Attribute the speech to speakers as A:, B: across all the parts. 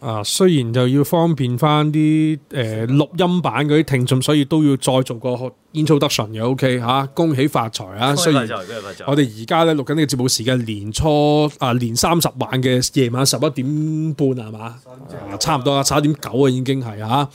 A: 啊，雖然就要方便翻啲誒錄音版嗰啲聽眾，所以都要再做個 introduction 嘅，OK 吓，恭喜發財啊！恭喜我哋而家咧錄緊呢個節目時間，年初啊年三十晚嘅夜晚十一點半係嘛？差唔多啊，十一點九啊，已經係吓。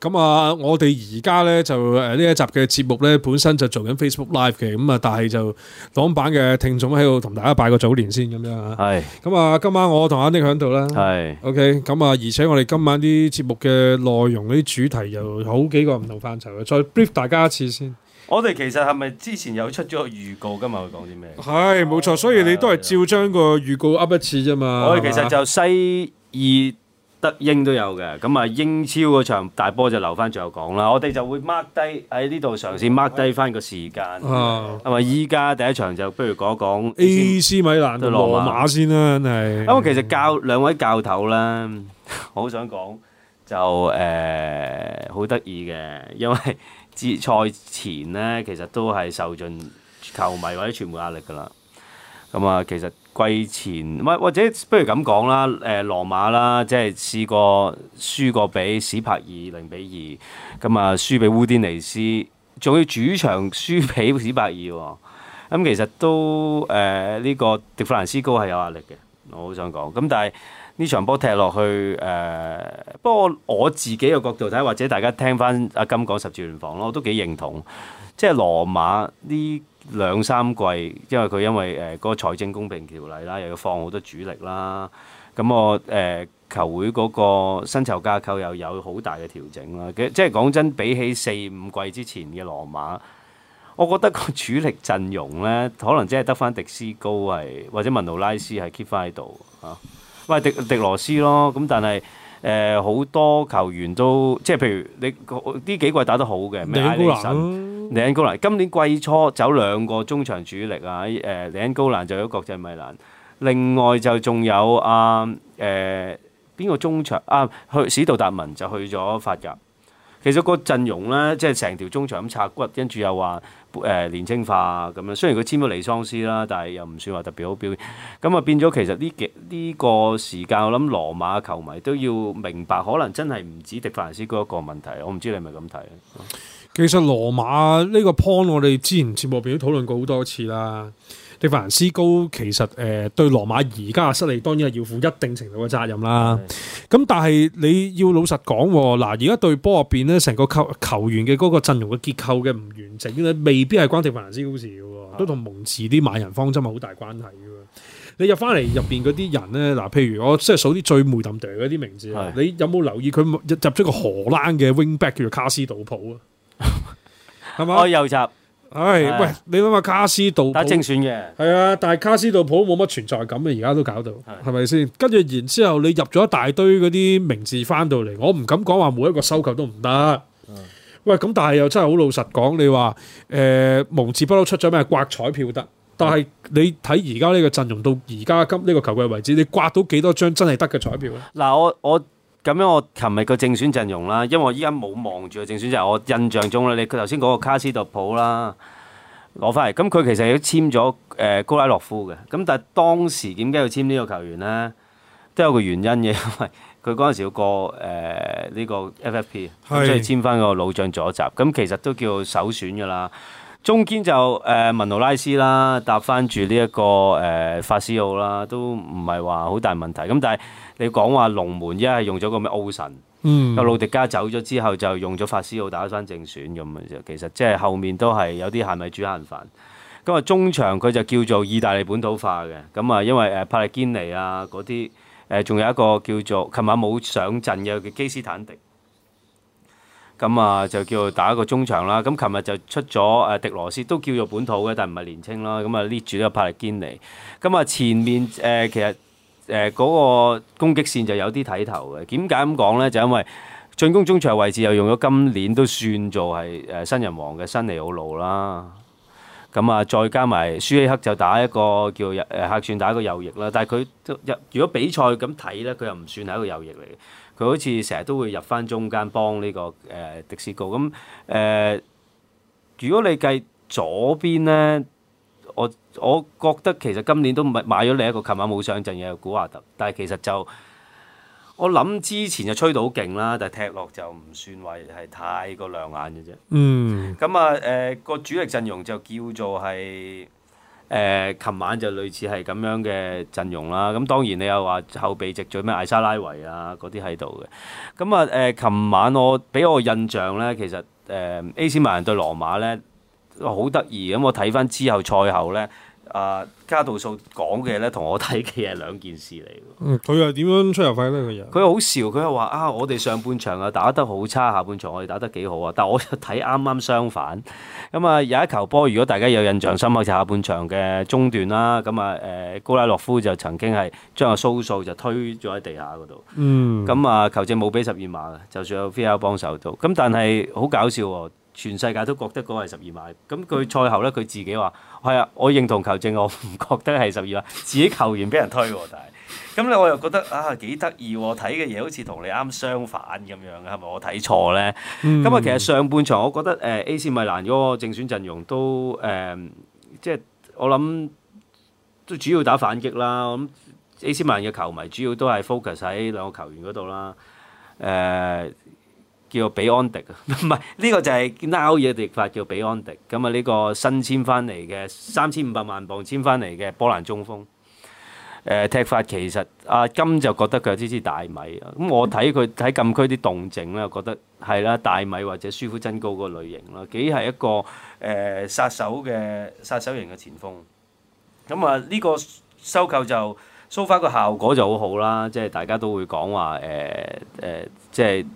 A: 咁啊，我哋而家咧就誒呢一集嘅節目咧本身就做緊 Facebook Live 嘅，咁啊，但係就港版嘅聽眾喺度同大家拜個早年先咁樣啊，係。咁啊，今晚我同阿 Nick 喺度啦。係。OK，咁啊。啊！而且我哋今晚啲節目嘅內容，啲主題又好幾個唔同範疇嘅，再 brief 大家一次先。
B: 我哋其實係咪之前有出咗個預告㗎嘛？會講啲咩？
A: 係，冇錯。所以你都係照將個預告噏一次啫嘛。吧我哋其實就
B: 西意德英都有嘅，咁啊英超嗰場大波就留翻最後講啦。我哋就會 mark 低喺呢度嘗試 mark 低翻個時間。啊、嗯，係咪？埋依家第一場就不如講一講 AC、啊、對 AC 米蘭對羅馬
A: 先啦，真係。咁
B: 其實教兩位教頭啦。我好想講就誒好得意嘅，因為之賽前呢，其實都係受盡球迷或者全部壓力噶啦。咁、嗯、啊，其實季前或者不如咁講啦，誒、呃、羅馬啦，即係試過輸過比史柏爾零比二，咁啊、嗯、輸比烏甸尼斯，仲要主場輸比史柏爾、哦，咁、嗯、其實都誒呢、呃這個迪弗蘭斯高係有壓力嘅。我好想講，咁、嗯、但係。呢場波踢落去誒，不、呃、過我自己嘅角度睇，或者大家聽翻阿金講十字聯防咯，我都幾認同。即係羅馬呢兩三季，因為佢因為誒嗰、呃那個財政公平條例啦，又要放好多主力啦，咁、啊、我誒、呃、球會嗰個薪酬架構又有好大嘅調整啦。即係講真，比起四五季之前嘅羅馬，我覺得個主力陣容呢，可能真係得翻迪斯高係或者文奴拉斯係 keep f i 翻喺度嚇。啊喂，迪迪羅斯咯，咁但係誒好多球員都即係譬如你呢幾季打得好嘅，咩？高蘭，高蘭今年季初走兩個中場主力啊，李、呃、恩高蘭就去國際米蘭，另外就仲有啊，誒、呃、邊、呃、個中場啊，去、呃、史道達文就去咗法甲。其實個陣容咧，即係成條中場咁拆骨，跟住又話誒、呃、年青化咁樣。雖然佢簽咗尼桑斯啦，但係又唔算話特別好表現。咁啊變咗，其實呢幾呢個時間，我諗羅馬球迷都要明白，可能真係唔止迪法蘭斯嗰一個問題。我唔知你係咪咁睇？
A: 其實羅馬呢個 point，我哋之前節目入邊都討論過好多次啦。迪凡斯高其實誒，對羅馬而家失利當然係要負一定程度嘅責任啦。咁的但係你要老實講，嗱，而家對波入邊呢成個球球員嘅嗰個陣容嘅結構嘅唔完整咧，未必係關迪凡斯高事嘅，都同蒙治啲買人方針係好大關係嘅。你入返嚟入邊嗰啲人呢，嗱，譬如我即係數啲最梅登迪嗰啲名字，的你有冇留意佢入咗個荷蘭嘅 wingback 叫做卡斯杜普
B: 啊？係咪？我右入。係唉的喂，
A: 你諗下卡斯道，打正選嘅係啊，但係卡斯道普冇乜存在感啊，而家都搞到係咪先？跟住然之後你入咗一大堆嗰啲名字翻到嚟，我唔敢講話每一個收購都唔得。的喂，咁但係又真係好老實講，你話誒蒙字不嬲出咗咩刮彩票得？但係你睇而家呢個陣容到而家今呢個球季為止，你刮到幾多張真係得嘅彩票
B: 咧？嗱，我我。咁樣我琴日個正選陣容啦，因為我依家冇望住個正選，就係我印象中咧，你佢頭先嗰個卡斯特普啦，攞翻嚟，咁佢其實係簽咗誒、呃、高拉洛夫嘅，咁但係當時點解要簽呢個球員咧？都有個原因嘅，因為佢嗰陣時要過誒呢、呃呢個 FFP，所以簽翻個老將左閘，咁是其實都叫首選噶啦。中堅就誒、呃、文奴拉斯啦，搭翻住呢一個誒、呃、法斯奧啦，都唔係話好大問題。咁但係你講話龍門一係用咗個咩奧神，個路、嗯、迪加走咗之後就用咗法斯奧打翻正選咁啊！其實即係後面都係有啲係咪煮鹹飯。咁啊，中場佢就叫做意大利本土化嘅。咁啊，因為誒帕利堅尼啊嗰啲，誒、呃、仲有一個叫做琴晚冇上陣嘅基斯坦迪。咁啊，就叫打一個中場啦。咁琴日就出咗誒迪羅斯，都叫做本土嘅，但係唔係年青啦。咁啊，捏住呢個帕力堅尼。咁啊，前面誒、呃、其實誒嗰、呃嗰個攻擊線就有啲睇頭嘅。點解咁講呢？就因為進攻中場位置又用咗今年都算做係誒新人王嘅新尼奧路啦。咁啊，再加埋舒希克就打一個叫誒客串打一個右翼啦。但係佢入如果比賽咁睇呢，佢又唔算係一個右翼嚟嘅。佢好似成日都會入翻中間幫呢個誒迪士高咁誒。如果你計左邊咧，我我覺得其實今年都唔係買咗另一個，琴晚冇上陣嘅古華特。但係其實就我諗之前就吹到好勁啦，但係踢落就唔算話係太過亮眼嘅啫。嗯，咁啊誒個主力陣容就叫做係。誒，琴、呃、晚就類似係咁樣嘅陣容啦。咁、嗯、當然你又話後備積聚咩艾莎拉維啊嗰啲喺度嘅。咁啊誒，琴、嗯呃、晚我俾我印象咧，其實誒、呃、AC 米蘭對羅馬咧好得意。咁、嗯、我睇翻之後賽後咧。啊，加道素講嘅咧，同我睇嘅係兩件事嚟。嗯，
A: 佢又點樣出油費咧？
B: 佢又佢好笑，佢又話啊，我哋上半場啊打得好差，下半場我哋打得幾好啊！但係我又睇啱啱相反。咁啊，有一球波，如果大家有印象深刻，就係、是、下半場嘅中段啦。咁啊，誒、呃、高拉洛夫就曾經係將阿蘇素就推咗喺地下嗰度。咁啊、嗯，球證冇俾十二碼就算有 VAR 幫手到。咁但係好搞笑喎、哦。全世界都覺得嗰個係十二碼，咁佢賽後咧，佢自己話：係啊，我認同球證，我唔覺得係十二碼，自己球員俾人推喎、啊，但係咁咧我又覺得啊幾得意喎，睇嘅嘢好似同你啱相反咁樣嘅，係咪我睇錯咧？咁啊、嗯、其實上半場我覺得誒、呃、AC 米蘭嗰個正選陣容都誒，即、呃、係、就是、我諗都主要打反擊啦。咁 AC 米蘭嘅球迷主要都係 focus 喺兩個球員嗰度啦，誒、呃。叫比安迪啊，唔係呢個就係撈嘢迪法叫比安迪。咁啊呢個新簽翻嚟嘅三千五百萬磅簽翻嚟嘅波蘭中鋒，誒、呃、踢法其實阿、啊、金就覺得佢有支支大米。啊。咁我睇佢喺禁區啲動靜咧，我覺得係啦、啊，大米或者舒夫真高個類型啦。幾係一個誒、呃、殺手嘅殺手型嘅前鋒。咁啊呢個收購就 so far 個效果就好好啦，即係大家都會講話誒誒，即係。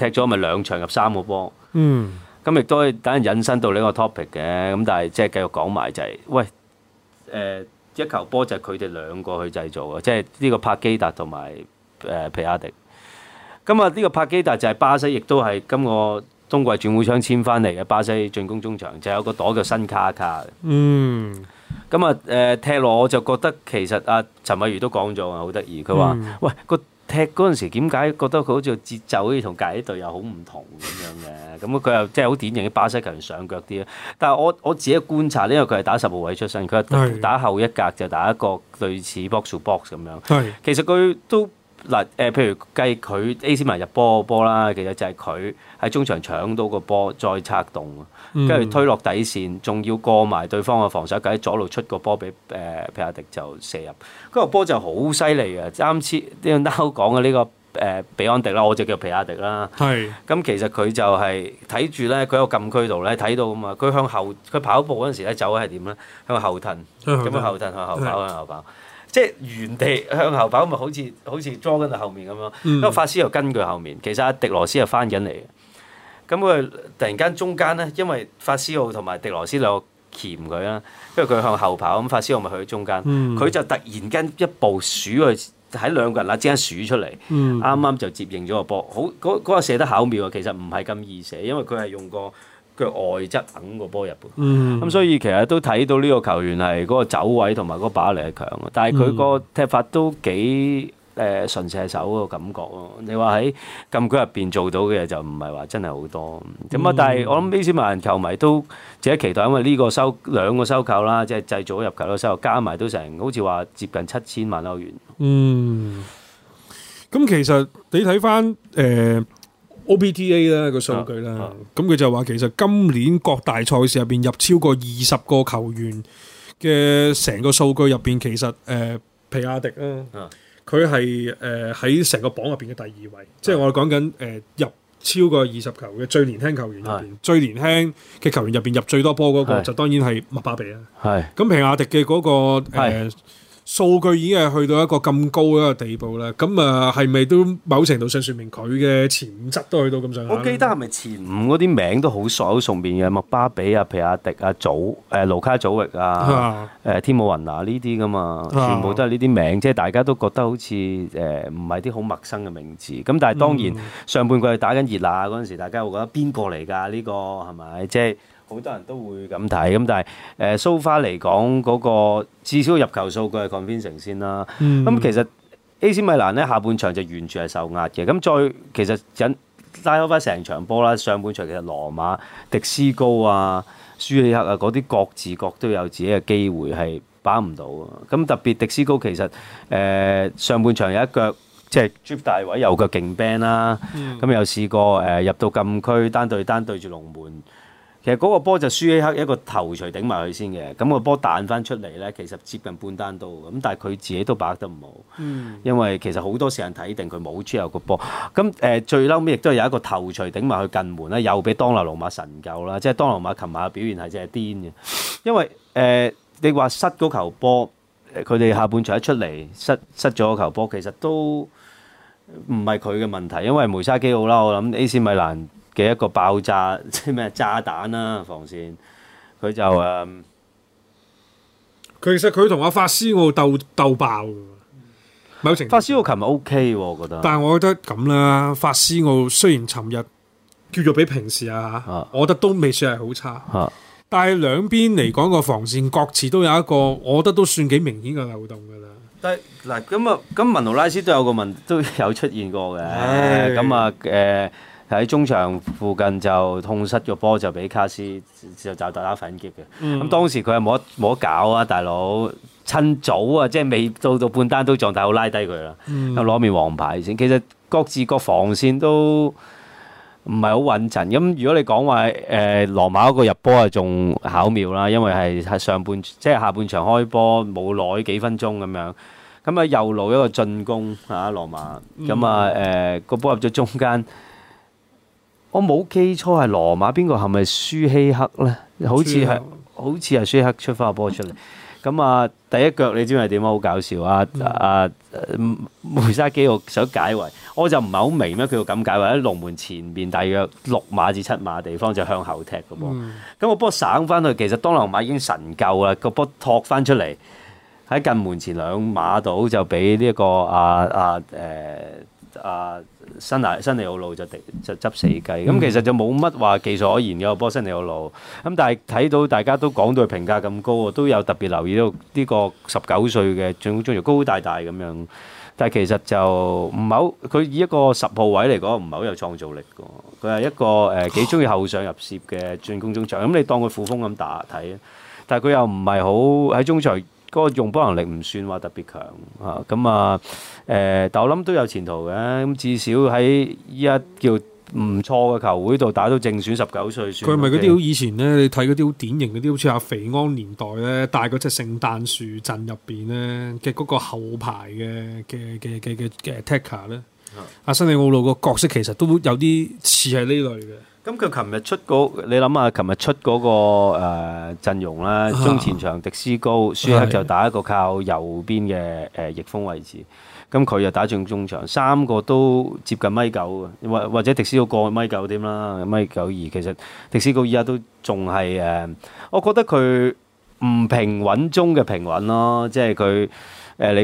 B: 踢咗咪兩場入三個波，咁亦都係等人引申到呢個 topic 嘅，咁但係即係繼續講埋就係、是，喂，誒、呃、一球波就係佢哋兩個去製造嘅，即係呢個帕基達同埋誒皮亞迪，咁啊呢個帕基達就係巴西，亦都係今個冬季轉會窗簽翻嚟嘅巴西進攻中場，就是、有個朵叫新卡卡嘅、嗯嗯。嗯，咁啊誒踢落我就覺得其實阿陳慧如都講咗啊，好得意，佢話、嗯、喂踢嗰陣時點解覺得佢好似節奏好似同隔籬隊友好唔同咁樣嘅？咁佢又即係好典型啲巴西球員上腳啲咯。但係我我自己觀察咧，因為佢係打十號位出身，佢係打後一格就打一個類似 box to box 咁樣。係其實佢都。嗱，誒，譬如計佢 AC 米入波個波啦，其實就係佢喺中場搶到個波，再拆動，跟住推落底線，仲要過埋對方嘅防守喺左路出個波俾誒皮亞迪就射入，嗰個波就好犀利啊！啱先 Leonardo 講嘅呢個誒、呃、比安迪啦，我就叫皮亞迪啦，係是。咁其實佢就係睇住咧，佢喺禁區度咧睇到咁啊，佢向後佢跑步嗰陣時咧走嘅係點咧？向後褪，咁樣後褪向後跑向後跑。是即係原地向後跑，咪好似好似抓緊到後面咁樣。因為法師又跟佢後面，其實阿迪羅斯又翻緊嚟。咁佢突然間中間咧，因為法師又同埋迪羅斯兩個鉗佢啦，因為佢向後跑，咁法師又咪去咗中間。佢、嗯、就突然間一步鼠去，喺兩個人嗱之間鼠出嚟，啱啱就接應咗個波。好嗰嗰、嗰個射得巧妙啊！其實唔係咁易射，因為佢係用個。佢外質等過波入，本、嗯，咁、嗯、所以其實都睇到呢個球員係嗰個走位同埋嗰把力係強嘅，但係佢個踢法都幾誒純射手個感覺咯。你話喺禁區入邊做到嘅嘢就唔係話真係好多咁啊！嗯嗯、但係我諗呢支曼人球迷都值得期待，因為呢個收兩個收購啦，即係製造入球嘅收購加埋都成好似話接近七千萬歐元。
C: 嗯，
A: 咁其實你睇翻誒。呃 OPTA 啦，個數據啦，咁佢就話其實今年各大賽事入邊入超過二十個球員嘅成個數據入邊，其實誒皮亞迪啊，佢係誒喺成個榜入邊嘅第二位，即係我哋講緊誒入超過二十球嘅最年輕球員入邊，最年輕嘅球員入邊入最多波嗰個就當然係麥巴比啦。係咁皮亞迪嘅嗰個誒。數據已經係去到一個咁高嘅一個地步啦，咁啊係咪都某程度上説明佢嘅潛質都去到咁上下？我記得係咪前
B: 五嗰啲名都好熟好熟面嘅，麥巴比啊、皮亞迪啊、祖誒盧卡祖域啊、誒、啊呃、天姆雲拿呢啲噶嘛，啊、全部都係呢啲名，即係大家都覺得好似誒唔係啲好陌生嘅名字。咁但係當然、嗯、上半季打緊熱鬧嗰陣時，大家會覺得邊個嚟㗎呢個係咪？即係。好多人都會咁睇，咁但係誒蘇花嚟講嗰個至少入球數據係 convincing 先啦。咁、嗯、其實 AC 米蘭呢，下半場就完全係受壓嘅。咁再其實引拉開翻成場波啦，上半場其實羅馬、迪斯高啊、舒裏克啊嗰啲各自各都有自己嘅機會係把握唔到嘅。咁特別迪斯高其實誒、呃、上半場有一腳即係、就是、drip 大位右腳勁 band 啦，咁、嗯嗯、又試過誒、呃、入到禁區單對單對住龍門。其實嗰個波就輸一刻一個頭槌頂埋去先嘅，咁、個波彈翻出嚟咧，其實接近半單刀咁，但係佢自己都把握得唔好，因為其實好多時間睇定佢冇出有個波。咁誒、呃、最嬲尾亦都係有一個頭槌頂埋去近門啦，又俾當奴奴馬神救啦，即係當奴馬琴晚嘅表現係真係癲嘅，因為誒、呃、你話失個球波，佢哋下半場一出嚟失失咗個球波，其實都唔係佢嘅問題，因為梅沙基奧啦，我諗 AC 米蘭。嘅一個爆炸，即係咩炸彈啦、啊！防線佢就誒，嗯、其實佢同阿法斯奧鬥鬥爆嘅。某程度法斯奧琴日 OK 喎，我覺得。但
A: 係我覺得咁啦，法斯奧雖然尋日叫做比平時啊，啊我覺得都未算係好差。啊、但係兩邊嚟講個防線，各自都有一個，我覺得都算幾明顯嘅漏洞㗎啦。
B: 但係嗱咁啊，咁文奴拉斯都有個問，都有出現過嘅。咁啊誒～、欸喺中場附近就痛失個波，就俾卡斯就就打反擊嘅。咁、嗯、當時佢係冇得冇得搞啊，大佬趁早啊，即係未到到半單刀狀態，好拉低佢啦。咁攞、嗯、面黃牌先。其實各自個防線都唔係好穩陣。咁、嗯、如果你講話誒羅馬一個入波啊，仲巧妙啦，因為係係上半即係下半場開波冇耐幾分鐘咁樣。咁啊右路一個進攻嚇、啊、羅馬，咁啊誒個波入咗中間。我冇記錯係羅馬邊個係咪舒希克咧？好似係，好似係舒希克出翻個波出嚟。咁啊，第一腳你知唔知點樣啊？好搞笑啊！阿、嗯啊、梅沙基，我想解圍，我就唔係好明咩佢要咁解圍。喺龍門前面大約六碼至七碼地方就向後踢嘅噃。咁個、嗯、波省翻去，其實當羅馬已經神夠啦，個波托翻出嚟，喺近門前兩碼度就俾呢、呢個阿阿誒。啊啊呃啊，新，新尼奧路就就執死雞，咁其實就冇乜話技術可言嘅波新尼奧路，咁但係睇到大家都講到佢評價咁高都有特別留意到呢個十九歲嘅進攻中場高大大咁樣，但係其實就唔係好，佢以一個十號位嚟講唔係好有創造力嘅，佢係一個誒幾中意後上入攝嘅進攻中場，咁你當佢副鋒咁打睇，但係佢又唔係好喺中場。嗰個用波能力唔算話特別強啊，咁啊誒，但我諗都有前途嘅。咁至少喺依一叫唔錯嘅球會度打到正選十九歲算。佢咪嗰啲好
A: 以前咧？你睇嗰啲好典型嗰啲，好似阿肥安年代咧，帶嗰隻聖誕樹陣入邊咧嘅嗰個後排嘅嘅嘅嘅嘅嘅 attacker 咧，阿、啊、新利奧路個角色其實都有啲似
B: 係呢類嘅。咁佢琴日出嗰，你諗下，琴日出嗰、個誒、呃、陣容啦，啊、中前場迪斯高，舒克就打一個靠右邊嘅誒翼鋒位置。咁佢又打中中場，三個都接近米九嘅，或或者迪斯高過去米九點啦，米九二。其實迪斯高而家都仲係誒，我覺得佢唔平穩中嘅平穩咯，即係佢誒你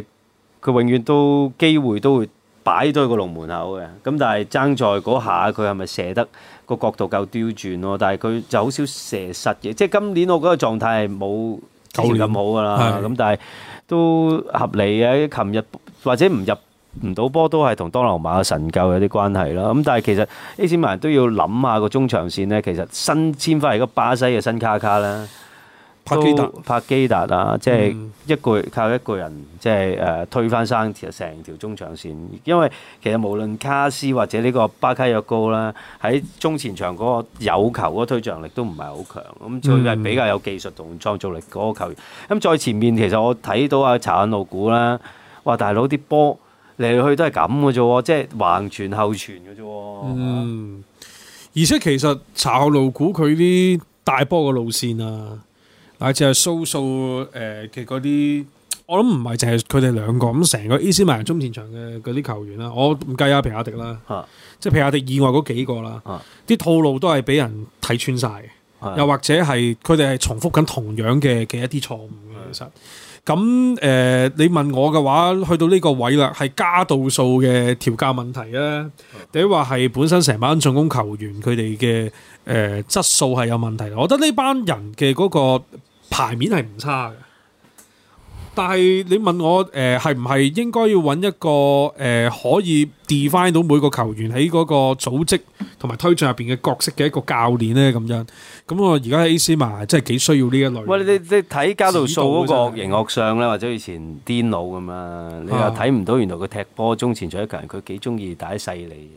B: 佢永遠都機會都會擺喺個龍門口嘅。咁但係爭在嗰下，佢係咪射得？個角度夠刁鑽咯，但係佢就好少射失嘅，即係今年我覺得狀態係冇舊年咁好㗎啦，咁但係都合理嘅。琴日或者唔入唔到波都係同當羅馬嘅神救有啲關係啦。咁但係其實 A. J. m a 都要諗下個中場線咧，其實新簽翻嚟個巴西嘅新卡卡啦。都帕基達啊！嗯、即係一個靠一個人，即係誒、呃、推翻生條成條中場線。因為其實無論卡斯或者呢個巴卡約高啦，喺中前場嗰個有球嗰推進力都唔係好強。咁最係比較有技術同創造力嗰個球員。咁、嗯、再前面其實我睇到阿查韌路古啦，哇大佬啲波嚟去都係咁嘅啫，即係橫傳後傳嘅啫。嗯，
A: 啊、而且其實查韌路古佢啲大波嘅路線啊～乃至係蘇蘇誒嘅嗰啲，我諗唔係淨係佢哋兩個咁，成個伊斯曼人中前場嘅嗰啲球員啦，我唔計阿皮亞迪啦，啊、即係皮亞迪以外嗰幾個啦，啲、啊、套路都係俾人睇穿晒。啊、又或者係佢哋係重複緊同樣嘅嘅一啲錯誤嘅、啊、其實。咁誒、呃，你問我嘅話，去到呢個位啦，係加度數嘅調價問題啊，定話係本身成班進攻球員佢哋嘅誒質素係有問題，我覺得呢班人嘅嗰個牌面係唔差嘅。.但係你問我誒係唔係應該要揾一個誒可以 define 到每個球員喺嗰個組織同埋推進入邊嘅角色嘅一個教練咧？咁樣，咁我而家喺 ACM 真係幾需要呢
B: 一類。喂，你你睇加度素嗰個型學上咧，或者以前癲佬咁啊？你又睇唔到原來個踢波中前場球員佢幾中意打細利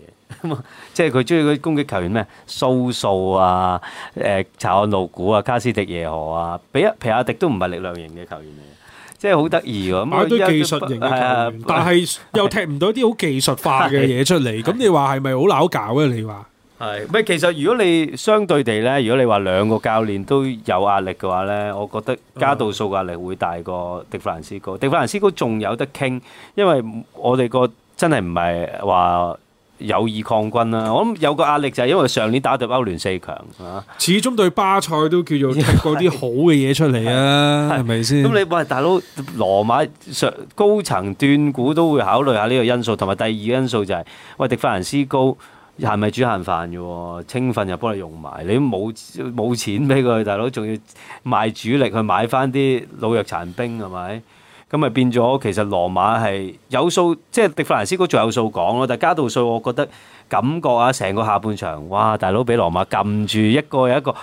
B: 嘅，即係佢中意嗰啲攻擊球員咩？蘇素啊，誒查岸露古啊，卡斯迪耶河啊，比皮亞迪都唔係力量型嘅球員嚟。即係好得意喎，買堆技術型嘅但係
A: 又踢唔到啲好技術化嘅嘢出嚟，咁是是 你話係咪好撈搞咧？是是你話
B: 係，唔其實如果你相對地呢，如果你話兩個教練都有壓力嘅話呢，我覺得加度素壓力會大過迪弗蘭斯高。嗯、迪弗蘭斯高仲有得傾，因為我哋個真係唔係話。有意抗軍啦，我諗有個壓力就係因為上年打到歐聯四強嚇，
A: 始終對巴塞都叫做踢過啲好
B: 嘅嘢出嚟啊，係咪先？咁你喂大佬羅馬上高層斷估都會考慮下呢個因素，同埋第二因素就係、是、喂迪法蘭斯高係咪煮閒飯嘅喎？青訓又幫你用埋，你冇冇錢俾佢大佬，仲要賣主力去買返啲老弱殘兵係咪？咁咪變咗，其實羅馬係有數，即係迪弗蘭斯哥仲有數講咯。但係加度數，我覺得感覺啊，成個下半場，哇！大佬俾羅馬撳住一個又一個，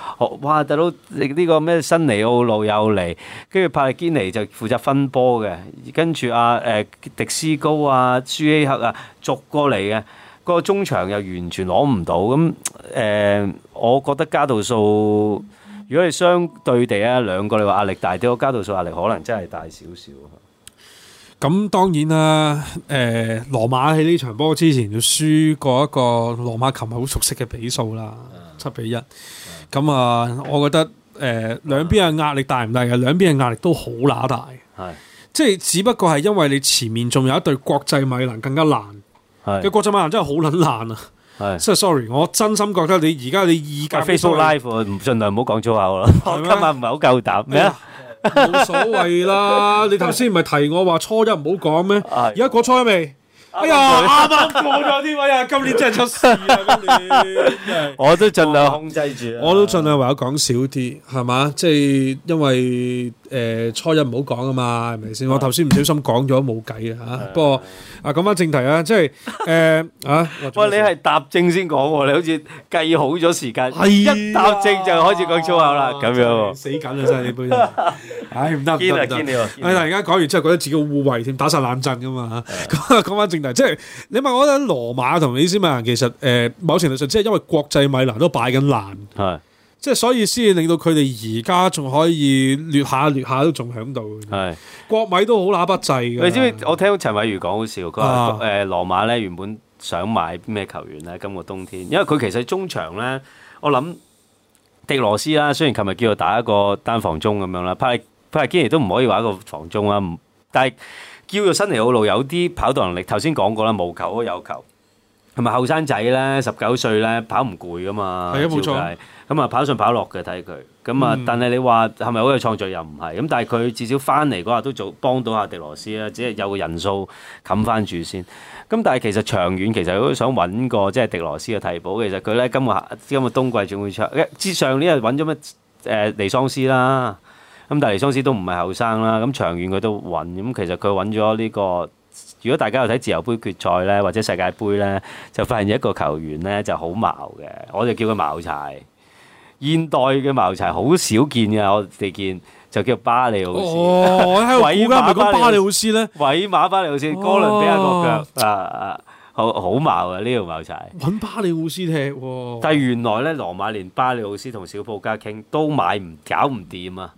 B: 哇！大佬呢、這個咩新尼奧路又嚟，跟住帕利堅尼就負責分波嘅，跟住啊誒、呃、迪斯高啊朱希克啊，逐過嚟嘅，嗰、那個中場又完全攞唔到。咁誒、呃，我覺得加度數，如果你相對地啊兩個你話壓力大啲，我加度數壓力可能真係大少少。
A: 咁當然啦，誒、呃，羅馬喺呢場波之前就輸過一個羅馬球迷好熟悉嘅比數啦，七比一。咁啊，我覺得誒，兩邊嘅壓力大唔大嘅？兩邊嘅壓力都好乸大，係，是的 即係只不過係因為你前面仲有一隊國際米蘭更加難，嘅是的 國
B: 際米蘭真係好捻難啊。真係是的 sorry，我真心覺得你而家你二界 Facebook Live 唔盡量唔好講粗口咯，的 今晚唔係好夠膽咩啊？冇 所謂啦，
A: 你頭先唔係提我話初一唔好講咩？而家、哎、呀過初一未？
C: 哎呀，啱啱過
A: 咗啲位啊！今年真係出事啊！今年真係，我都盡量控制住，我都盡量話講少啲，係嘛？即係因為誒初一唔好講啊嘛，係咪先？我頭先唔小心講咗冇計啊嚇！不過啊，講翻正題啊，即係誒啊！
B: 喂，你係答正先講喎，你好似計好咗時間，一答正就開始講粗口啦，咁樣死緊啦真係你杯身，唉唔得唔得，哎突
A: 然間講完之後覺得自己好污衊添，打晒冷震噶嘛嚇！講下講翻正。即係你問我咧，羅馬同米蘭其實誒、呃，某程度上即係因為國際米蘭都擺緊爛，
C: 係是
A: 的 即係所以先令到佢哋而家仲可以劣下劣下都仲喺度。係是的 國米都好乸不濟嘅。你知唔知？
B: 我聽陳偉如講好笑，佢話誒，羅馬咧原本想買咩球員咧？今個冬天，因為佢其實中場咧，我諗迪羅斯啦，雖然琴日叫做打一個單防中咁樣啦，派派堅尼都唔可以話一個防中啦。但係叫做新尼奧路有啲跑道能力，頭先講過啦，冇球都有球，同埋後生仔咧，十九歲咧跑唔攰噶嘛，係啊，冇錯，咁啊跑上跑落嘅睇佢，咁啊，但係你話係咪好有創作又唔係，咁但係佢至少翻嚟嗰日都做幫到阿迪羅斯啦，只係有個人數冚翻住先。咁、嗯、但係其實長遠其實都想搵個即係迪羅斯嘅替補，其實佢咧今個今個冬季總會出，之上年又搵咗咩誒尼桑斯啦。咁大尼雙斯都唔係後生啦，咁長遠佢都穩。咁其實佢揾咗呢個，如果大家有睇自由杯決賽咧，或者世界盃咧，就發現一個球員咧就好矛嘅，我就叫佢矛柴。現代嘅矛柴好少見嘅，我哋見就叫巴里奧斯。哦，講巴里奧斯咧，委馬巴里奧斯，哥倫比亞國腳啊、哦、啊，好好矛嘅呢條矛柴，
A: 揾巴里奧斯踢，但係
B: 原來咧，羅馬連巴里奧斯同小布加傾都買唔搞唔掂啊！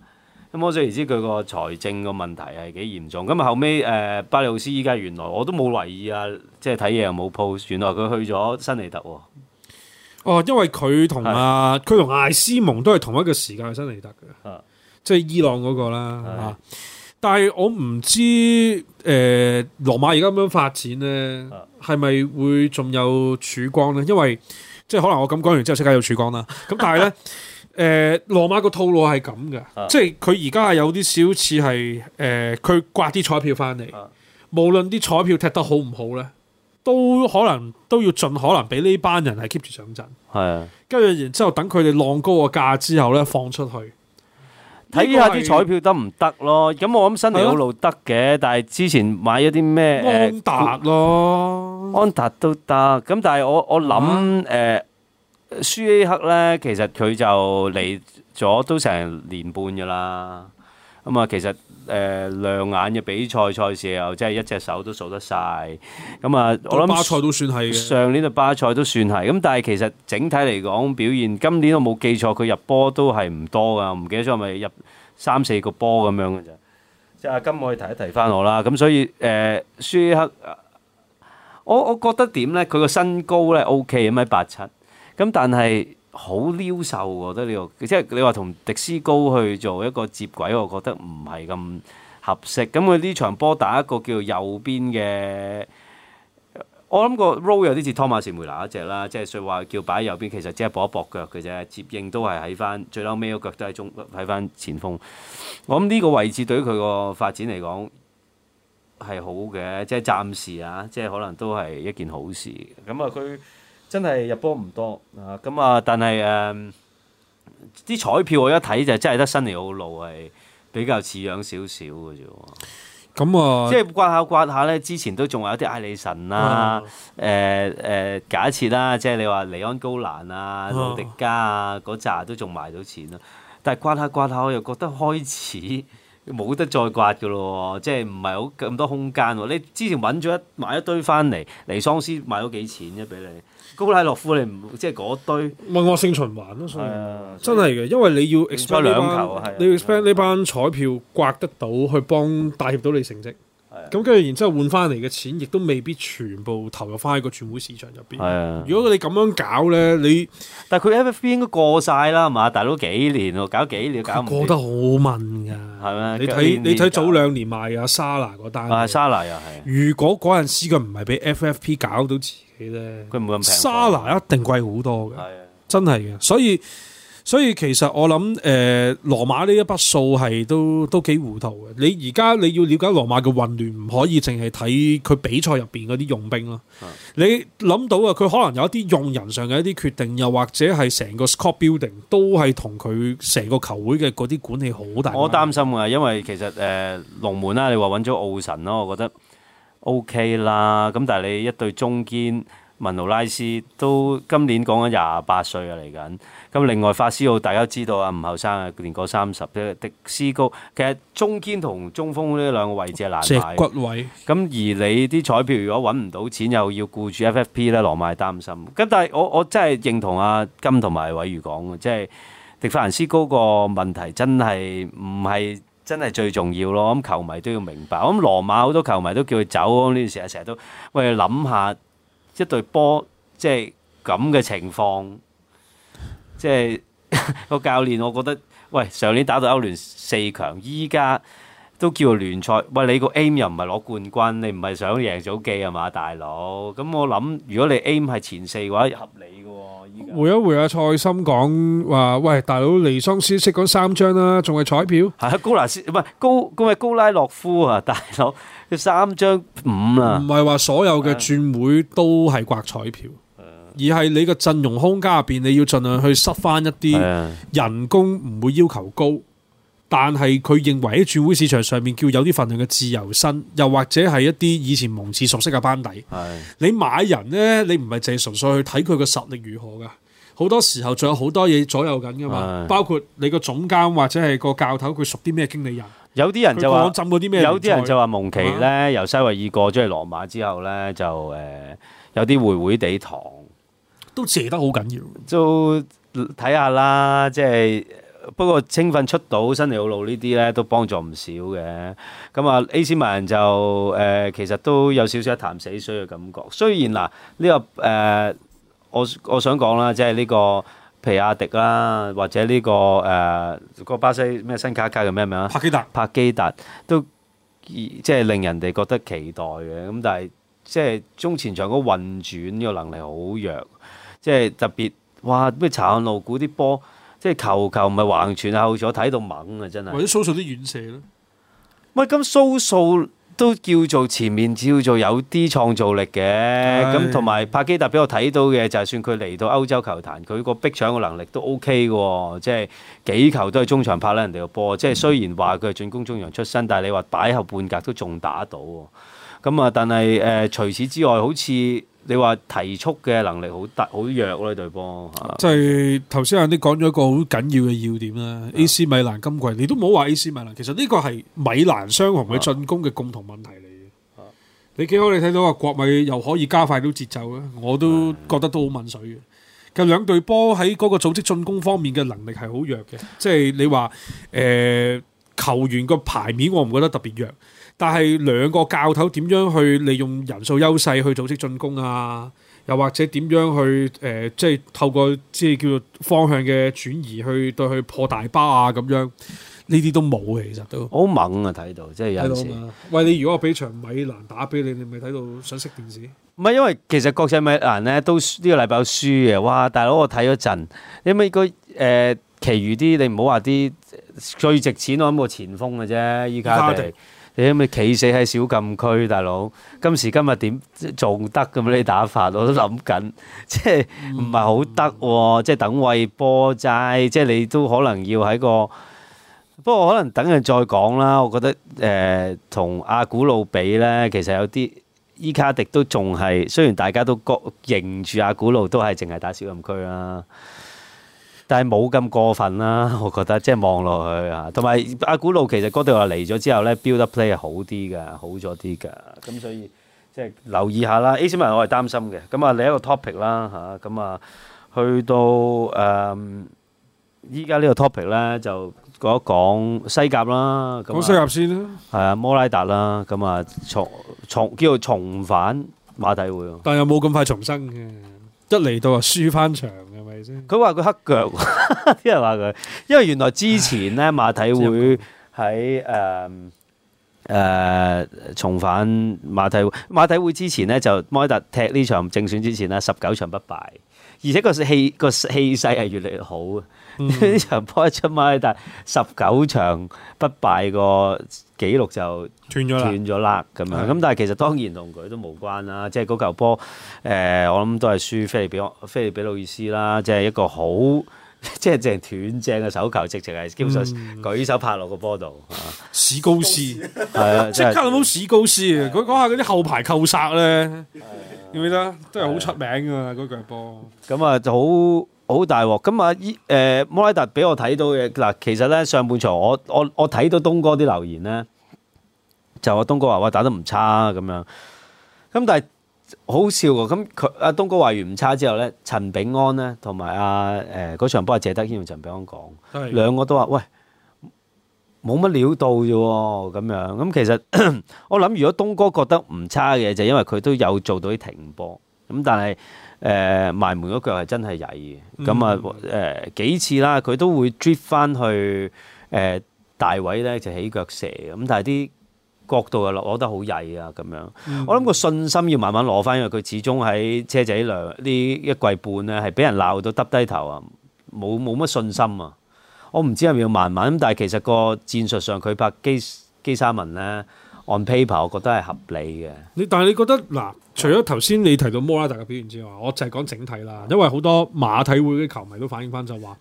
B: 咁我想而知佢個財政個問題係幾嚴重。咁啊後尾，誒、呃、巴里奧斯依家原來我都冇留意 post，啊，即係睇嘢又冇 pose。原來佢去咗新尼特喎。
A: 哦，因為佢同阿佢同艾斯蒙都係同一個時間去新尼特嘅。的即係伊朗嗰個啦。的啊，但係我唔知誒、呃、羅馬而家咁樣發展咧，係咪的的會仲有曙光咧？因為即係可能我咁講完之後，即界有曙光啦。咁但係咧。誒、呃、羅馬個套路係咁嘅，啊、即係佢而家係有啲少似係誒，佢、呃、刮啲彩票翻嚟，啊、無論啲彩票踢得好唔好咧，都可能都要盡可能俾呢班人係 keep 住上陣，係跟住然之後，後等佢哋浪高個價之後咧放出去
B: 睇下啲彩票得唔得咯？咁我諗新澳路得嘅，啊、但係之前買咗啲咩安達咯、嗯，安達都得，咁但係我我諗誒。舒耶克咧，其實佢就嚟咗都成年半噶啦。咁啊，其實誒亮眼嘅比賽賽事又即係一隻手都數得曬。咁啊，我諗巴塞都算係。上年嘅巴塞都算係。咁但係其實整體嚟講表現，今年我冇記錯，佢入波都係唔多噶。唔記得咗係咪入三四個波咁樣嘅咋。即係阿金可以提一提翻我啦。咁所以誒，舒耶克，我我覺得點咧？佢個身高咧 OK，一米八七。咁但係好溜瘦，我覺得呢個即係你話同迪斯高去做一個接軌，我覺得唔係咁合適。咁佢呢場波打一個叫右邊嘅，我諗個 role 有啲似湯馬士梅拿嗰隻啦，即係説話叫擺喺右邊，其實只係博一博腳嘅啫，接應都係喺翻最撈尾個腳都係中喺翻前鋒。我諗呢個位置對於佢個發展嚟講係好嘅，即係暫時啊，即係可能都係一件好事。咁啊佢。真係入波唔多啊！咁啊，但係誒啲彩票我一睇就真係得新尼奧路係比較似樣少少嘅啫。
A: 咁啊，即係
B: 刮下刮下咧，之前都仲有啲艾利神啊、誒誒、嗯呃、假設啦，即係你話尼安高蘭啊、魯迪加啊嗰扎都仲買到錢咯。但係刮下刮下，我又覺得開始冇得再刮嘅咯，即係唔係好咁多空間。你之前揾咗一買一堆翻嚟尼桑斯買咗幾錢啫？俾你。高拉洛夫你唔即係嗰堆
A: 惡性循環咯，所以真係嘅，因為你要 expect 呢班，你 expect 呢班彩票刮得到去幫帶入到你成績，咁跟住然之後換翻嚟嘅錢，亦都未必全部投入翻喺個轉會
B: 市場入邊。如果你咁樣搞咧，你但係佢 F F P 應該過晒啦，係嘛？大佬幾年咯，搞幾年搞唔？過得
A: 好慢
B: 㗎，係咪？你睇你睇早兩年
A: 賣阿莎拿嗰單，莎拿又係。如果嗰陣時佢唔係俾 F F P 搞到佢冇咁平，沙拿一定貴好多嘅，的真係嘅。所以所以其實我諗，誒、呃，羅馬呢一筆數係都都幾糊塗嘅。你而家你要了解羅馬嘅混亂，唔可以淨係睇佢比賽入邊嗰啲用兵咯。的你諗到啊，佢可能有一啲用人上嘅一啲決定，又或者係成個 scout building 都係同佢成個球會嘅嗰啲管理好大。我
B: 擔心啊，因為其實誒龍、呃、門啦、啊，你話揾咗奧神咯、啊，我覺得。O.K. 啦，咁但係你一對中堅文奴拉斯都今年講緊廿八歲啊嚟緊，咁另外法斯奧大家都知道啊唔後生啊，年過三十啫。迪斯高其實中堅同中鋒呢兩個位置係難排，骨位。咁而你啲彩票如果揾唔到錢，又要顧住 F.F.P. 咧，羅馬擔心。咁但係我我真係認同啊金同埋偉如講嘅，即係迪法蘭斯高個問題真係唔係。真係最重要咯！咁球迷都要明白，咁羅馬好多球迷都叫佢走呢段時間，成日都喂，諗下一隊波即係咁嘅情況，即係個 教練，我覺得，喂，上年打到歐聯四強，依家。都叫聯賽，喂你個 aim 又唔係攞冠軍，你唔係想贏早記係嘛，大佬？咁我諗如果你 aim 係前四嘅話，合理嘅喎。
A: 回一回阿蔡心講話，喂，大佬尼桑斯識嗰三張啦，仲係彩票？係啊，
B: 高拉斯唔係高，嗰位高拉洛夫
A: 啊，大佬，三張五啊。唔係話所有嘅轉會都係刮彩票，而係你個陣容空間入邊，你要盡量去塞翻一啲人工，唔會要求高，但係佢認為喺轉會市場上面叫有啲份量嘅自由身，又或者係一啲以前蒙奇熟悉嘅班底。係是的 你買人咧，你唔係淨係純粹去睇佢嘅實力如何嘅，好多時候仲有好多嘢左右緊嘅嘛。是的 包括你個總監或者係個教頭，佢熟啲咩經理人？
B: 有啲人就話浸過啲咩？有啲人就話蒙奇咧，的由西維爾過咗去羅馬之後咧，就誒、呃、有啲會會地堂，都謝得好緊要。都睇下啦，即、就、係、是。不過青訓出到新嚟老路呢啲咧，都幫助唔少嘅。咁啊，AC 米人就誒、呃，其實都有少少一潭死水嘅感覺。雖然嗱，呢、這個誒、呃，我我想講啦，即係呢個皮亞迪啦，或者呢、這個誒個、呃、巴西咩新卡卡嘅咩名啊，帕基達，帕基達都即係令人哋覺得期待嘅。咁但係即係中前場嗰個運轉呢個能力好弱，即係特別哇！咩查漢路古啲波。即係球球咪橫傳後咗，睇到猛啊！真係或者
A: 蘇蘇啲遠射咧，
B: 唔咁蘇蘇都叫做前面只要做有啲創造力嘅咁，同埋帕基特畀我睇到嘅，就算佢嚟到歐洲球壇，佢個逼搶嘅能力都 OK 嘅、哦，即係幾球都係中場拍咧人哋個波。即係、嗯、雖然話佢係進攻中場出身，但係你話擺後半格都仲打到喎。咁啊，但係誒除此之外好似。你話提速嘅能力好突好弱呢隊波嚇。
A: 即係頭先阿你講咗一個好緊要嘅要點啦。是的 AC 米蘭今季你都冇話 AC 米蘭，其實呢個係米蘭雙雄嘅進攻嘅共同問題嚟嘅。是的 你幾好你？你睇到阿國米又可以加快到節奏咧，我都覺得都好濛水嘅。其實是的 兩隊波喺嗰個組織進攻方面嘅能力係好弱嘅，即係 你話誒、呃、球員個牌面，我唔覺得特別弱。但係兩個教頭點樣去利用人數優勢去組織進攻啊？又或者點樣去誒、呃，即係透過即係叫做方向嘅轉移去
B: 對佢破大巴啊？咁樣呢啲都冇嘅，其實都好猛啊！睇到即係有陣時、啊，
A: 喂你如果我俾場米蘭打俾你，你咪睇到想熄電視？
B: 唔係，因為其實國際米蘭咧都呢、這個禮拜輸嘅。哇，大佬我睇咗陣，你咪個誒，其餘啲你唔好話啲最值錢我諗個前鋒嘅啫，依家你咪企死喺小禁區，大佬今時今日點仲得咁，你打法我都諗緊，即係唔係好得喎？即係等位波債，即係你都可能要喺個不過，可能等佢再講啦。我覺得誒同、呃、阿古路比咧，其實有啲伊卡迪都仲係，雖然大家都覺認住阿古路，都係淨係打小禁區啦。但係冇咁過分啦，我覺得即係望落去嚇，同埋阿古路其實嗰對話嚟咗之後咧，build up play 係好啲嘅，好咗啲嘅。咁所以即係留意下啦。Mm hmm. A. C. M. 我係擔心嘅。咁啊，另一個 topic 啦、啊、嚇，咁啊去到誒依家呢個 topic 咧就講一講西甲啦。好、啊、西甲先啦。係啊，摩拉達啦。咁啊，重重叫做重返馬體會。但係又冇咁快重生嘅，一嚟到啊輸翻場。佢話佢黑腳，因 人話佢，因為原來之前咧馬體會喺誒誒重返馬體會馬體會之前咧就摩伊達踢呢場正選之前咧十九場不敗，而且個氣、個氣勢係越嚟越好呢 場波一出馬，但十九場不敗個紀錄就斷咗啦，斷咗啦咁樣。咁但係其實當然同佢都無關啦，即係嗰球波誒、呃，我諗都係輸菲利比，菲利比魯伊斯啦，即係一個好即係淨斷正嘅手球，直情係基本上舉手拍落個波度。
A: 史、嗯嗯、高斯，即 刻諗
B: 到史高斯啊！佢講 下嗰啲後排扣殺咧，記唔記得？都係好出
A: 名㗎嘛，嗰腳波。
B: 咁啊，就好。好大鑊！咁啊依誒摩拉達俾我睇到嘅嗱，其實咧，上半場我我我睇到東哥啲留言咧，就阿東哥話喂，打得唔差咁樣。咁但係好笑喎！咁佢阿東哥話完唔差之後咧，陳炳安咧同埋阿誒嗰場波阿謝德謙同陳炳安講，是的 兩個都話喂，冇乜料到啫喎咁樣。咁其實 我諗，如果東哥覺得唔差嘅，就因為佢都有做到啲停波。咁但係。誒埋、呃、門嗰腳係真係曳嘅，咁啊誒幾次啦，佢都會 drive 翻去誒、呃、大位咧就起腳射嘅，咁但係啲角度又攞得好曳啊咁樣。嗯、我諗個信心要慢慢攞翻，因為佢始終喺車仔呢一季半咧係俾人鬧到耷低頭啊，冇冇乜信心啊。我唔知係咪要慢慢，但係其實個戰術上佢拍基基沙文咧。on paper，我覺得係合理嘅。
A: 你但係你覺得嗱，除咗頭先你提到摩拉達嘅表現之外，我就係講整體啦。因為好多馬體會嘅球迷都反映翻就話，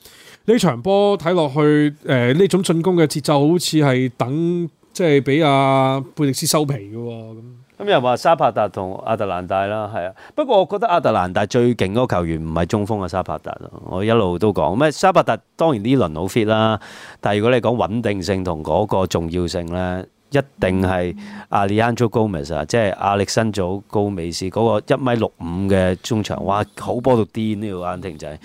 A: 呢場波睇落去，誒、呃、呢種進攻嘅節奏好似係等即係俾阿貝利斯收皮
B: 嘅喎。咁咁又話沙帕達同亞特蘭大啦，係啊。不過我覺得亞特蘭大最勁嗰個球員唔係中鋒嘅沙帕達咯。我一路都講咩沙帕達，當然呢輪好 fit 啦。但係如果你講穩定性同嗰個重要性咧。一定係阿里安祖高美斯啊！Omez，即係阿力新祖高美斯嗰個一米六五嘅中場，哇！好波到癲呢個阿根廷仔，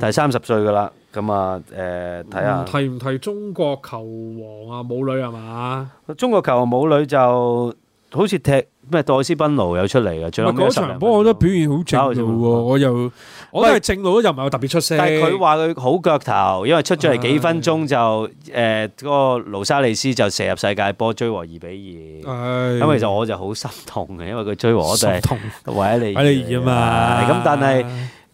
B: 但係三十歲噶啦，咁啊誒，睇、呃、下、嗯、提
A: 唔提中國球王啊？舞女係嘛？
B: 中國球王舞女就好似踢咩代斯賓奴有出嚟嘅，最後嗰場波我覺得表現好正喎，我又。
A: 我覺得係正路，又唔係特別出色。但係佢
B: 話佢好腳頭，因為出咗嚟幾分鐘就誒，唉 呃，那個盧沙利斯就射入世界波追和二比二。咁其實我就好心痛嘅，因為佢追和我哋，為咗你二嘛。咁但係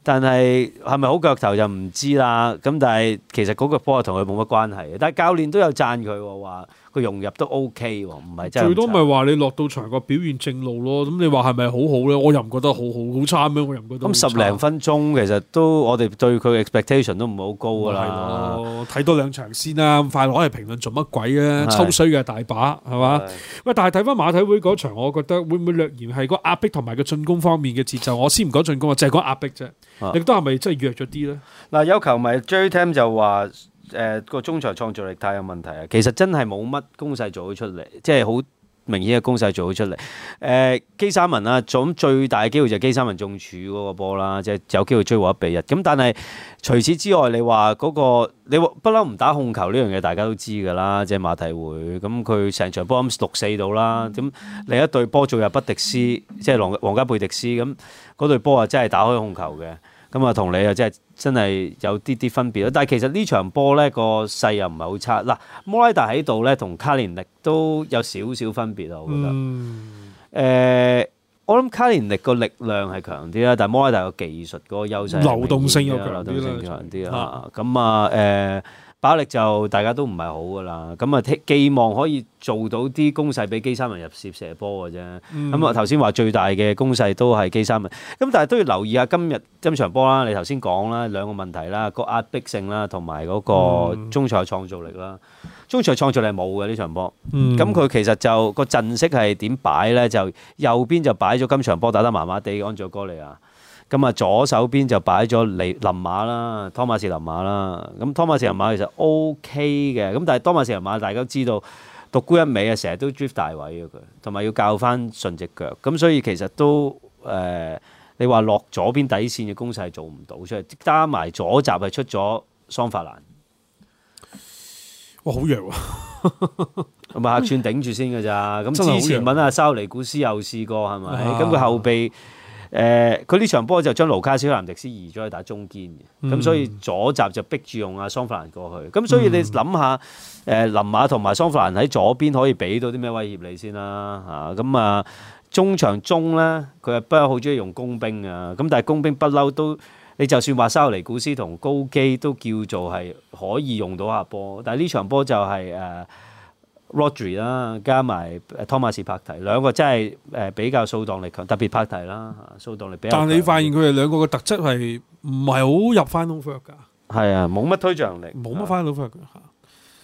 B: 但係係咪好腳頭就唔知啦。咁但係其實嗰個波同佢冇乜關係嘅。但係教練都有讚佢話。佢融入都 OK 喎，唔係真係最多
A: 咪話你落到場個表現正路咯？咁你話係咪好好咧？我又唔覺得好好，好差咩？我又唔覺
B: 得。咁十零分鐘其實都，我哋對佢嘅 expectation 都唔係好高噶啦。睇、嗯、多兩場先啦，咁快攞嚟評論做乜鬼啊？的抽水嘅大把係嘛？
A: 喂，的但係睇翻馬體會嗰場，我覺得會唔會略嫌係個壓迫同埋個進攻方面嘅節奏？我先唔講進攻壓啊，就係講壓迫啫。亦
B: 都係咪真係弱咗啲咧？嗱，有球迷 J Team 就話。誒個、呃、中場創造力太有問題啊！其實真係冇乜攻勢做到出嚟，即係好明顯嘅攻勢做到出嚟。誒、呃、基沙文啦、啊，咁最大嘅機會就係基沙文中柱嗰個波啦，即係有機會追和一比一。咁但係除此之外，你話嗰、那個你不嬲唔打控球呢樣嘢，大家都知㗎啦，即係馬體會咁佢成場波咁六四度啦。咁另一隊波做入貝迪斯，即係皇家貝迪斯咁嗰隊波啊，真係打開控球嘅。咁啊同你啊即係。真係有啲啲分別咯，但係其實呢場波咧個勢又唔係好差。嗱，莫拉塔喺度咧，同卡連力都有少少分別啊。我覺得，誒，我諗卡連力個力量係強啲啦，但係莫拉塔個技術嗰個優勢，流動性又強啲啊。咁啊，誒、呃。把力就大家都唔係好噶啦，咁啊，希望可以做到啲攻勢俾基沙文入攝射波嘅啫。咁啊，頭先話最大嘅攻勢都係基沙文，咁但係都要留意下今日今場波啦。你頭先講啦兩個問題啦，個壓迫性啦，同埋嗰個中場嘅創造力啦。中場創造力係冇嘅呢場波。咁佢、嗯、其實就個陣式係點擺咧？就右邊就擺咗今場波打得麻麻地，安卓哥利亞。咁啊，左手邊就擺咗尼林馬啦，湯馬士林馬啦。咁湯馬士林馬其實 O K 嘅，咁但係湯馬士林馬大家都知道獨孤一味啊，成日都 drift 大位啊佢，同埋要教翻順隻腳。咁所以其實都誒、呃，你話落左邊底線嘅攻勢做唔到所以出嚟，加埋左閘係出咗桑法蘭，
A: 哇、哦，好弱啊！
B: 阿客串頂住先㗎咋？咁之前問阿沙尼古斯又試過係咪？咁佢、哎、呀後備。誒佢呢場波就將盧卡斯藍迪斯移咗去打中堅嘅，咁、嗯、所以左閘就逼住用阿桑弗蘭過去，咁、嗯、所以你諗下誒林馬同埋桑弗蘭喺左邊可以俾到啲咩威脅你先啦嚇，咁啊，啊中場中咧佢又唔係好鍾意用工兵啊，咁但係工兵不嬲都你就算話沙尼古斯同高基都叫做係可以用到下波，但係呢場波就係、是、誒。呃 r o d g e r 啦，Roger, 加埋 Thomas p a 兩個真係誒比較掃蕩力強，特別帕提 r t i 啦，掃蕩力比較強。但係你發現佢哋兩個嘅特質係唔係好入 Final Four 㗎？係啊、嗯，冇乜推進能力，冇乜 Final
A: Four 嘅，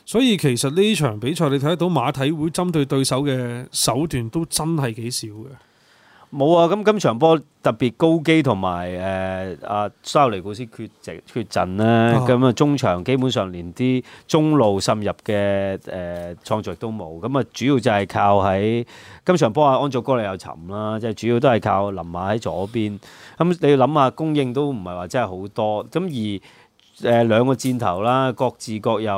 A: 所以其實呢場比賽你睇得到馬體會針對對手嘅
B: 手段都真係幾少嘅。冇啊！咁今場波特別高基同埋誒阿沙烏尼古斯缺席缺陣啦、啊。咁啊、哦、中場基本上連啲中路深入嘅誒創作都冇，咁、呃、啊主要就係靠喺今場波啊安祖哥利又沉啦，即係主要都係靠林馬喺左邊。咁、嗯、你要諗下供應都唔係話真係好多，咁而誒兩、呃、個箭頭啦，各自各又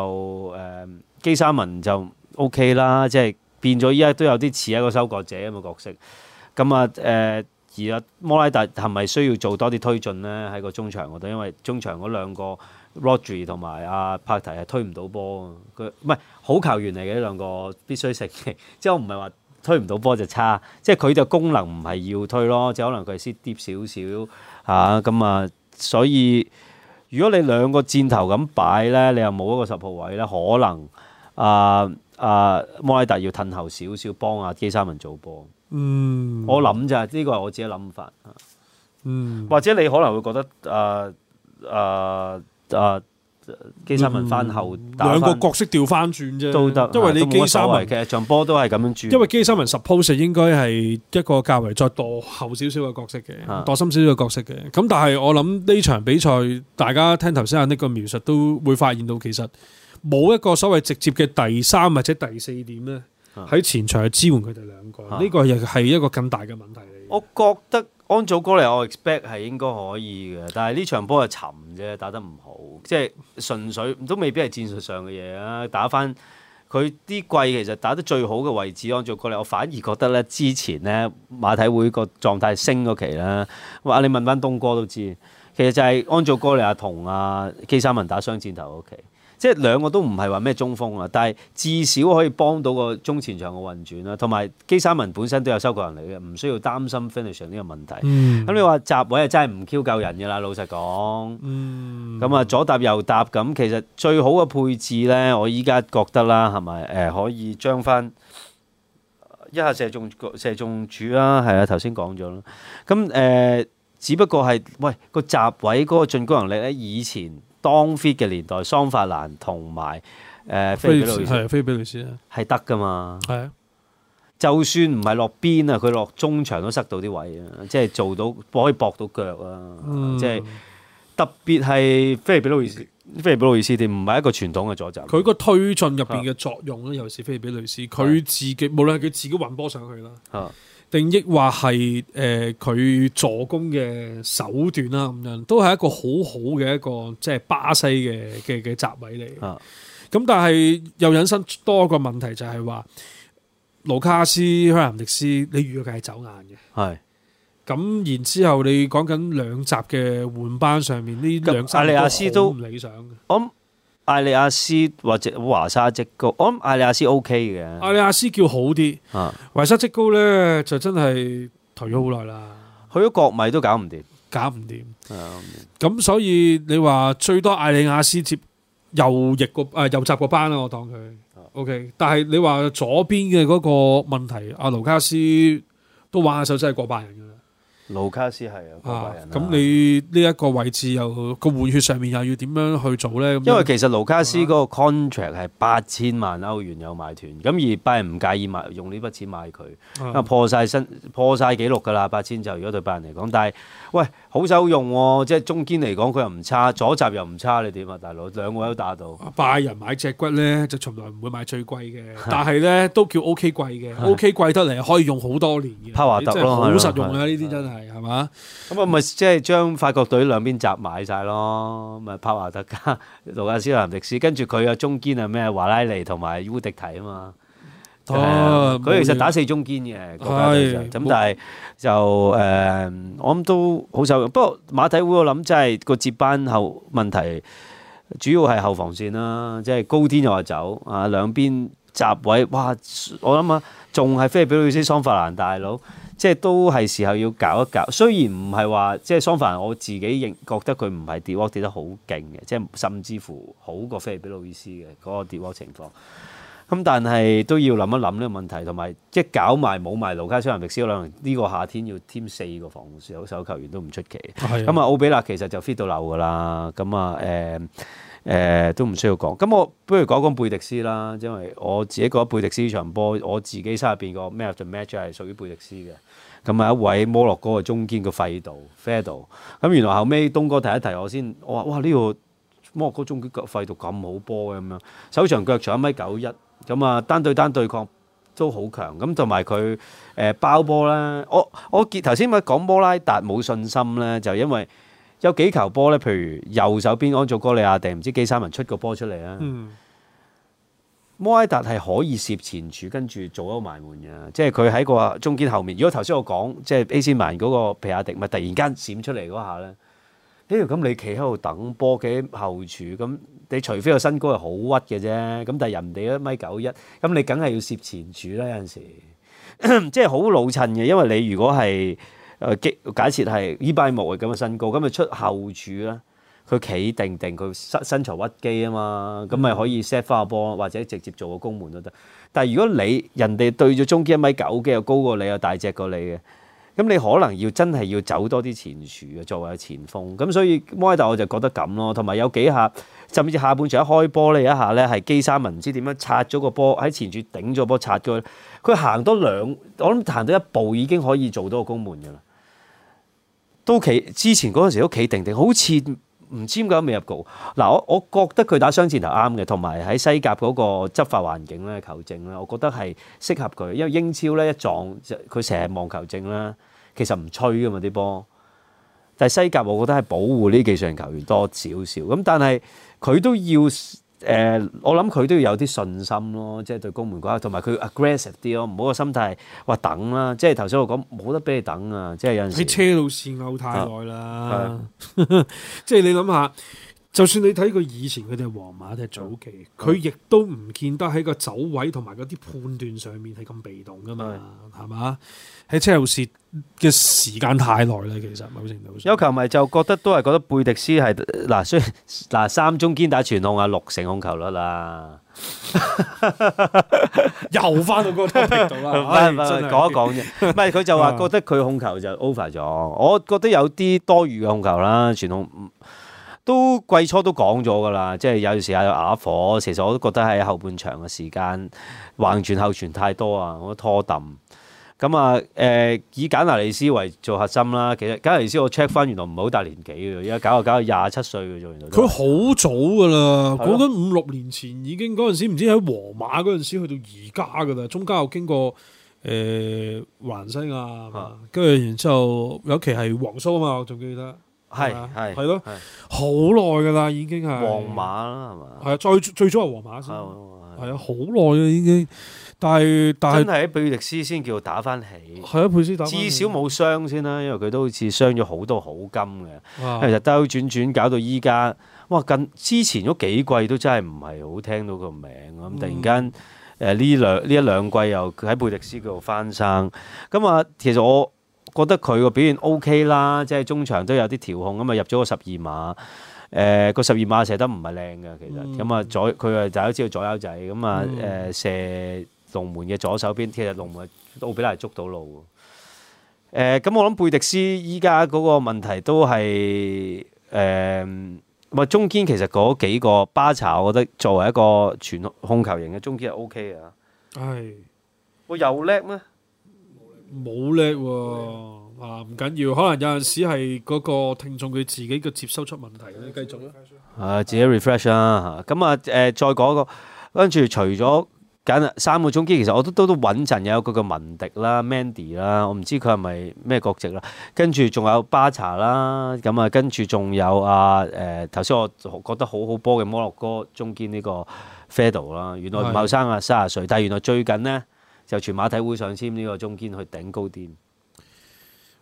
B: 誒、呃、基沙文就 O、OK、K 啦，即係變咗依家都有啲似一個收割者咁嘅角色。咁啊，誒而阿摩拉達係咪需要做多啲推進咧？喺個中場嗰度，因為中場嗰兩個 Rodri 同埋阿帕提係推唔到波㗎。佢唔係好球員嚟嘅，呢兩個必須承認。即係我唔係話推唔到波就差，即係佢嘅功能唔係要推咯，即係可能佢係先跌少少嚇。咁啊、嗯，所以如果你兩個箭頭咁擺咧，你又冇一個十號位咧，可能啊啊摩拉達要褪後少少幫阿基沙文做波。嗯，我諗就係呢個係我自己諗法。嗯，或者你可能會覺得誒誒誒，基沙文翻後翻，兩、嗯、個角色調翻轉啫，都得。因為你基沙文其實場波都係咁樣轉。因為基
A: 沙文 suppose 應該係一個較為再墮後少少嘅角色嘅，墮、嗯、深少少嘅角色嘅。咁但係我諗呢場比賽，大家聽頭先阿 Nick 嘅描述，都會發現到其實冇一個所謂直接嘅第三或者第四點咧，喺前場去支援佢哋兩個，呢個又係一個咁大嘅問題嚟。
B: 我覺得安祖哥利亞，我 expect 係應該可以嘅，但係呢場波係沉啫，打得唔好，即係純粹都未必係戰術上嘅嘢啊！打翻佢啲季其實打得最好嘅位置，安祖哥利亞，我反而覺得咧，之前咧馬體會個狀態升嗰期啦，哇！你問翻東哥都知，其實就係安祖哥利亞啊同阿基三文打雙箭頭嗰期。即係兩個都唔係話咩中鋒啊，但係至少可以幫到個中前場嘅運轉啦。同埋基沙文本身都有收球人嚟嘅，唔需要擔心 finish 呢個問題。咁、嗯、你話閘位啊，真係唔 Q 夠人㗎啦，老實講。咁啊、嗯、左搭右搭咁，其實最好嘅配置呢，我依家覺得啦，係咪誒可以將翻一下射中射中柱啦？係啊，頭先講咗啦。咁誒、呃，只不過係喂個閘位嗰個進攻能力呢，以前。當 fit 嘅年代，桑法蘭同埋誒菲比魯斯係，菲比魯斯係得㗎嘛？係啊，就算唔係落邊啊，佢落中場都塞到啲位啊，即係做到可以搏到腳啊，即係特別係菲比魯斯，菲比魯斯啲唔係一個傳統嘅左閘，佢個推進入邊嘅
A: 作用咧，又是菲比魯斯，佢自
B: 己無論係佢自己運波
A: 上去啦。定抑或係誒佢助攻嘅手段啦，咁樣都係一個好好嘅一個即係巴西嘅嘅嘅席位嚟。啊，咁但係又引申多個問題就，就係話盧卡斯香蘭迪斯，你預計係走眼
B: 嘅。係是。
A: 咁然之後，你講緊兩集嘅換班上面呢兩三斯都唔理想。
B: 咁艾利亞斯或者華沙積高，我諗艾利亞斯 O K 嘅。艾利亞斯叫好啲，啊、華
A: 沙積高咧就真係頹咗好耐啦。
B: 去咗國米都搞唔掂，搞唔
A: 掂。咁、啊、所以你話最多艾利亞斯接右翼個誒、呃、右閘個班啦、啊，我當佢 O K。啊 okay? 但係你話左邊嘅嗰個問題，阿盧卡斯都玩下手真係過百人。
B: 盧卡斯係
A: 啊，人、啊。咁你呢一個位置又個、嗯、換血上面又要點樣去做呢？因為其
B: 實盧卡斯嗰個 contract 係八千萬歐元有買斷，咁而拜仁唔介意買用呢筆錢買佢，咁啊、嗯、破晒新破晒紀錄㗎啦，八千就如果對拜仁嚟講，但係喂。好手用喎，即係中堅嚟講，佢又唔差，左閘又唔差，你點啊，大佬？兩個都打到。拜
A: 仁買隻骨咧，就從來唔會買最貴嘅，但係咧都叫 OK 貴嘅，OK 貴得嚟
B: 可以用好多年嘅。帕華特咯，好實用啊！
A: 呢啲真係係
B: 嘛？咁啊，咪即係將法國隊兩邊閘買晒咯，咪帕華特加盧卡斯藍迪斯，跟住佢嘅中堅係咩？華拉尼同埋烏迪提啊嘛。
C: 哦，佢、啊、其實打四中堅嘅，咁但係
B: 就誒，嗯嗯、我諗都好受用。不過馬體會我諗真係個接班後問題，主要係後防線啦。即、就、係、是、高天又話走啊，兩邊閘位哇！我諗下，仲係菲利比魯斯、桑法蘭大佬，即係都係時候要搞一搞。雖然唔係話即係桑法蘭，我自己認覺得佢唔係跌跌得好勁嘅，即係甚至乎好過菲利比魯斯嘅嗰、那個跌跌情況。咁但係都要諗一諗呢個問題，同埋即係搞埋冇埋盧卡斯、蘭迪斯，可能呢個夏天要添四個防守，好守球員都唔出奇。咁啊是的、嗯，奧比納其實就 fit 到漏㗎喇。咁、嗯、啊，誒、嗯、誒、嗯、都唔需要講。咁、嗯、我不如講講貝迪斯啦，因為我自己覺得貝迪斯場波，我自己心入邊個 Man of the Match 係屬於貝迪斯嘅。咁、嗯、啊，一位摩洛哥嘅中堅嘅肺度 fair 咁原來後尾東哥提一提我先，我話哇呢、呢個摩洛哥中堅嘅肺道咁好波嘅咁樣，手長腳長一米九一。咁啊，單對單對抗都好強，咁同埋佢誒包波啦。我我結頭先咪講摩拉達冇信心咧，就因為有幾球波咧，譬如右手邊安佐哥利亞定唔知幾三文出個波出嚟啊。嗯、摩拉達係可以攝前柱，跟住做一個埋門嘅，即係佢喺個中間後面。如果頭先我講即係 A.C. 米蘭嗰個皮亞迪咪突然間閃出嚟嗰下咧，誒咁你企喺度等波，企喺後柱咁。你除非個身高係好屈嘅啫，咁但係人哋一米九一，咁你梗係要攝前柱啦。有陣時 即係好老襯嘅，因為你如果係誒、呃、假設係伊巴慕咁嘅身高，咁咪出後柱啦。佢企定定，佢身身材屈肌啊嘛，咁咪可以 set 花波或者直接做個攻門都得。但係如果你人哋對咗中堅一米九幾又高過你又大隻過你嘅，咁你可能要真係要走多啲前柱啊，作為個前鋒。咁所以摩凱達我就覺得咁咯，同埋有，有幾下。甚至下半場一開波呢，一,一下呢係基沙文，唔知點樣拆咗個波喺前柱頂咗波拆咗佢。行多兩，我諗行到一步已經可以做到個攻門㗎啦。都企之前嗰陣時都企定定，好似唔知點解未入局。嗱。我我覺得佢打雙箭頭啱嘅，同埋喺西甲嗰個執法環境呢，球證呢，我覺得係適合佢，因為英超呢，一撞佢成日望球證啦，其實唔吹㗎嘛啲波。但係西甲我覺得係保護呢技術球員多少少咁，但係。佢都要誒、呃，我諗佢都要有啲信心咯，即係對攻門嗰一刻，同埋佢 aggressive 啲咯，唔好個心態話等啦、啊，即係頭先我講冇得俾你等啊，即係有時喺車路線嘔太耐啦，啊
A: 啊、 即係你諗下。就算你睇佢以前佢哋皇馬嘅早期，佢、嗯、亦都唔見得喺個走位同埋嗰啲判斷上面係咁被動噶嘛，係嘛的？喺車路士嘅時間太耐啦，其實某程
B: 度有球迷就覺得都係覺得貝迪斯係嗱、啊，雖然，嗱、啊、三中堅打傳控啊，六成控球率啦，
A: 又翻到嗰個頻道啦，講一講啫，
B: 唔係佢就話覺得佢控球就 over 咗，我覺得有啲多餘嘅控球啦，傳控都季初都講咗㗎啦，即係有陣時啊，又啞火。其實我都覺得喺後半場嘅時間橫傳後傳太多我都啊，好拖揼。咁啊，誒以簡拿利斯為做核心啦。其實簡拿利斯我 check 翻，原來唔係好大年紀㗎，而家搞又搞到廿七歲嘅做原來。佢
A: 好早㗎啦，講緊是的 五六年前已經嗰陣時，時，唔知喺皇馬嗰陣時去到而家㗎啦。中間又經過誒、呃、環西亞，跟住是的 然之後尤其係皇蘇啊嘛，我仲記得。係係係咯，好耐噶啦，已經係。皇馬啦，係嘛？係啊，最最早係
B: 皇馬先，係啊的，好耐嘅已經。但係但係真係喺貝迪斯先叫打翻起。係啊，貝斯打起。至少冇傷先啦，因為佢都好似傷咗好多好金嘅。啊、其實兜兜轉轉搞到依家，哇！近之前嗰幾季都真係唔係好聽到個名咁，突然間誒呢兩呢一兩季又喺貝迪斯叫做翻生。咁、嗯、啊，其實我。覺得佢個表現 OK 啦，即係中場都有啲調控，咁啊入咗個十二碼。誒、呃、個十二碼射得唔係靚嘅，其實咁啊左佢啊就係都知道左右仔咁啊，誒射龍門嘅左手邊，其實龍門奧比拉捉到路。誒、呃、咁我諗貝迪斯依家嗰個問題都係誒，唔、呃、咪中堅其實嗰幾個巴查，我覺得作為一個全控球型嘅中堅係 OK 呀。係、哎，我又叻咩？
A: 冇叻喎，啊唔緊要，可能有陣時係嗰個聽眾佢自己嘅接收出問題咧，
B: 繼續啦、啊。自己 refresh 啊，咁啊誒、啊呃、再講一個跟住除咗揀三個中堅，其實我都都都穩陣，有一個嘅文迪啦、Mandy 啦，我唔知佢係咪咩國籍啦，跟住仲有巴查啦，咁啊跟住仲有啊誒頭先我覺得好好波嘅摩洛哥，中堅呢個 Fadel 啦，原來唔後生啊，三十歲，但係原來最近咧。就全馬體會上簽呢個中鋒去頂高天，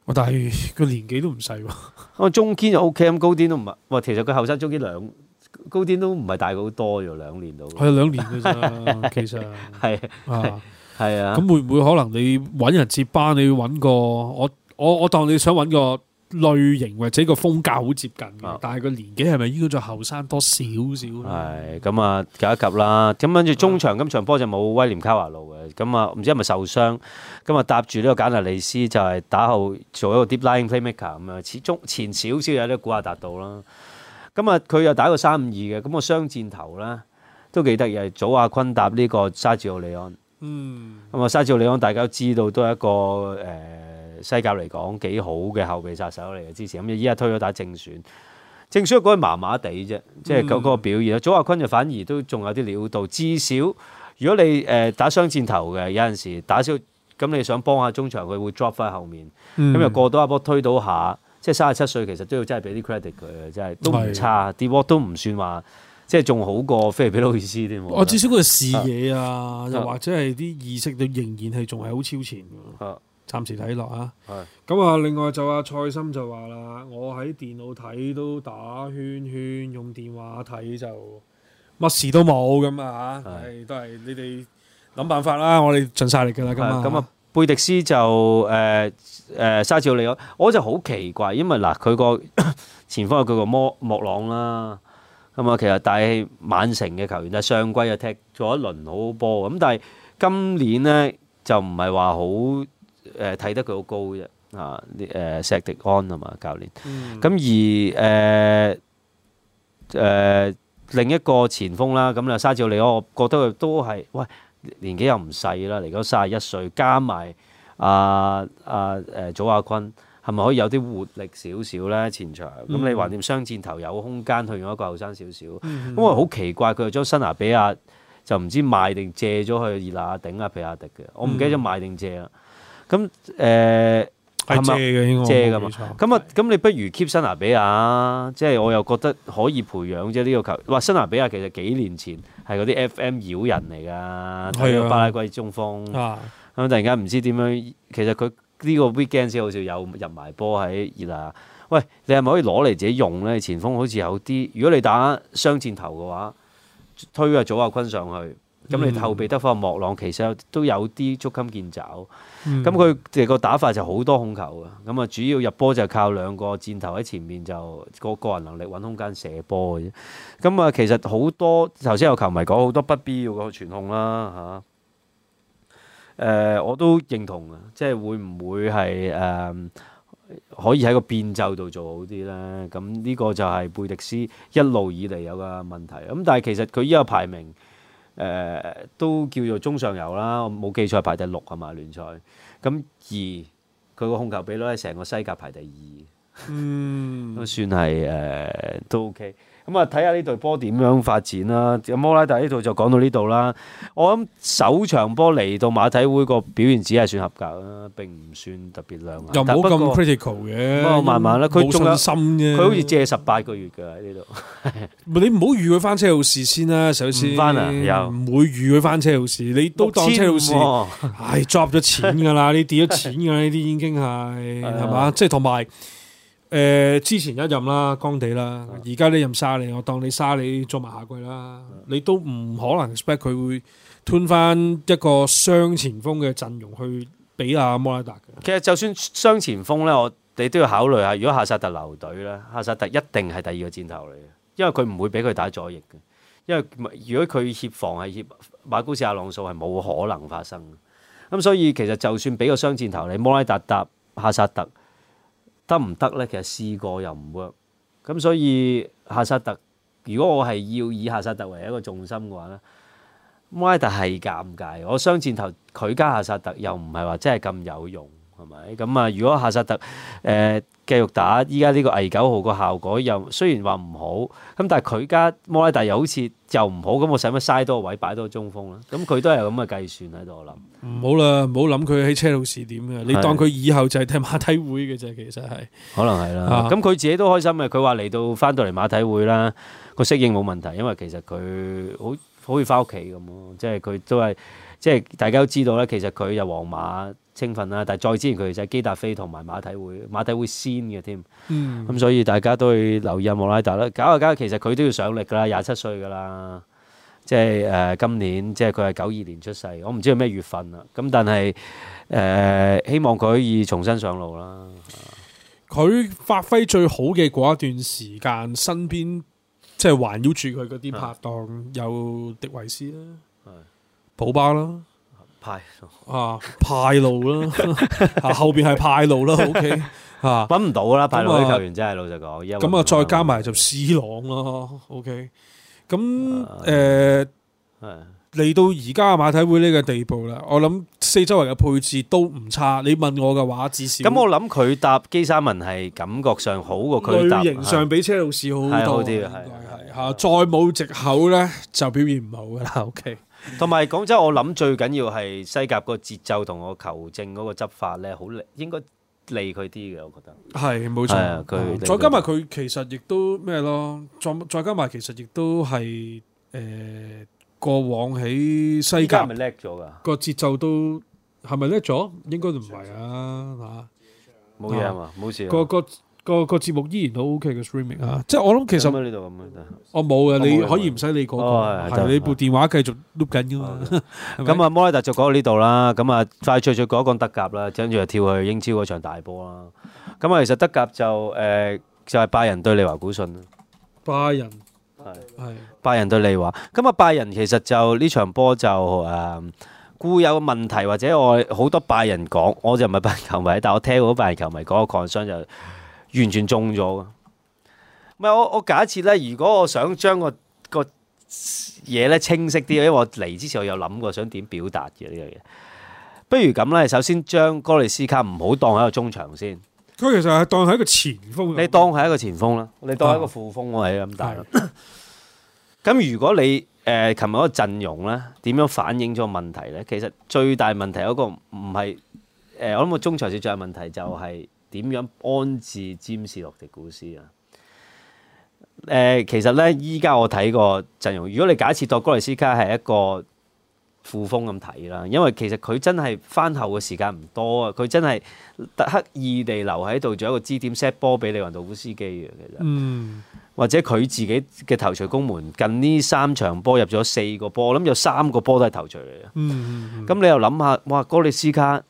A: 哇！但係佢年
B: 紀都唔細喎。中鋒就 OK，咁高天都唔係。哇，其實佢後生中鋒兩高天都唔係大佢好多，又兩年到。係啊，兩年㗎咋， 其實係係 啊。咁係、啊、會唔會可能你
A: 揾人接班？你揾個我我我當你想揾個類型或者個風格好接近嘅，哦、但係個年紀係咪應該再後生多少少？
B: 係咁啊，夾一夾啦。咁跟住中場，今場的波就冇威廉卡華路嘅。咁啊，唔知係咪受傷？咁啊，搭住呢個簡達利斯就係打後做一個 deep line playmaker 咁啊，maker，始終前少少有啲古亞達道啦。咁啊，佢又打過2，個三五二嘅，咁啊，雙箭頭啦，都幾得意。早阿坤搭呢個沙治奧利安，嗯，咁啊，沙治奧利安大家都知道都係一個誒。呃西甲嚟講幾好嘅後備殺手嚟嘅，之前咁依家推咗打正選，正選嗰個麻麻地啫，嗯、即係嗰個表現。祖亞坤就反而都仲有啲料到，至少如果你誒打雙箭頭嘅，有陣時打少咁，你想幫下中場，佢會 drop 翻後面，咁又、嗯、過到一波推倒下，即係三十七歲其實都要 credit, 真係俾啲 credit 佢嘅，真係都唔差，啲波的都唔算話即係仲好過菲比路易斯添。我至少佢視野
A: 啊，又或者係啲意識，都仍然係仲係好超前。啊啊啊啊啊暫時睇落啊！咁啊，另外就阿蔡森就話啦，我喺電腦睇都打圈圈，用電話睇就乜事都冇咁啊！嚇，都係你哋
B: 諗辦法啦，我哋盡曬力噶啦，咁啊！咁啊，貝迪斯就誒誒沙少你講，我就好奇怪，因為嗱，佢個前方有佢個莫莫朗啦，咁啊，其實帶曼城嘅球員啊，上季就踢咗一輪好好波，咁但係今年呢就唔係話好。誒睇、呃、得佢好高啫啊！誒、呃、石迪安啊嘛，教練咁、嗯、而誒誒、呃呃、另一個前鋒啦，咁啊沙照利，我覺得佢都係喂年紀又唔細啦，嚟咗三十一歲，加埋啊啊誒祖亞坤，係咪可以有啲活力少少咧前場咁？你橫掂雙箭頭有空間去咗一個後生少少咁，我好奇怪佢又將新拿比亞就唔知賣定借咗去熱拿阿頂阿皮亞迪嘅，我唔記得咗賣定借啦。咁誒係嘛？咁啊對，咁你不如 keep 辛拿比亞，即、就、係、是、我又覺得可以培養啫。呢、這個球，哇！辛拿比亞其實幾年前係嗰啲 FM 妖人嚟㗎，喺的巴拉圭中鋒。咁、啊、突然間唔知點樣，其實佢呢個 weekend 先好少有入埋波喺熱那、啊。喂，你係咪可以攞嚟自己用呢？前鋒好似有啲，如果你打雙箭頭嘅話，推啊，祖阿坤上去。咁你、嗯、後備得翻莫朗，其實都有啲捉襟見肘。咁佢哋個打法就好多控球嘅，咁啊主要入波就靠兩個箭頭喺前面，就個個人能力揾空間射波嘅啫。咁啊，其實好多頭先有球迷講好多不必要嘅傳控啦嚇。誒、啊，我都認同啊。即係會唔會係誒、呃、可以喺個變奏度做好啲呢？咁呢個就係貝迪斯一路以嚟有嘅問題。咁但係其實佢呢個排名。誒、呃、都叫做中上游啦，我冇記錯係排第六吖嘛聯賽？咁而佢個控球比率係成個西甲排第二，嗯、 都算係誒、呃、都 OK。咁啊，睇下呢隊波點樣發展啦！摩拉特呢度就講到呢度啦。我諗首場波嚟到馬體會個表現只係算合格啦，並唔算特別亮眼。又冇咁 critical 嘅，不過慢慢啦，佢心、no、有佢好似借十八個月㗎喺呢度。
A: 呵呵，你唔好預佢返車路士先啦，首先唔返啊，又唔會預佢返車路士，你都當車路士 64 00 事 drop 咗，係抓咗錢㗎啦，你跌咗錢㗎，呢啲已經係係嘛？即係同埋。ở 誒、呃、之前一任啦，江地啦，而家呢任沙利，我當你沙利做埋下季啦，是的 你都唔可能 expect 佢會吞翻一個雙前鋒嘅陣容去俾阿
B: 摩拉達嘅。其實就算雙前鋒呢，我哋都要考慮下，如果夏薩特留隊呢，夏薩特一定係第二個箭頭嚟嘅，因為佢唔會俾佢打左翼嘅，因為如果佢協防係協馬古士阿朗素係冇可能發生嘅。咁、嗯、所以其實就算俾個雙箭頭你摩拉達搭夏薩特。得唔得咧？其實試過又唔 work，咁所以夏薩特，如果我係要以夏薩特為一個重心嘅話咧，莫拉特係尷尬，我雙箭頭佢加夏薩特又唔係話真係咁有用。係咪咁啊？如果夏薩特誒、呃、繼續打，依家呢個偽九號個效果又雖然話唔好，咁但係佢家摩拉達又好似又唔好，咁我使乜嘥多個位擺多個中鋒咧？咁、嗯、佢都係有咁嘅計算喺度，我諗。唔好啦，唔好諗佢喺車路士
A: 點嘅，的你當佢以後就係踢馬體會嘅啫。其實係可能係啦。咁
B: 佢、啊、自己都開心嘅，佢話嚟到翻到嚟馬體會啦，個適應冇問題，因為其實佢好似翻屋企咁咯。即係佢都係，即係大家都知道咧，其實佢有皇馬青訓啊！但係再之前佢就係基達菲同埋馬體會，馬體會先嘅添。嗯，咁、嗯、所以大家都會留意阿莫拉達啦。搞下搞下，其實佢都要上力㗎喇，廿七歲㗎喇。即係誒、呃，今年即係佢係九二年出世，我唔知佢咩月份啦。咁但係誒、呃，希望佢可以重新上路啦。佢發揮最好嘅嗰一
A: 段時間，身邊即係、就是、環繞住佢嗰啲拍檔的有迪維斯啦，的普巴啦。派啊，派路啦，後邊係派路啦，O K，吓搵唔到啦，派路啲球員
B: 真係老實講，咁啊，再加埋就 C 朗咯，O K，
A: 咁誒嚟到而家馬體會呢個地步啦，我諗四周圍嘅配置都唔差，
B: 你問我嘅話，只是咁我諗佢搭基沙文係感覺上好過佢搭，類型上比
A: 車路士好多啲，係，吓再冇藉口咧就表現唔好噶啦，O K。
B: 同埋講真，我諗最緊要係西甲個節奏同我球證嗰個執法咧，好利應該利佢啲嘅，我覺得。係冇錯。啊，佢。再加埋
A: 佢其實亦都咩咯？再再加埋其實亦都係誒過往喺西甲。係咪叻咗㗎。個節奏都係咪叻咗？應該唔係啊嚇。冇嘢係嘛？冇事。個個。那個個個節目依然都 OK 嘅 streaming 啊，即係我諗其實喺呢度咁樣啊。我冇嘅，你可以唔使理嗰個，係你部
B: 電話繼續錄緊噶嘛？咁啊，摩拉特就講到呢度啦。咁啊，快脆就講講德甲啦，跟住就跳去英超嗰場大波啦。咁啊，其實德甲就誒就係拜仁對利華古遜啦。
A: 拜仁係係
B: 拜仁對利華。咁啊，拜仁其實就呢場波就誒，固有問題或者我好多拜仁講，我就唔係拜仁球迷，但我聽過拜仁球迷講嘅 concern 就。完全中咗噶，唔係我我假設咧，如果我想將個個嘢咧清晰啲，因為我嚟之前我有諗過想點表達嘅呢樣嘢。不如咁啦，首先將哥利斯卡唔好當喺個中場先。佢其實係當係一個前鋒。你當喺一個前鋒啦，你當喺一個副鋒喎，係咁打。咁是的 如果你誒琴日嗰個陣容咧，點樣反映咗問題咧？其實最大問題有個唔係誒，我諗個中場先最，最問題就係、嗯。點樣安置詹士洛迪古斯啊？誒、呃，其實咧，依家我睇過陣容，如果你假設當哥利斯卡係一個副鋒咁睇啦，因為其實佢真係翻後嘅時間唔多啊，佢真係特刻意地留喺度做一個支點 set 波俾利雲道夫斯基嘅。其實，或者佢自己嘅頭槌攻門近呢三場波入咗四個波，我諗有三個波都係頭槌嚟嘅。嗯咁、嗯嗯、你又諗下，哇，哥利斯卡！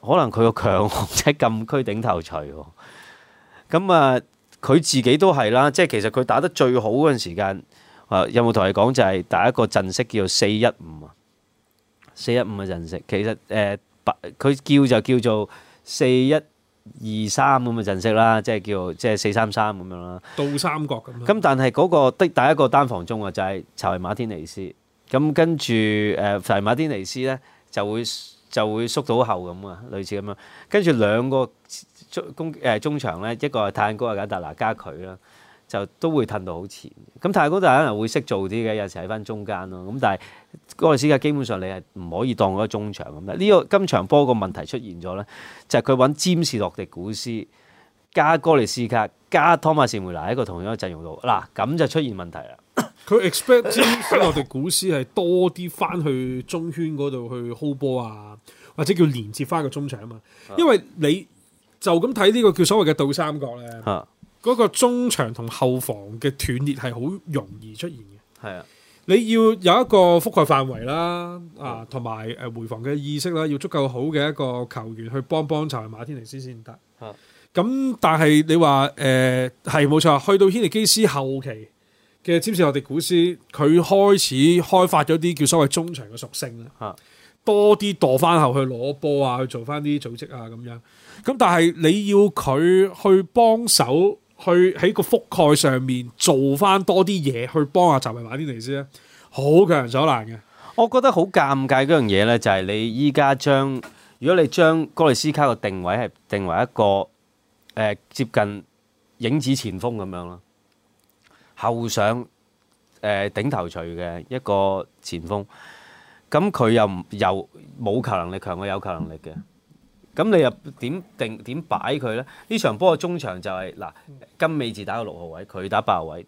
B: 可能佢個強者禁區頂頭鎚喎，咁啊佢自己都係啦，即係其實佢打得最好嗰陣時間，啊有冇同你講，就係第一個陣式叫做四一五啊，四一五嘅陣式，其實誒白佢叫就叫做四一二三咁嘅陣式啦，即係叫即係四三三咁樣啦，倒三角咁樣。咁但係嗰個的第一個單防中啊，就係查維馬天尼斯，咁跟住誒查維馬天尼斯咧就會。就會縮到後咁啊，類似咁樣。跟住兩個中公誒中場咧，一個係泰恩高，加簡達拿加佢啦，就都會褪到好前。咁泰恩高就可能會識做啲嘅，有時喺翻中間咯。咁但係哥利斯卡基本上你係唔可以當嗰個中場咁嘅。呢個今場波個問題出現咗呢，就係佢揾占士洛迪古斯加哥利斯卡加湯馬士梅拿喺一個同樣嘅陣容度，嗱、啊、咁就出現問題啦。佢 expect 我哋股師係多
A: 啲翻去中圈嗰度去 hold 波啊，或者叫連接翻個中場啊，嘛。因為你就咁睇呢個叫所謂嘅倒三角咧，嗰 個中場同後防嘅斷裂係好容易出現嘅。係啊，你要有一個覆蓋範圍啦，啊，同埋誒回防嘅意識啦，要足夠好嘅一個球員去幫幫查馬天尼先先得。
C: 吓
A: 咁但係你話誒係冇錯，去到希尼基斯後期。嘅占士我迪古斯，佢開始開發咗啲叫所謂中場嘅屬性啦，多啲墮翻後去攞波啊，去做翻啲組織啊咁樣。咁但係你要佢去幫手，去喺個覆
B: 蓋上面做翻多啲嘢，
A: 去幫阿集米馬天尼斯咧，好強人所難
B: 嘅。我覺得好尷尬嘅樣嘢咧，就係、是、你依家將，如果你將哥利斯卡嘅定位係定為一個誒、呃、接近影子前鋒咁樣咯。後上誒、呃、頂頭鎚嘅一個前鋒，咁佢又又冇球能力強過有球能力嘅，咁你又點定點擺佢呢？呢場波嘅中場就係、是、嗱，金美治打個六號位，佢打八號位，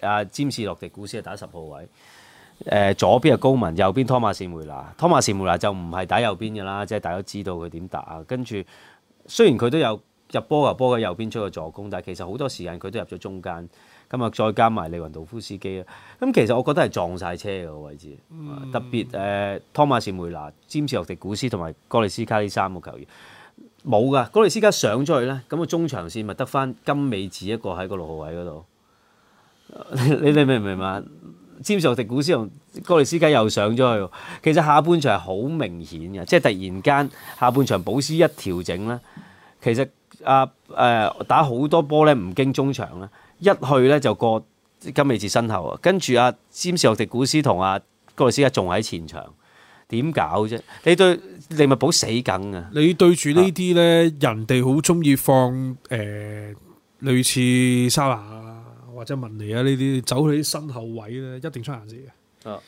B: 阿、啊、詹士洛迪古斯啊打十號位，誒、呃、左邊係高文，右邊托馬士梅拿，托馬士梅拿就唔係打右邊嘅啦，即係大家都知道佢點打。跟住雖然佢都有入波球波嘅右邊出咗助攻，但係其實好多時間佢都入咗中間。今日再加埋利雲道夫斯基啊！咁其實我覺得係撞曬車個位置，嗯、特別誒湯、呃、馬士梅拿、詹士、洛迪古斯同埋哥利斯卡呢三個球員冇噶。哥利斯卡上咗去咧，咁啊中場線咪得翻金尾子一個喺個六號位嗰度。你你明唔明白？詹士、洛迪古斯同哥利斯卡又上咗去。其實下半場係好明顯嘅，即係突然間下半場保斯一調整咧，其實阿誒、呃呃、打好多波咧唔經中場咧。一去咧就過金美智身後啊，跟住阿詹士沃迪古斯同阿哥律斯啊仲喺前場，點搞啫？你對利物浦死梗啊！你對住呢
A: 啲咧，人哋好中意放誒類似沙拿啊或者文尼啊呢啲走喺身後位咧，一定出顏色嘅。啊！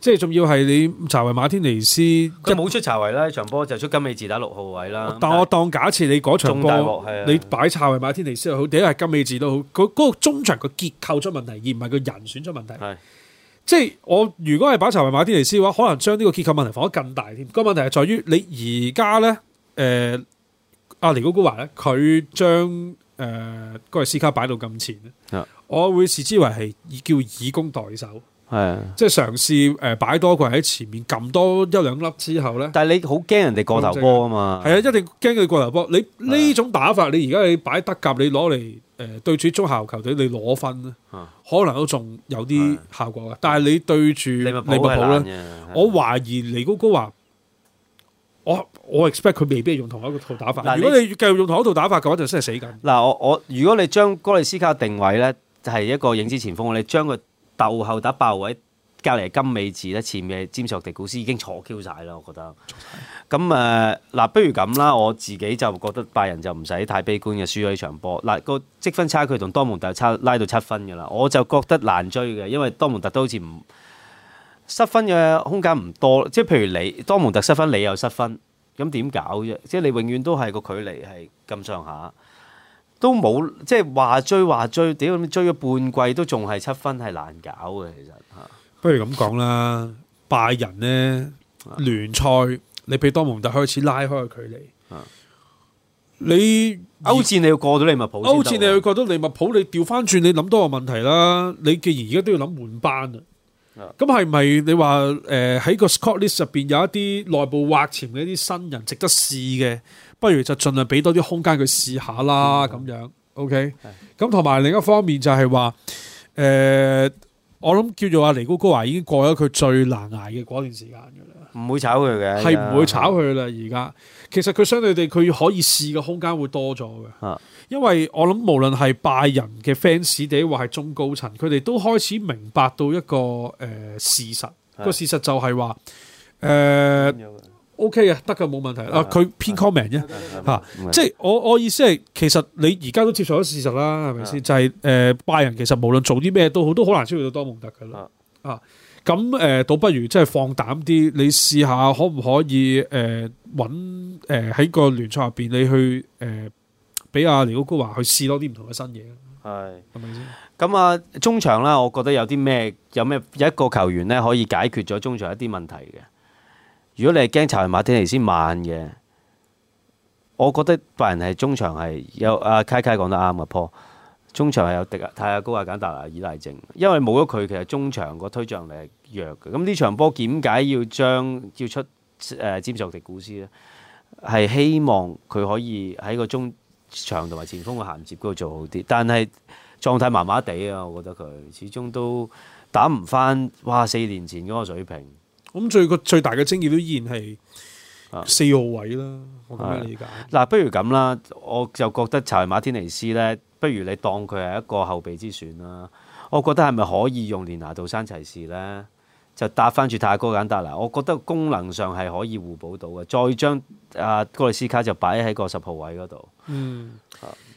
A: 即係仲要係你查維馬天尼斯，
B: 即係冇出查維啦，場波就出金美治打六號位啦。但我
A: 當假設你嗰場波，你擺查維馬天尼斯又好，第一係金美治都好，嗰、那個中場個結構出問題，而唔係個人選出問題。是即係我如果係擺查維馬天尼斯嘅話，可能將呢個結構問題放得更大添。個問題係在於你而家咧，誒、呃、阿、啊、尼古古華咧，佢將誒哥列斯卡擺到咁前的我會視之為係叫以攻代守。係，即係嘗試誒，擺多個人喺前面，撳多一兩粒之後咧。但係你好驚人哋過頭波啊嘛。係啊，一定驚佢過頭波。你呢的種打法，你而家你擺德甲，你攞嚟誒對住中校球隊，你攞分咧，的可能都仲有啲效果嘅。的但係你對住利物浦咧，我
B: 懷疑尼高高話，
A: 我我 expect 佢未必用同一個套
B: 打法。你如果你繼續用同一套打法嘅話，就真係死緊。嗱，我我如果你將哥利斯卡定位咧，係一個影子前鋒，你將佢。後後打爆位，隔離金美治咧，前面係詹索迪古斯已經坐 Q 晒啦，我覺得。咁誒嗱，不、呃、如咁啦，我自己就覺得拜仁就唔使太悲觀嘅，輸咗呢場波。嗱、那個積分差距同多蒙特差拉到七分嘅啦，我就覺得難追嘅，因為多蒙特都好似唔失分嘅空間唔多，即係譬如你多蒙特失分，你又失分，咁點搞啫？即係你永遠都係個距離係咁上下。都冇即係話追話追，屌咁追咗半季都仲係七分係難搞嘅，其實吓。
A: 不如咁講啦，拜仁呢聯賽，你俾多蒙特開始拉開個距離。你歐戰你要過到利物浦，歐戰你要過到利物浦，你調翻轉你諗多個問題啦。你既然而家都要諗換班啊是
B: 是，
A: 咁係咪你話誒喺個 scout list 入邊有一啲內部挖潛嘅一啲新人值得試嘅？不如就盡量俾多啲空間佢試下啦，咁、嗯、樣，OK 的。咁同埋另一方面就係話，誒、呃，我諗叫做阿尼高高華已經過咗佢最難捱
B: 嘅嗰段時間嘅啦。唔會炒佢嘅，係唔會炒
A: 佢啦。而家的其實佢相對地，佢可以試嘅空間會多咗嘅。的因為我諗無論係拜仁嘅 fans 哋，或係中高層，佢哋都開始明白到一個誒、呃、事實。個事實就係話，誒、呃。嗯 O K 啊，得噶冇問題啊，佢偏 comment 啫嚇，即係我我意思係，其實你而家都接受咗事實啦，係咪先？就係誒拜仁其實無論做啲咩都好，都好難超越到多蒙特噶啦啊，咁誒倒不如即係放膽啲，你試下可唔可以誒揾誒喺個聯賽入邊你去誒俾阿尼古古華去試多啲唔同嘅新嘢，係係咪
B: 先？咁啊中場啦，我覺得有啲咩有咩有一個球員咧可以解決咗中場一啲問題嘅。如果你係驚查爾馬天尼先慢嘅，我覺得拜仁係中場係有阿 Kaka 講得啱啊。波，Paul, 中場係有迪亞、泰阿高啊、簡達啊、依賴正，因為冇咗佢，其實中場個推進力係弱嘅。咁呢場波點解要將要出誒占士洛迪古斯咧？係、呃、希望佢可以喺個中場同埋前鋒嘅銜接嗰度做好啲，但係狀態麻麻地啊，我覺得佢始終都打唔翻哇四年前嗰個水平。咁最個最大嘅爭議都依然係四號位的覺得啦，我咁樣嗱，不如咁啦，我就覺得查理馬天尼斯咧，不如你當佢係一個後備之選啦。我覺得係咪可以用連拿道山齊士咧，就搭翻住泰阿哥簡達嗱？我覺得功能上係可以互補到嘅。再將阿、啊、哥里斯卡就擺喺個十號位嗰度。嗯，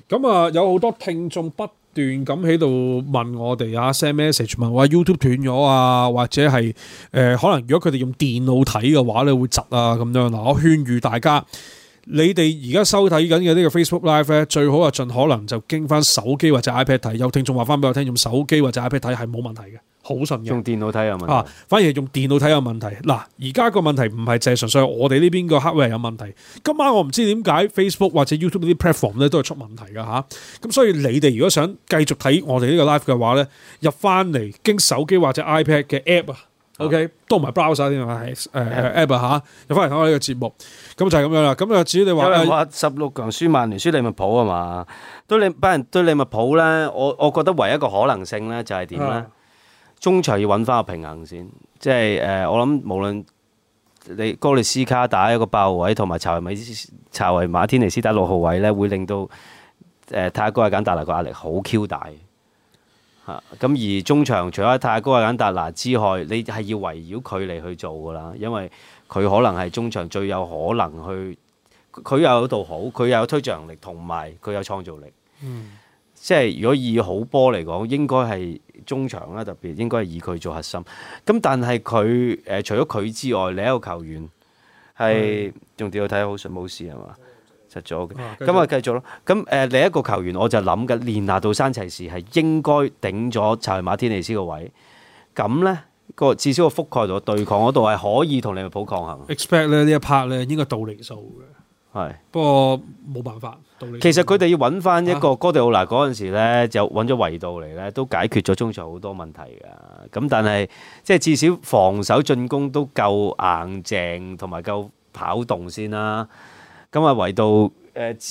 A: 咁啊的，有好多聽眾不。斷咁喺度問我哋啊 send message 問我話 YouTube 斷咗啊，或者係誒、呃、可能如果佢哋用電腦睇嘅話咧，會窒啊咁樣嗱，我勸喻大家。你哋而家收睇緊嘅呢個 Facebook Live 咧，最好啊盡可能就經翻手機或者 iPad 睇，有聽眾話翻俾我聽，用手機或者 iPad 睇係冇問題嘅，好順。用
B: 電腦睇有問題啊，
A: 反而用電腦睇有問題。嗱、啊，而家個問題唔係淨係純粹我哋呢邊個 hardware 位有問題。今晚我唔知點解 Facebook 或者 YouTube 啲 platform 咧都係出問題嘅吓，咁、啊、所以你哋如果想繼續睇我哋呢個 live 嘅話咧，入翻嚟經手機或者 iPad 嘅 app。O、okay? K，都唔係爆曬啲嘛，係
B: 誒下，又 p 翻嚟睇我呢個節目，咁就係咁樣啦。咁啊，至於你話十六強輸曼聯輸利物浦啊嘛？都你幫人，都你咪抱啦。我我覺得唯一一個可能性咧，就係點咧？中場要揾翻個平衡先，即係誒。我諗無論你哥利斯卡打一個八號位，同埋查維美查維馬天尼斯打六號位咧，會令到誒泰、呃、哥係揀帶來個壓力好 Q 大。咁、啊、而中場除咗泰亞高艾簡達拿之外，你係要圍繞佢嚟去做㗎喇，因為佢可能係中場最有可能去，佢有度好，佢有推進能力，同埋佢有創造力。嗯、即係如果以好波嚟講，應該係中場啦，特別應該係以佢做核心。咁但係佢誒除咗佢之外，另一個球員係仲要去睇好順慕斯係嘛？實咗嘅，咁啊繼續咯。咁誒，另一個球員我就諗緊，連拿杜山齊士係應該頂咗查爾馬天尼斯個位，咁咧個至少個覆蓋度、對抗嗰度係可以同利物浦抗衡。
A: Expect 咧呢一 part 咧應該道理數
B: 嘅，係不過
A: 冇辦法。其實
B: 佢哋要揾翻一個哥迪奧拿嗰陣時咧，就揾咗維度嚟咧，都解決咗中場好多問題㗎。咁但係即係至少防守、進攻都夠硬淨，同埋夠跑動先啦。咁啊，唯到誒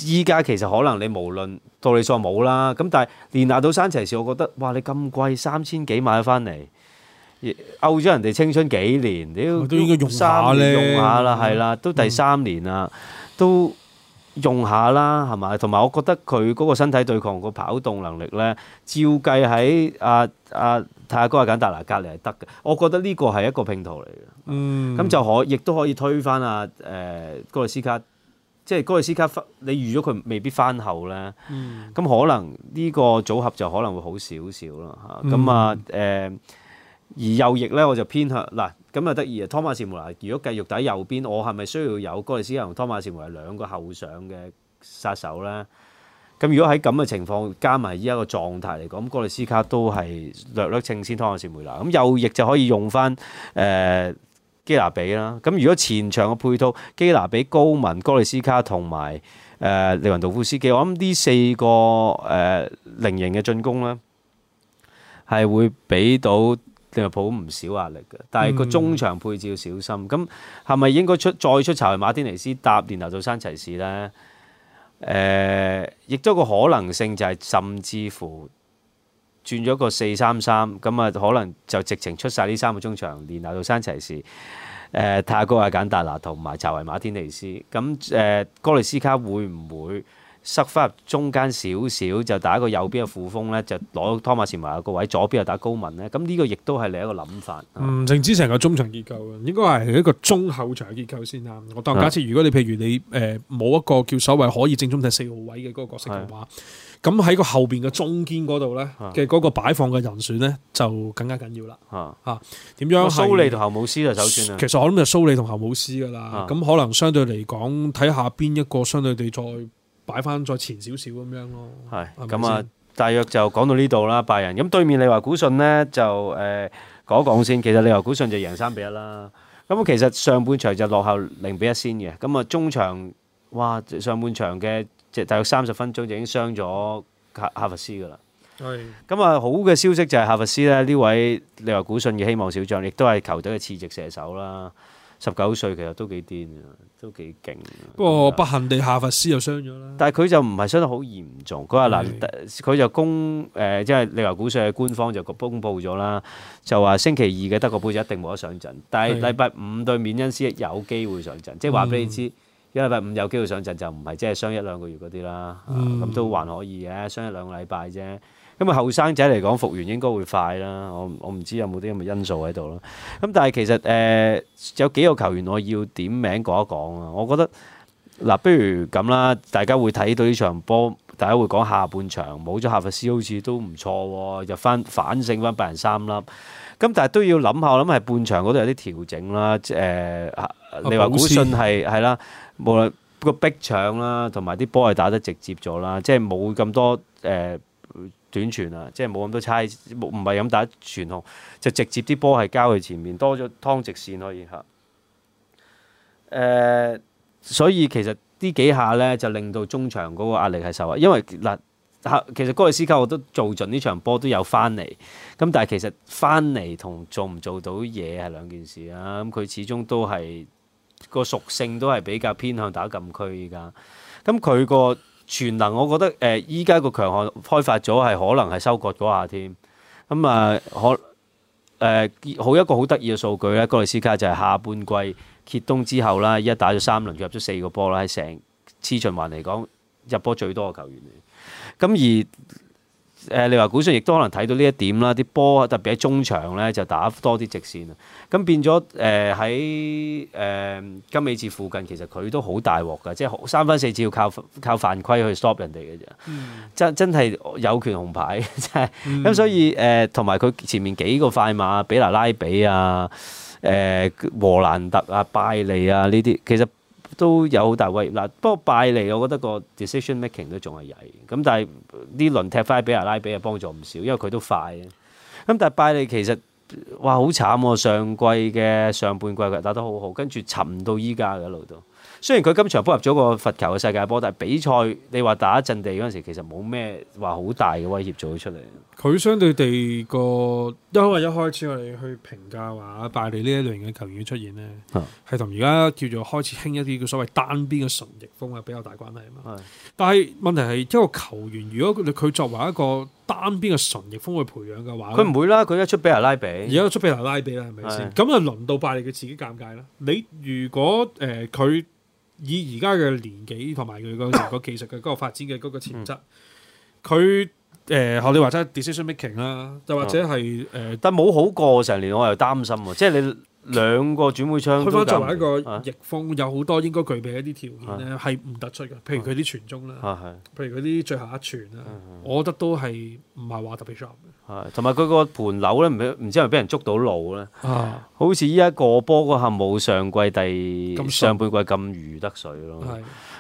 B: 依家其實可能你無論道理上冇啦，咁但係連拿到山崎時，我覺得哇，你咁貴三千幾買咗翻嚟，勾咗人哋青春幾年，屌都應該用下咧，啦，係啦，都第三年啦，嗯、都用下啦，係咪？同埋我覺得佢嗰個身體對抗個跑動能力咧，照計喺阿阿泰阿哥阿簡達拿隔離係得嘅，我覺得呢個係一個拼圖嚟
C: 嘅，
B: 咁、嗯嗯、就可亦都可以推翻阿誒格雷斯卡。即係哥利斯卡，你預咗佢未必翻後咧，咁、嗯、可能呢個組合就可能會好少少咯嚇。咁、嗯、啊誒、呃，而右翼咧我就偏向嗱，咁啊得意啊，湯馬士梅拿。如果繼續打右邊，我係咪需要有哥利斯卡同湯馬士梅拿兩個後上嘅殺手咧？咁如果喺咁嘅情況加埋依一個狀態嚟講，哥利斯卡都係略略勝先湯馬士梅拿。咁、嗯、右翼就可以用翻誒。呃基拿比啦，咁如果前場嘅配套，基拿比、高文、哥利斯卡同埋誒利雲道夫斯基，我諗呢四個誒、呃、菱形嘅進攻咧，係會俾到利物浦唔少壓力嘅。但係個中場配置要小心。咁係咪應該出再出去馬丁尼斯搭年頭做山齊士咧？誒、呃，亦都個可能性就係甚至乎。轉咗個四三三，咁啊可能就直情出晒呢三個中場，連拿圖山齊士、誒、呃、泰亞高簡達拿同埋查維馬天尼斯。咁、嗯、誒、呃、哥利斯卡會唔會塞翻入中間少少，就打一個右邊嘅副鋒呢？就攞湯馬士梅拿個位，左邊又打高文呢？咁呢個亦都係你一個諗法。
A: 唔淨止成個中場結構啊，應該係一個中後場結構先啦。我當假設
B: 如果你譬如你誒冇、呃、一個叫所謂
A: 可以正中踢四號位嘅嗰個角色嘅話。咁喺個後邊嘅中堅嗰度咧，嘅嗰個擺放嘅人選咧就更加緊要啦。嚇點樣？蘇利同
B: 侯姆斯就首選啦。其實
A: 我諗就蘇利同侯姆斯噶啦，咁、啊、可能相對嚟講睇下邊一個相對地再擺翻再前少少咁樣咯。
B: 係咁啊，是是大約就講到呢度啦。拜仁咁對面你話古信咧就誒、呃、講一講先。其實你話古信就贏三比一啦。咁其實上半場就落後零比一先嘅。咁啊中場哇上半場嘅。即係大約三十分鐘就已經傷咗夏的、嗯、夏佛斯噶啦。咁啊，好嘅消息就係夏佛斯咧呢位利華古遜嘅希望小將，亦都係球隊嘅次席射手啦。十九歲其實都幾癲，都幾勁。
A: 不過不幸地，夏佛斯又傷
C: 咗
B: 啦。但係佢就唔係傷得好嚴重。佢話嗱，佢就公誒，即、呃、係、就是、利華古遜嘅官方就公布咗啦，就話星期二嘅德國杯就一定冇得上陣，但係禮拜五對緬恩斯有機會上陣，的即係話俾你知。嗯一禮拜五有機會上陣就唔係即係傷一兩個月嗰啲啦，咁、嗯啊、都還可以嘅，傷一兩個禮拜啫。咁啊後生仔嚟講復原應該會快啦。我我唔知有冇啲咁嘅因素喺度咯。咁但係其實誒、呃、有幾個球員我要點名講一講啊。我覺得嗱，不、呃、如咁啦，大家會睇到呢場波，大家會講下半場冇咗夏佛斯好似都唔錯喎，入翻反勝翻八人三粒。咁但係都要諗下，諗係半場嗰度有啲調整啦。誒、呃，啊、你話估信係係啦。啊無論個逼搶啦，同埋啲波係打得直接咗啦，即係冇咁多誒、呃、短傳啦，即係冇咁多差，唔係咁打傳控，就直接啲波係交去前面，多咗趟直線可以嚇。誒、呃，所以其實呢幾下呢，就令到中場嗰個壓力係受啊，因為嗱、呃、其實哥里斯卡我都做盡呢場波都有翻嚟，咁但係其實翻嚟同做唔做到嘢係兩件事啊，咁佢始終都係。個屬性都係比較偏向打禁區依家，咁佢個全能，我覺得誒依家個強項開發咗係可能係收割嗰下添，咁、嗯、啊可誒好、呃、一個好得意嘅數據咧，哥利斯卡就係下半季揭冬之後啦，依家打咗三輪入咗四個波啦，喺成次循環嚟講入波最多嘅球員嚟，咁、嗯、而。誒，你話股訊亦都可能睇到呢一點啦，啲波特別喺中場咧就打多啲直線啊，咁變咗誒喺誒金美治附近，其實佢都好大鑊㗎，即係三分四次要靠靠犯規去 stop 人哋嘅啫，真真係有權紅牌，真係，咁、嗯、所以誒同埋佢前面幾個快馬，比拿拉，拉比啊，誒，霍蘭特啊，拜利啊呢啲，其實。都有好大威脅嗱，不過拜利，我覺得個 decision making 都仲係曳咁，但係呢輪踢翻畀阿拉比啊幫助唔少，因為佢都快啊，咁但係拜利其實哇好慘喎，上季嘅上半季佢打得好好，跟住沉到依家一路都。雖然佢今場波入咗個罰球嘅世界波，但係比賽你話打陣地嗰陣時，其實冇咩話好大嘅威脅做到出嚟。
A: 佢相對地個因為一開始我哋去評價話拜利呢一類型嘅球員出現
C: 呢，
A: 係同而家叫做開始興一啲叫所謂單邊嘅純逆風啊比較大關係啊嘛。嗯、但係問題係，一個球員如果佢作為一個單邊嘅純逆風去培養嘅話，佢唔會啦，佢一出比人拉比，而家出比人拉比啦，係咪先？咁啊是，就輪到拜利佢自己尷尬啦。你如果誒佢，呃呃以而家嘅年紀同埋佢個技術嘅嗰個發展嘅嗰個潛質，
B: 佢誒學你話
A: 齋 decision making 啦，又或者
B: 係誒，呃、但冇好過成年，我又擔心喎。即係你兩個轉會窗、嗯，佢翻作為一個
A: 翼鋒，啊、有好多應該具備一啲條件咧，係唔突出嘅。譬如佢啲傳中啦，啊啊、譬如佢啲最後一傳啦，啊啊、我覺得都係唔係話特別差。
B: 同埋佢個盤樓咧，唔唔知係咪俾人捉到路咧？啊、好似依家過波嗰下冇上季第上半季咁如魚得水咯。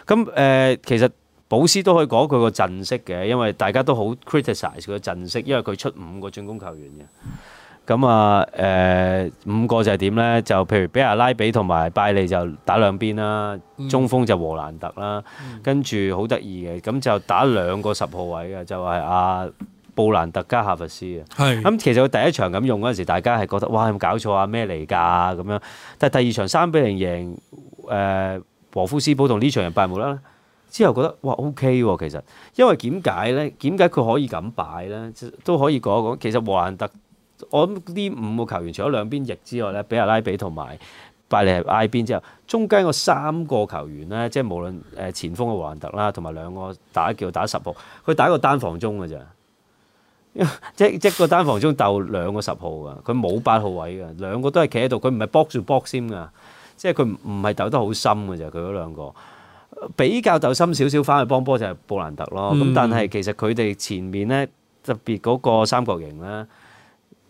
B: 咁誒的、呃、其實保斯都可以講佢個陣式嘅，因為大家都好 criticize 佢個陣式，因為佢出五個進攻球員嘅。咁啊誒五個就係點咧？就譬如俾阿拉比同埋拜利就打兩邊啦，嗯、中鋒就和蘭特啦，嗯、跟住好得意嘅，咁就打兩個十號位嘅，就係阿。布蘭特加夏佛斯啊，咁是其實佢第一場咁用嗰陣時，大家係覺得哇有冇搞錯啊？咩嚟㗎咁樣？但係第二場三比零贏誒，和、呃、夫斯堡同呢場人敗無啦，之後覺得哇 OK 其實因為點解咧？點解佢可以咁擺咧？都可以講一講。其實華蘭特，我諗呢五個球員除咗兩邊翼之外咧，比阿拉比同埋拜利挨邊之後，中間嗰三個球員咧，即係無論誒前鋒嘅華蘭特啦，同埋兩個打叫打十號，佢打一個單防中嘅咋。 即即個單房中鬥兩個十號㗎，佢冇八號位噶，兩個都係企喺度，佢唔係卜住卜先噶，即係佢唔唔係鬥得好深嘅，就係佢嗰兩個比較鬥深少少翻去幫波就係布蘭特咯。咁但係其實佢哋前面咧特別嗰個三角形咧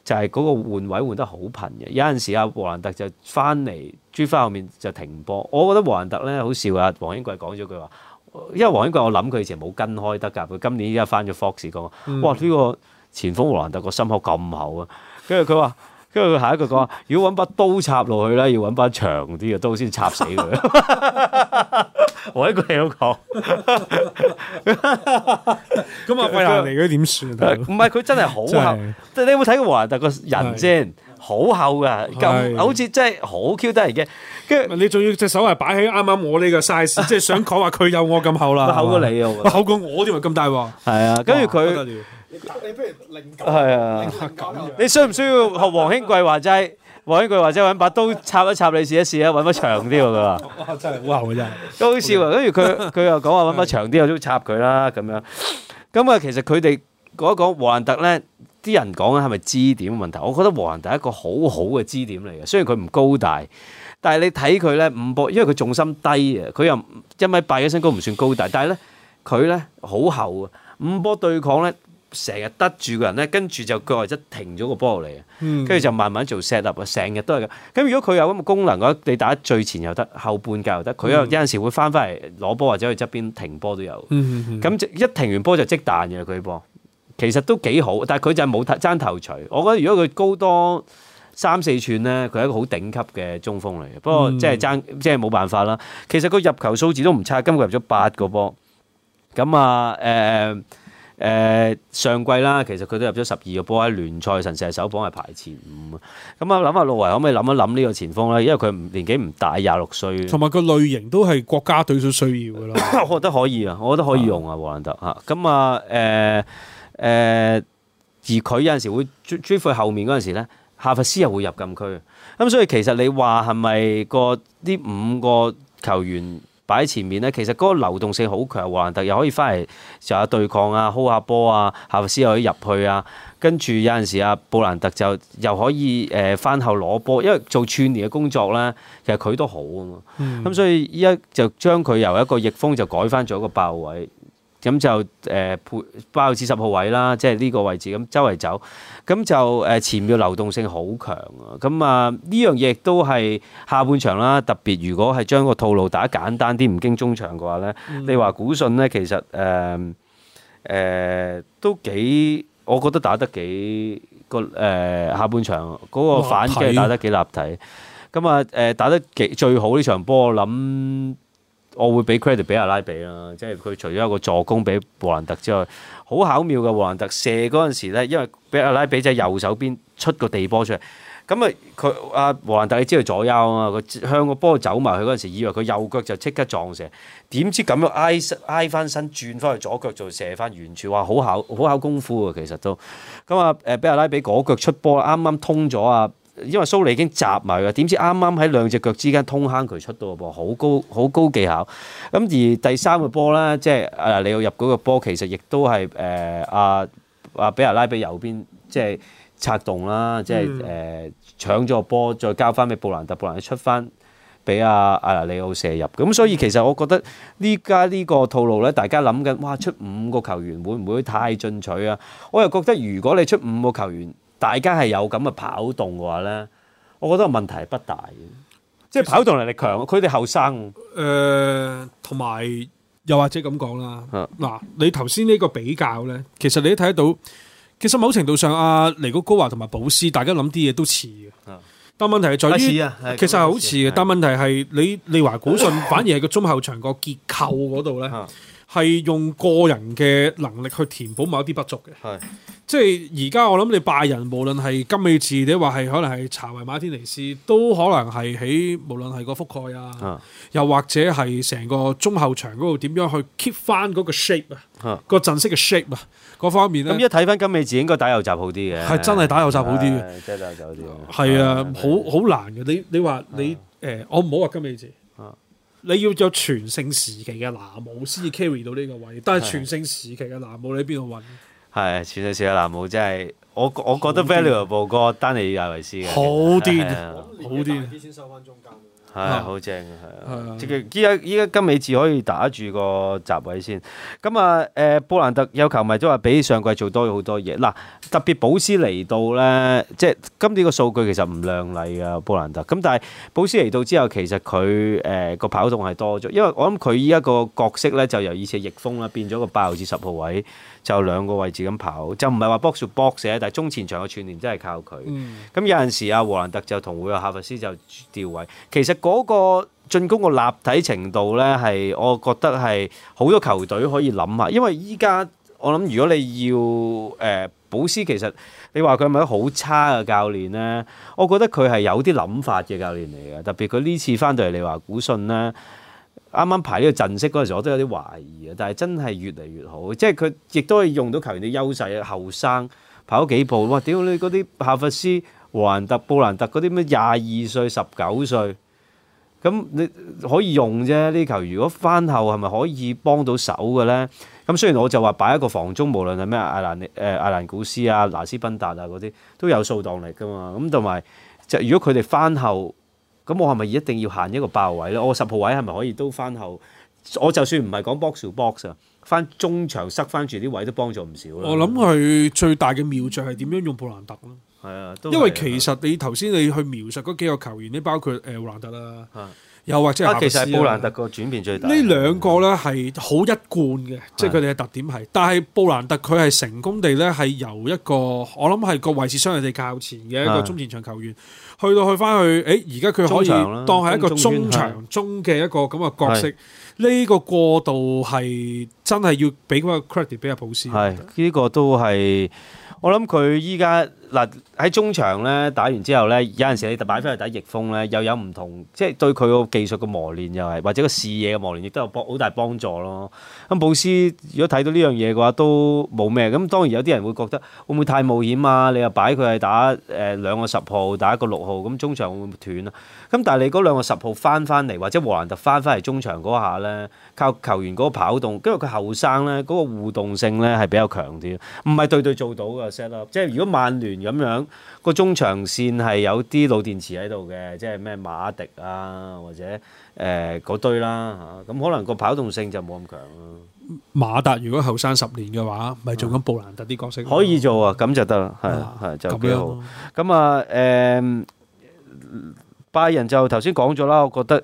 B: 就係、是、嗰個換位換得好頻嘅，有陣時阿布蘭特就翻嚟 G5 後面就停波，我覺得布蘭特咧好笑啊，黃興桂講咗句話，因為黃興桂我諗佢以前冇跟開得㗎，佢今年依家翻咗 Fox 講、那個，哇呢、這個。前鋒胡蘭特個心口咁厚啊，跟住佢話，跟住佢下一句講話，如果揾把刀插落去咧，要揾把長啲嘅刀先插死佢。我一個嚟講，咁啊費南嚟佢點算？唔係佢真係好厚，你有冇睇過胡蘭特個人先好厚噶，好似真係好 Q 得
A: 嚟嘅。跟住你仲要隻手係擺起啱啱我呢個 size，即係想講話佢有我咁厚啦。厚
B: 過你啊！厚過我點會咁大喎？係啊，跟住佢。你不如靈感，啊！靈、啊、你需唔需要學黃興貴話齋？黃興貴話齋揾把刀插一插你試一試啊！揾把長啲㗎嘛，哇！ 真係好厚，真係，都好笑啊！跟住佢佢又講話揾把長啲，我都插佢啦咁樣。咁啊，其實佢哋講一講禾仁特咧，啲人講緊係咪支點問題？我覺得禾仁特係一個好好嘅支點嚟嘅，雖然佢唔高大，但係你睇佢咧五波，因為佢重心低啊，佢又一米八嘅身高唔算高大，但係咧佢咧好厚啊！五波對抗咧。成日得住個人咧，跟住就腳或者停咗個波落嚟，跟住、嗯、就慢慢做 set up 啊，成日都係咁。咁如果佢有咁嘅功能嘅話，你打最前又得，後半格又得。佢、嗯、有有陣時會翻翻嚟攞波或者去側邊停波都有。咁、嗯嗯、一停完波就即彈嘅佢波，其實都幾好。但係佢就冇爭頭槌。我覺得如果佢高多三四吋咧，佢係一個好頂級嘅中鋒嚟嘅。不過即係爭即係冇辦法啦。其實佢入球數字都唔差，今日入咗八個波。咁啊，誒、呃。呃誒上季啦，其實佢都入咗十二個波，喺聯賽神射手榜係排前五。咁啊，諗下路維可唔可以諗一諗呢個前鋒咧？因為佢唔年紀唔大，廿六歲，同
A: 埋個類型都係國家隊所需要
B: 嘅咯。 我覺得可以啊，我覺得可以用啊，霍蘭德嚇。咁啊誒誒，而佢有陣時會追追佢後面嗰陣時咧，夏佛斯又會入禁區。咁所以其實你話係咪個呢五個球員？擺喺前面咧，其實嗰個流動性好強，華蘭特又可以翻嚟做下對抗啊，hold 下波啊，夏布斯可以入去啊，跟住有陣時啊，布蘭特就又可以誒翻後攞波，因為做串連嘅工作啦，其實佢都好啊
C: 嘛，咁、
B: 嗯、所以依家就將佢由一個逆風就改翻做一個爆位。咁就誒配八號至十號位啦，即係呢個位置咁周圍走，咁就誒、呃、前面嘅流動性好強啊！咁啊呢樣嘢亦都係下半場啦，特別如果係將個套路打簡單啲，唔經中場嘅話咧，嗯、你話古信咧其實誒誒、呃呃、都幾，我覺得打得幾個誒、呃、下半場嗰、那個反擊打得幾立體，咁啊誒打得幾最好呢場波，我諗。我會俾 credit 俾阿拉比啦，即係佢除咗一個助攻俾博蘭特之外，好巧妙嘅博蘭特射嗰陣時咧，因為俾阿拉比就右手邊出個地波出嚟，咁啊佢阿博蘭特你知道左右啊嘛，佢向個波走埋去嗰陣時，以為佢右腳就即刻撞射，點知咁樣挨挨翻身轉翻去左腳就射翻遠處，哇，好巧，好巧功夫啊其實都，咁啊誒俾阿拉比嗰腳出波啱啱通咗啊！因為蘇尼已經集埋佢，點知啱啱喺兩隻腳之間通坑渠出到個波，好高好高技巧。咁而第三個波呢，即係阿拉里奧入嗰個波，其實亦都係誒阿阿比亞拉比右邊即係拆動啦，即係誒搶咗個波，再交翻俾布蘭特，布蘭特出翻俾阿阿拉里奧射入。咁所以其實我覺得呢家呢個套路呢，大家諗緊，哇！出五個球員會唔會太進取啊？我又覺得如果你出五個球員，大家係有咁嘅跑動嘅話咧，我覺得問題係不大嘅，即係實跑動能力，力強，佢哋後生。
A: 誒、呃，同埋又或者咁講啦，嗱、啊，你頭先呢個比較咧，其實你都睇得到，其實某程度上阿、啊、尼古高華同埋保斯，大家諗啲嘢都似嘅，啊、但問題係在於，其實係好似嘅，但問題係你你話古遜反而係個中後場個結構嗰度咧。啊啊係用個人嘅能力去填補某一啲不足嘅，是的 即係而家我諗你拜仁無論係金美字，你話係可能係查維馬天尼斯，都可能係喺無論係個覆蓋啊，oh、又或者係成個中後場嗰度點樣去 keep 翻嗰個 shape 啊，個陣式嘅 shape 啊，嗰方面咧。咁一睇
B: 翻金美字應該打油襲好啲嘅，係真係打油襲好啲嘅，就是、打啲
A: 係啊，好好難嘅。你你話你誒，我唔好話金美字。合你要有全盛時期嘅拿姆先至 carry 到呢個位，但係全盛時期嘅拿姆你喺邊度揾？
B: 係全盛時期嘅拿姆真係我我覺得 valuable 個丹尼艾維斯嘅好癲，好癲。係好正啊，係啊，依家依家今尾至可以打住個閘位先。咁啊，誒、呃、布蘭特有球迷都話比上季做多咗好多嘢。嗱、呃，特別保斯嚟到咧，即係今年個數據其實唔亮麗啊，布蘭特。咁但係保斯嚟到之後，其實佢誒個跑動係多咗，因為我諗佢依家個角色咧就由以前翼鋒啦變咗個八號至十號位。就兩個位置咁跑，就唔係話 box t、er、box 寫，但係中前場嘅串聯真係靠佢。咁、嗯、有陣時阿華蘭特就同會阿夏佛斯就調位。其實嗰個進攻個立體程度呢，係我覺得係好多球隊可以諗下。因為依家我諗，如果你要誒保、呃、斯，其實你話佢係咪好差嘅教練呢？我覺得佢係有啲諗法嘅教練嚟嘅，特別佢呢次翻到嚟，利華古信呢。啱啱排呢個陣式嗰陣時，我都有啲懷疑啊！但係真係越嚟越好，即係佢亦都可以用到球員嘅優勢啊。後生跑咗幾步哇！屌你嗰啲夏佛斯、華蘭特、布蘭特嗰啲咩廿二歲、十九歲，咁你可以用啫呢球員？如果翻後係咪可以幫到手嘅咧？咁雖然我就話擺一個防中，無論係咩阿蘭誒、呃、艾蘭古斯啊、拿斯賓達啊嗰啲都有掃檔力噶嘛。咁同埋就如果佢哋翻後。咁我係咪一定要行一個8號位咧？我十號位係咪可以都翻後？我就算唔係講 box to box 啊，翻中場塞翻住啲位都幫助唔少啊！我
A: 諗佢最大嘅妙著係點樣用布蘭特咯？係啊，因為其實你頭先你去描述嗰幾個球員你包括誒布、呃、蘭特啦。
B: 又或者，其實係布蘭特個轉變最大。呢
A: 兩個咧係好一貫嘅，即係佢哋嘅特點係。但係布蘭特佢係成功地咧係由一個我諗係個位置相對地較前嘅一個中前場球員，去到去翻去，誒而家佢可以當係一個中場中嘅一個咁嘅角色。呢個過渡係
B: 真係要俾個 credit 俾阿普斯。係呢個都係我諗佢依家。嗱，喺中場咧打完之後咧，有陣時你就擺翻去打逆風咧，又有唔同，即係對佢個技術嘅磨練又係，或者個視野嘅磨練亦都有好大幫助咯。咁布斯如果睇到呢樣嘢嘅話，都冇咩，咁當然有啲人會覺得會唔會太冒險啊？你又擺佢係打誒兩個十號打一個六號，咁中場會唔會斷啊？咁但係你嗰兩個十號翻翻嚟，或者荷蘭特翻翻嚟中場嗰下咧，靠球員嗰個跑動，跟住佢後生咧嗰個互動性咧係比較強啲，唔係對對做到嘅 set up。 即係如果曼聯。咁樣個中場線係有啲老電池喺度嘅，即係咩馬迪啊，或者誒嗰、呃、堆啦、啊、嚇，咁、啊、可能個跑動性就冇咁強咯、
A: 啊。馬達如果後生十年嘅話，咪做緊布蘭
B: 特啲角色、啊。可以做啊，咁就得啦，係係、啊、就幾好。咁啊誒、啊嗯、拜仁就頭先講咗啦，我覺得。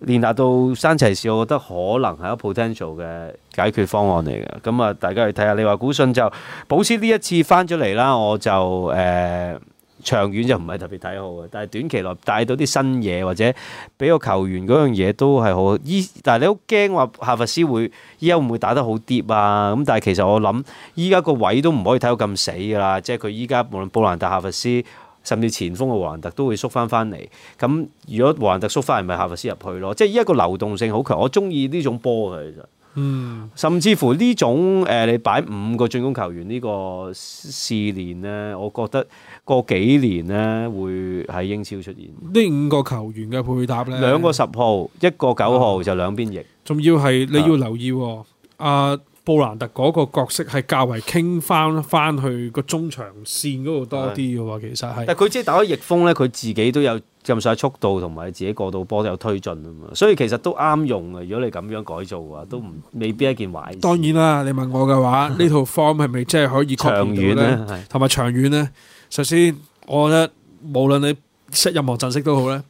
B: 連達到山齊士，我覺得可能係一個 potential 嘅解決方案嚟嘅。咁啊，大家去睇下。你話股信就保斯呢一次翻咗嚟啦，我就誒、呃、長遠就唔係特別睇好嘅。但係短期內帶到啲新嘢或者俾個球員嗰樣嘢都係好。依但係你好驚話夏佛斯會依家唔會打得好跌啊？咁但係其實我諗依家個位都唔可以睇到咁死㗎啦。即係佢依家無論布蘭達夏佛斯。甚至前鋒嘅華文特都會縮翻翻嚟，咁如果華文特縮翻嚟，咪夏佛斯入去咯？即係依一個流動性好強，我中意呢種波嘅其實。嗯。甚至乎呢種誒、呃，你擺五個進攻球員呢個試練呢，我覺得過幾年呢會喺英超出現。
A: 呢五個球員嘅配搭呢，兩個十
B: 號，一個九號就兩邊翼。
A: 仲、嗯、要係你要留意啊！啊布蘭特嗰個角色係較為傾翻翻去個中場線嗰度多啲嘅話，的其實係。但
B: 佢即係打開逆風咧，佢自己都有咁上下速度，同埋自己過度波都有推進啊嘛。所以其實都啱用嘅。如果你咁樣改造嘅話，都唔未必一件壞事。
A: 當然啦，你問我嘅話，呢 套 form 係咪真係可以確認到咧？同埋長遠咧，首先我覺得無論你失任何陣式都好咧，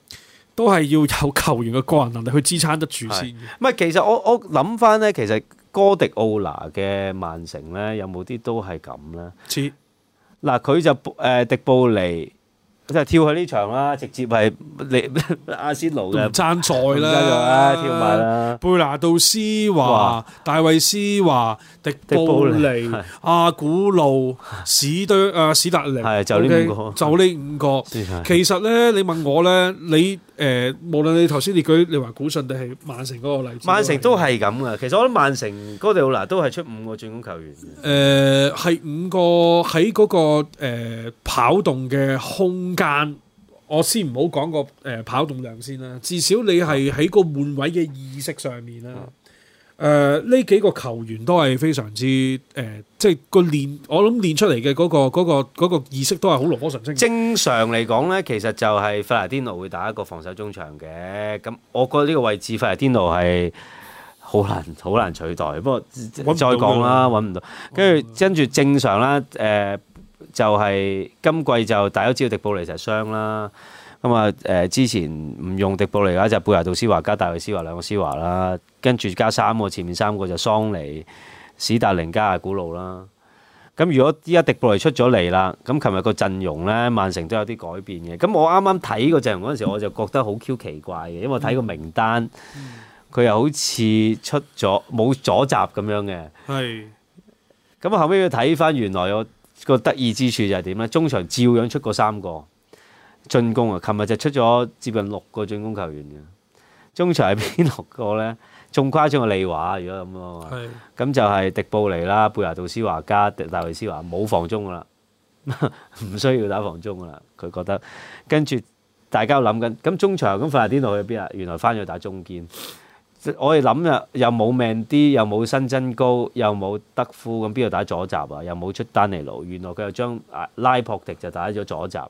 A: 都係要有球員嘅個人能力去支撐得住先
B: 的。唔係的，其實我我諗翻咧，其實。哥迪奧拿嘅曼城咧，有冇啲都係咁咧？嗱像，佢就誒、呃、迪布尼、咁就跳去呢場啦，直接係你阿仙奴嘅。唔爭在啦，啊、跳埋啦。貝拿杜斯華、哇大衛斯
A: 華、迪布尼、迪布阿古路、史啊、史達靈，是 OK，就呢五個，其實咧，你問我咧，你誒、呃、無論你頭先列舉你話古信定係曼城嗰個例子，曼城都係咁嘅。其實我覺得曼城嗰隊好
B: 嗱，都係出五個進攻球員。誒
A: 係、呃、五個喺嗰、那個、呃、跑動嘅空。間我先唔好講個誒、呃、跑動量先啦，至少你係喺個換位嘅意識上面啦。誒、嗯、呢、呃、幾個球員
B: 都係非常之誒、呃，即係個練，我諗練出嚟嘅嗰個、那個、那個那個意識都係好爐火純青。正常嚟講咧，其實就係弗萊天奴會打一個防守中場嘅。咁，我覺得呢個位置弗萊天奴係好難好難取代。不過我再講啦，搵唔到、到。嗯、跟住跟住正常啦，誒、呃。就係今季就大家知道迪布尼成日傷啦，咁啊，誒，之前唔用迪布尼嘅話，就係、貝華杜斯華加大衛斯華兩個斯華啦，跟住加三個前面三個就桑尼史達寧加阿古魯啦。咁如果依家迪布尼出咗嚟啦，咁琴日個陣容咧，曼城都有啲改變嘅。咁我啱啱睇個陣容嗰陣時，我就覺得好 Q 奇怪嘅，因為睇個名單佢又好似出咗冇咗集咁樣嘅。咁啊的，後尾要睇翻原來我，個得意之處就係點咧？中場照樣出過三個進攻啊！琴日就出咗接近六個進攻球員嘅。中場係邊六個咧？仲誇張過利華如果咁啊嘛。咁是的 就係迪布尼啦、的貝阿杜斯、華加、迪大衛斯華，冇防中噶啦，唔 需要打防中噶啦。佢覺得，跟住大家諗緊，咁中場費蘭甸奴去邊啊？原來翻咗打中堅。我哋諗呀，又冇命啲，又冇身增高，又冇德夫咁，邊度打左閘啊？又冇出丹尼路，原來佢又將拉柏迪就打咗左閘。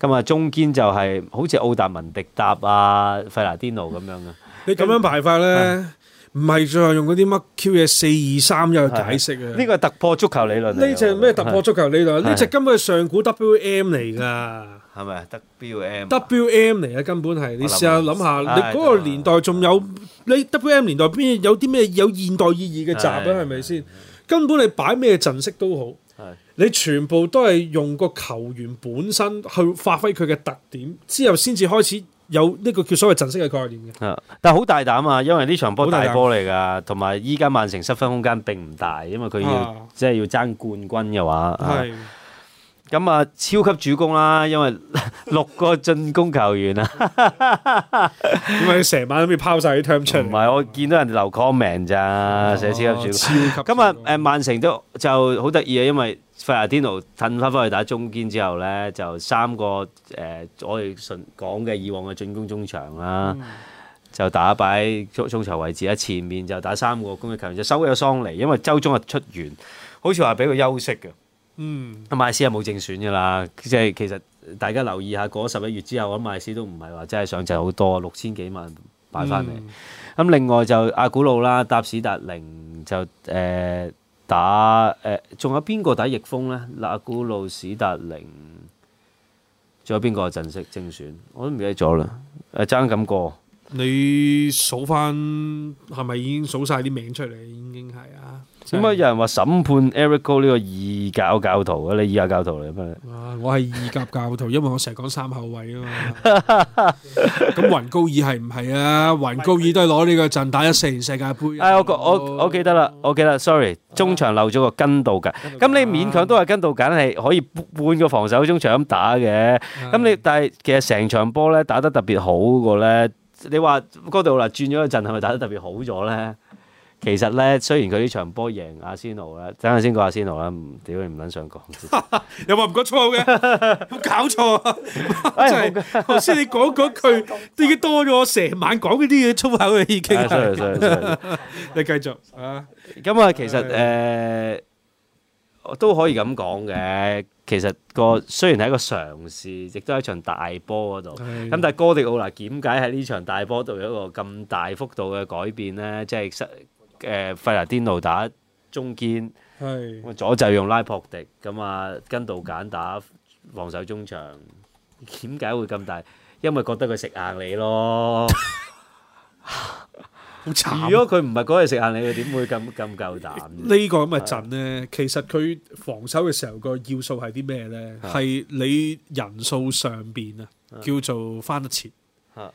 B: 咁啊，中堅就係好似奧達文迪達啊、費拿丁奴咁樣啊。
A: 嗯、你咁樣排法咧，唔係就係用嗰啲乜 Q 嘢四二
B: 三一去解釋啊？呢個、啊、突，突破足球理論。呢隻咩突破足
A: 球理論？呢隻根本係上古 WM 嚟㗎。係咪 WM，WM 嚟嘅，根本係你試下諗下，你嗰個年代仲有你 WM 年代，邊有啲咩有現代意義嘅集啊？係咪先？根本你擺咩陣式都好，你全部都係用個球員本身去發揮佢嘅特點，之後先至開始有呢個叫所謂陣式嘅概念
B: 嘅。但係好大膽啊，因為呢場波大波嚟噶，同埋依家曼城失分空間並唔大，因為佢要即係要爭冠軍嘅話。咁啊，超級主攻啦，因為六個進攻球員啊， 因為成晚都未拋晒啲 team 出嚟。唔係，我見到人哋留 comment 咋，哦、寫超級主攻。咁啊，誒曼城都就好得意啊，因為費亞天奴褪翻翻去打中堅之後咧，就三個誒、呃、我哋順講嘅以往嘅進攻中場啦，嗯、就打擺中中場位置喺前面就打三個攻擊球員，就收咗桑尼，因為周中啊出完，好似話俾佢休息㗎。嗯，咁麥斯又冇正選㗎啦，即係其實大家留意下過十一月之後，咁麥斯都唔係話真係上陣好多，六千幾萬擺翻嚟。咁、嗯、另外就阿古魯啦，搭史達寧就誒、呃、打誒，仲、呃、有邊個打翼鋒呢？阿古魯史達寧，仲有邊個陣式正選？我都唔記得咗啦。誒爭咁過，
A: 你數翻係咪已經數晒啲名出嚟？已經係
B: 啊！點解有人話審判 Erico 呢個意甲教,教徒啊？你意甲教,教徒嚟咩？啊，
A: 我係意甲教徒， 因為我成日講三後衛啊
B: 嘛。咁雲高爾係唔係啊？雲 高爾、啊、都係攞呢個陣打咗一四年世界杯。哎，我我我記得啦，我記得,我記得 Sorry，中場漏咗個跟度噶。咁、啊、你勉強都係跟到，梗係可以半個防守中場咁打嘅。咁、啊、你但係其實成場波咧打得特別好過咧，你話哥迪奧拿轉咗個陣，係咪打得特別好咗咧？其實咧，雖然佢呢場波贏阿仙奴咧，等下先講阿仙奴啦，屌你唔撚想講。又話唔講粗口嘅， 搞錯。 真係頭先你講嗰句已講，已經多咗我成晚講嗰啲嘢粗口嘅已經。 你繼續啊。咁 啊、嗯，其實誒、呃，都可以咁講嘅。其實個雖然係一個嘗試，亦都係場大波嗰度。係的。咁但係哥迪奧拿點解喺呢場大波度有一個咁大幅度嘅改變呢？即係實。誒費南迪奴打中堅，左就用拉普迪，咁啊、yani，跟道簡打防守中場。點解會咁大？因為覺得佢食硬你咯。 好慘如果佢唔係嗰日食硬你，佢點會咁咁夠膽？ 膽呢 呢個咁嘅陣
A: 呢？其實佢防守嘅時候個要素係啲咩呢？係你人數上邊啊，叫做返得切。
C: 嚇！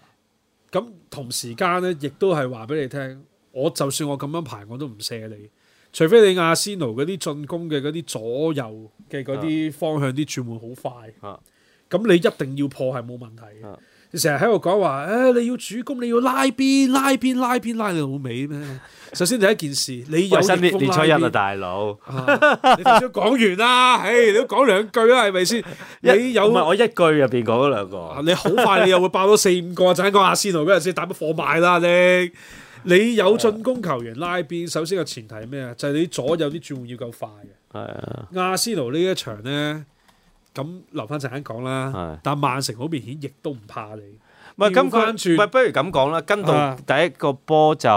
A: 咁同時間呢，亦都係話俾你聽。我就算我咁樣排我都唔射你，除非你阿仙奴嗰啲進攻嘅嗰啲左右嘅嗰啲方向啲轉換好快，咁、啊、你一定要破係冇問題，啊、你成日喺度講話，誒、哎、你要主攻，你要拉邊拉邊拉邊拉到尾咩？喂首先第一件事，你有心啲，李彩欣啊，大佬， 你至少講完啦，誒，你都講兩句啦，係咪先？
B: 一你有唔係我一句入邊講咗兩個，
A: 你好快你又會爆到四五個，就係講阿仙奴畀人先，打乜貨賣啦你。你有進攻球員拉邊，首先個前提係咩啊？就係、是、你左右啲轉換要夠快嘅。係啊。 阿仙奴呢一場咧，咁留翻陣間講啦。 但曼城好明顯亦都唔怕你。
B: 唔係咁佢，唔係不，不如咁講啦。跟到第一個波就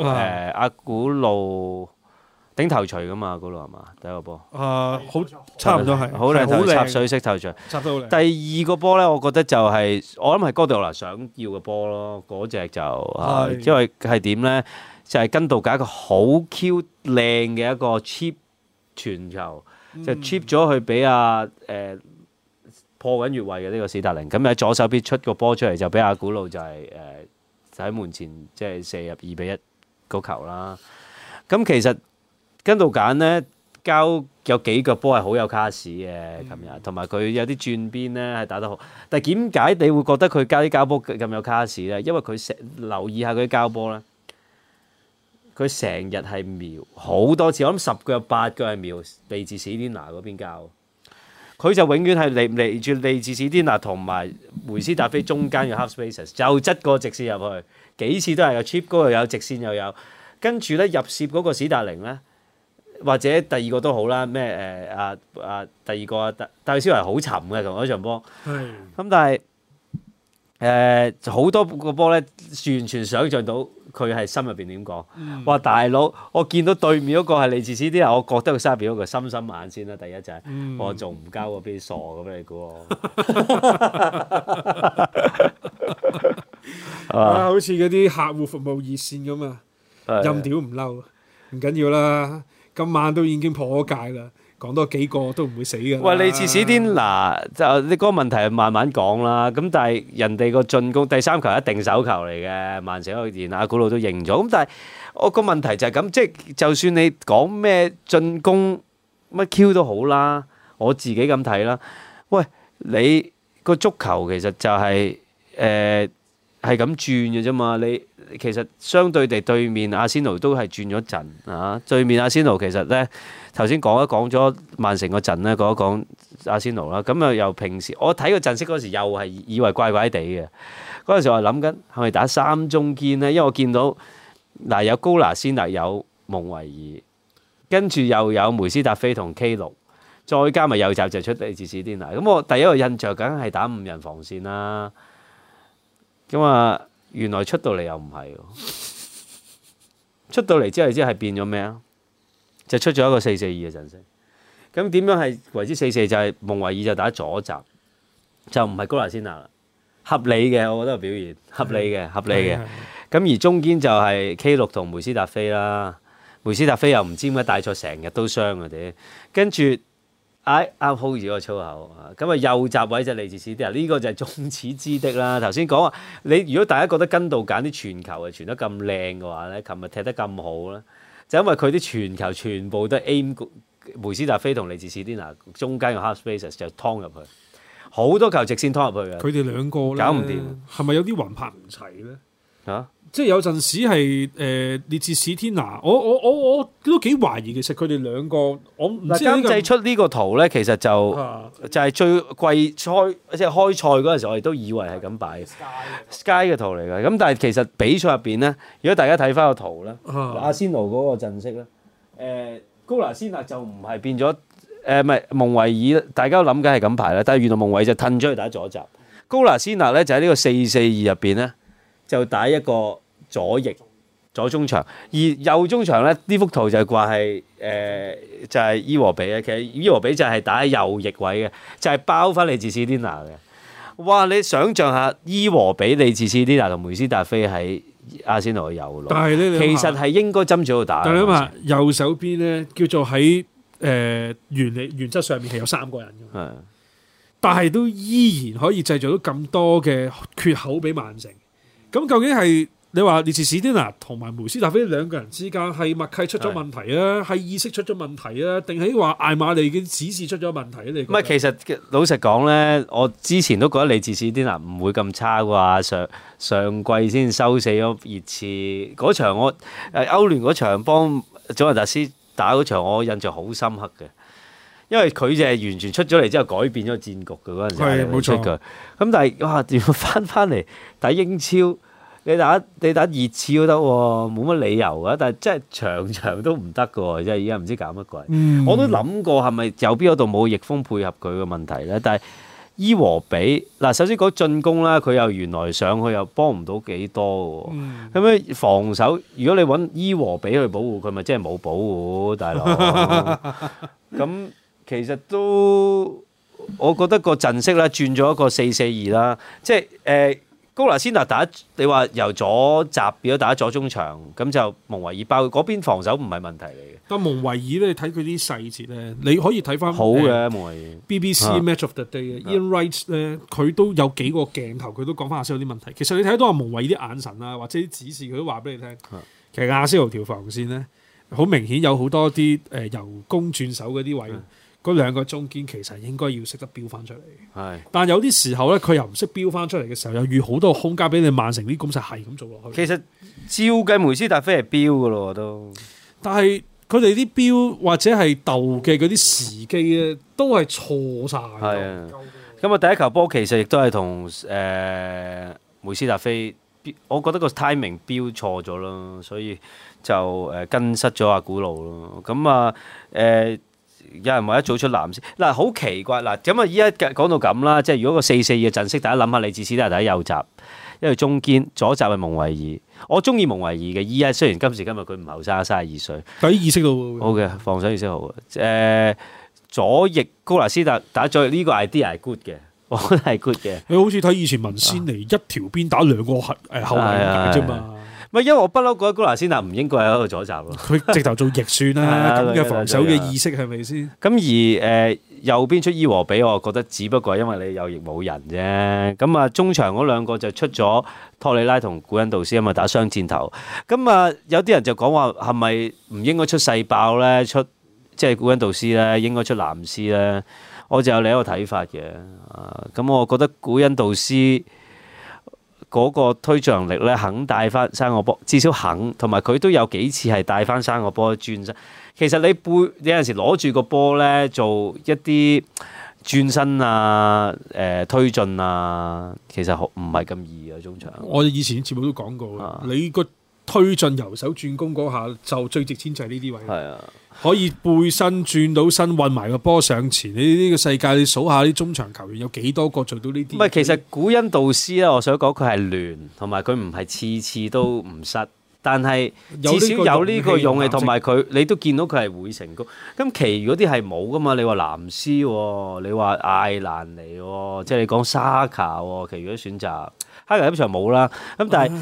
B: 誒、 欸、阿古路。頂頭鎚噶嘛？嗰度係嘛？第一個波啊，
A: 好差唔多係好靚，好插水式頭鎚插得好靚。第
B: 二個波咧，我覺得就係、是、我諗係哥迪奧拿想要嘅波咯。嗰、那、隻、個、就係因為係點咧？就係根度格一個好 Q 靚嘅一個 c h e a p 傳球，嗯、就 c h e a p 咗去俾阿誒破緊越位嘅呢、這個史達靈。咁喺左手邊出個波出嚟，就俾阿古魯就係、是呃、就喺、是、門前即係射入二比一嗰球啦。咁其實～跟到揀呢，交有幾腳波係好有卡士嘅，琴日同埋佢有啲轉邊呢係打得好。但係點解你會覺得佢交啲交波咁有卡士呢？因為佢成留意下佢啲交波呢，佢成日係瞄好多次，我諗十腳八腳係瞄利智史蒂娜嗰邊交。佢就永遠係嚟住利智史蒂娜同埋梅斯達菲中間嘅 half spaces，就側個直線入去幾次都係有 cheap goal，又有直線又有，跟住呢，入楔嗰個史達寧呢。或者第二個都好啦，咩誒啊啊，第二個啊，戴戴少華好沉嘅同嗰場波，咁但係誒好多個波咧，完全想象到佢係心入邊點講，話大佬，我見到對面嗰個係你自私啲人，我覺得佢沙比嗰個心心眼先啦，第一就係我仲唔交嗰邊傻咁你估喎，
A: 好似嗰啲客戶服務熱線咁啊，任屌唔嬲，唔緊要啦。今晚都已經破戒啦，講多幾個都唔會死嘅。喂，你遲啲
B: 嗱就你嗰個問題係，慢慢講啦。咁但係人哋個進攻第三球一定手球嚟嘅，曼城可以言曼城去電，阿古魯都認咗。咁但係我個問題就係咁，即係就算你講咩進攻乜 Q 都好啦，我自己咁睇啦。喂，你個足球其實就係誒。係咁轉嘅啫嘛，你其實相對地對面阿仙奴都係轉咗陣啊。對面阿仙奴其實咧，頭先講一講咗曼城個陣咧，講一講阿仙奴啦。咁啊，又平時我睇個陣式嗰時，又係以為怪怪地嘅。嗰陣時我諗緊係咪打三中堅咧，因為我見到嗱、啊、有高拿仙納有蒙維爾，跟住又有梅斯達菲同 K 六，再加埋右閘就出嚟是史蒂拿。咁我第一個印象梗係打五人防線啦、啊。咁啊，原來出到嚟又唔係，出到嚟之後知係變咗咩啊？就出咗一個四四二嘅陣式。咁點樣係為之四四？就係、是、蒙維爾就打咗閘，就唔係高拉先娜啦。合理嘅，我覺得表現合理嘅，合理嘅。咁 而中間就係 K 六同梅斯達菲啦。梅斯達菲又唔知點解大賽成日都傷啊屌，跟住。啱 hold 住個粗口嚇，咁啊右閘位就利茲史迪娜，呢個就係眾矢之的啦。頭先講話你，如果大家覺得跟度揀啲傳球係傳得咁靚嘅話呢，琴日踢得咁好咧，就因為佢啲傳球全部都係 aim 梅斯達菲同利茲史迪娜中間個 half spaces 就劏入去，好多球直線劏入去嘅。佢哋兩個搞唔掂，
A: 係咪有啲魂魄唔齊呢？啊！即係有陣時係誒列治史天拿，我我我我都幾懷疑，其實佢哋兩個我唔知。嗱，監製出
B: 呢個圖咧，其實就、啊、就係最季賽即係開賽嗰陣時，我哋都以為係咁擺。Sky Sky 嘅圖嚟嘅。咁但係其實比賽入邊咧，如果大家睇翻個圖咧，阿仙奴嗰個陣式咧，誒、呃、高拿仙納就唔係變咗，誒唔係蒙維爾，大家諗緊係咁排啦，但係原來蒙維爾就褪咗去打左閘。高拿仙納咧就喺呢個四四二入邊咧。就打一個左翼左中場，而右中場咧呢幅圖就係話係誒就係、是、伊和比咧。其實伊和比就係打喺右翼位嘅，就係、是、包翻嚟治斯丁娜嘅。哇！你想像下伊和比治斯丁娜同梅斯達菲喺阿仙奴有嘅咯。但係咧，想想其實係應該針住度打。但係你話
A: 右手邊咧，叫做喺誒、呃、原理原則上面係有三個人嘅，但係都依然可以製造到咁多嘅缺口俾曼城。咁究竟係你話列治士天拿同埋梅斯達菲兩個人之間係默契出咗問題啊？係是意識出咗問題啊？定係話艾馬利嘅指示出咗問題啊？你唔係，其實
B: 老實講咧，我之前都覺得列治士天拿唔會咁差啩。上上季先收死咗熱刺嗰場我，我歐聯嗰場幫祖雲達斯打嗰場，我印象好深刻嘅。因為佢就係完全出咗嚟之後改變咗戰局嘅，嗰陣時冇出佢。咁但係哇，如果翻翻嚟打英超，你打你打熱刺都得喎，冇乜理由嘅。但係真係場場都唔得嘅喎，即係而家唔知搞乜鬼。嗯、我都諗過係咪右邊嗰度冇逆風配合佢嘅問題咧？但係伊和比嗱，首先講進攻啦，佢又原來上去又幫唔到幾多嘅。咁樣、嗯、防守，如果你揾伊和比去保護佢，咪即係冇保護大佬。咁 其實都我覺得個陣式咧轉咗一個四四二啦，即係誒、呃、高拿仙納打，你話由左閘變咗打左中場，咁就蒙維爾包嗰邊防守唔係問題嚟嘅。
A: 但蒙維爾咧，睇佢啲細節咧，你可以睇
B: 翻好嘅蒙維爾。B B C Match
A: of the Day 嘅的 Ian Wright 咧，佢都有幾個鏡頭，佢都講翻阿仙奴有啲問題。其實你睇到阿蒙維爾啲眼神啦、啊，或者啲指示，佢都話俾你聽。其實阿仙奴條防線咧，好明顯有好多啲誒由攻轉守嗰啲位。的嗰兩個中堅其實應該要識得標翻出嚟，但有啲時候咧，佢又唔識標翻出嚟嘅時候，又預好多空間俾你。曼城啲攻手係咁做落去。其實照計，梅斯達菲係標噶咯，都的。但係佢哋啲標或者係鬥嘅嗰啲時機咧，都係錯晒。
B: 係啊。咁啊，第一球波其實亦都係同誒梅斯達菲，我覺得個 timing 標錯咗咯，所以就誒、呃、跟失咗阿古路咯。咁啊誒。呃呃有人話一早出藍色，嗱好奇怪，嗱咁啊依家講到咁啦，即係如果個四四嘅陣式，大家諗下，你至少都係打右閘，因為中堅左閘係蒙維爾，我中意蒙維爾嘅，依家雖然今時今日佢唔後生，三十二歲，睇意識到，喎。好嘅，防守意識好嘅、嗯呃，左翼高拉斯特打左呢、這個 idea 係 good 嘅，我覺得係 good 嘅。
A: 你好似睇以前文仙尼、啊、一條邊打兩個閤誒後衛嘅啫嘛。啊
B: 啊啊啊因為我不嬲覺得高拿先啊，唔應該喺度阻擋
A: 佢 直頭做逆算啦。咁嘅、 啊、防守嘅意識係咪先？
B: 咁、 嗯、而誒、呃、右邊出伊和比，我覺得只不過係因為你右翼冇人啫。咁、嗯、啊，中場嗰兩個就出咗托里拉同古恩道斯，因、嗯、為打雙箭頭。咁、嗯、啊、嗯，有啲人就講話係咪唔應該出世爆咧？出即係古恩道斯咧，應該出藍斯咧。我就有另一個睇法嘅。咁、嗯嗯、我覺得古恩道斯。嗰個推進力咧，肯帶翻三個波，至少肯。同埋佢都有幾次係帶翻三個波轉身。其實你背你有陣時攞住個波咧，做一啲轉身啊、誒、呃、推進啊，其實唔係咁易嘅、啊、中場。我
A: 以前節目都講過，啊、你個推進、由守轉攻嗰下就最值錢就係呢啲位。係啊。可以背身轉到身運埋個波上前，你呢個世界你數下啲中場
B: 球員有幾多個做到呢啲？唔係，其實古恩道斯咧，我想講佢係亂，同埋佢唔係次次都唔失，但係至少有呢個勇氣，同埋佢你都見到佢係會成功。咁其餘嗰啲係冇噶嘛？你話藍斯，你話艾蘭尼，即係你講沙卡，其餘嗰啲選擇，黑人呢場冇啦。咁但係。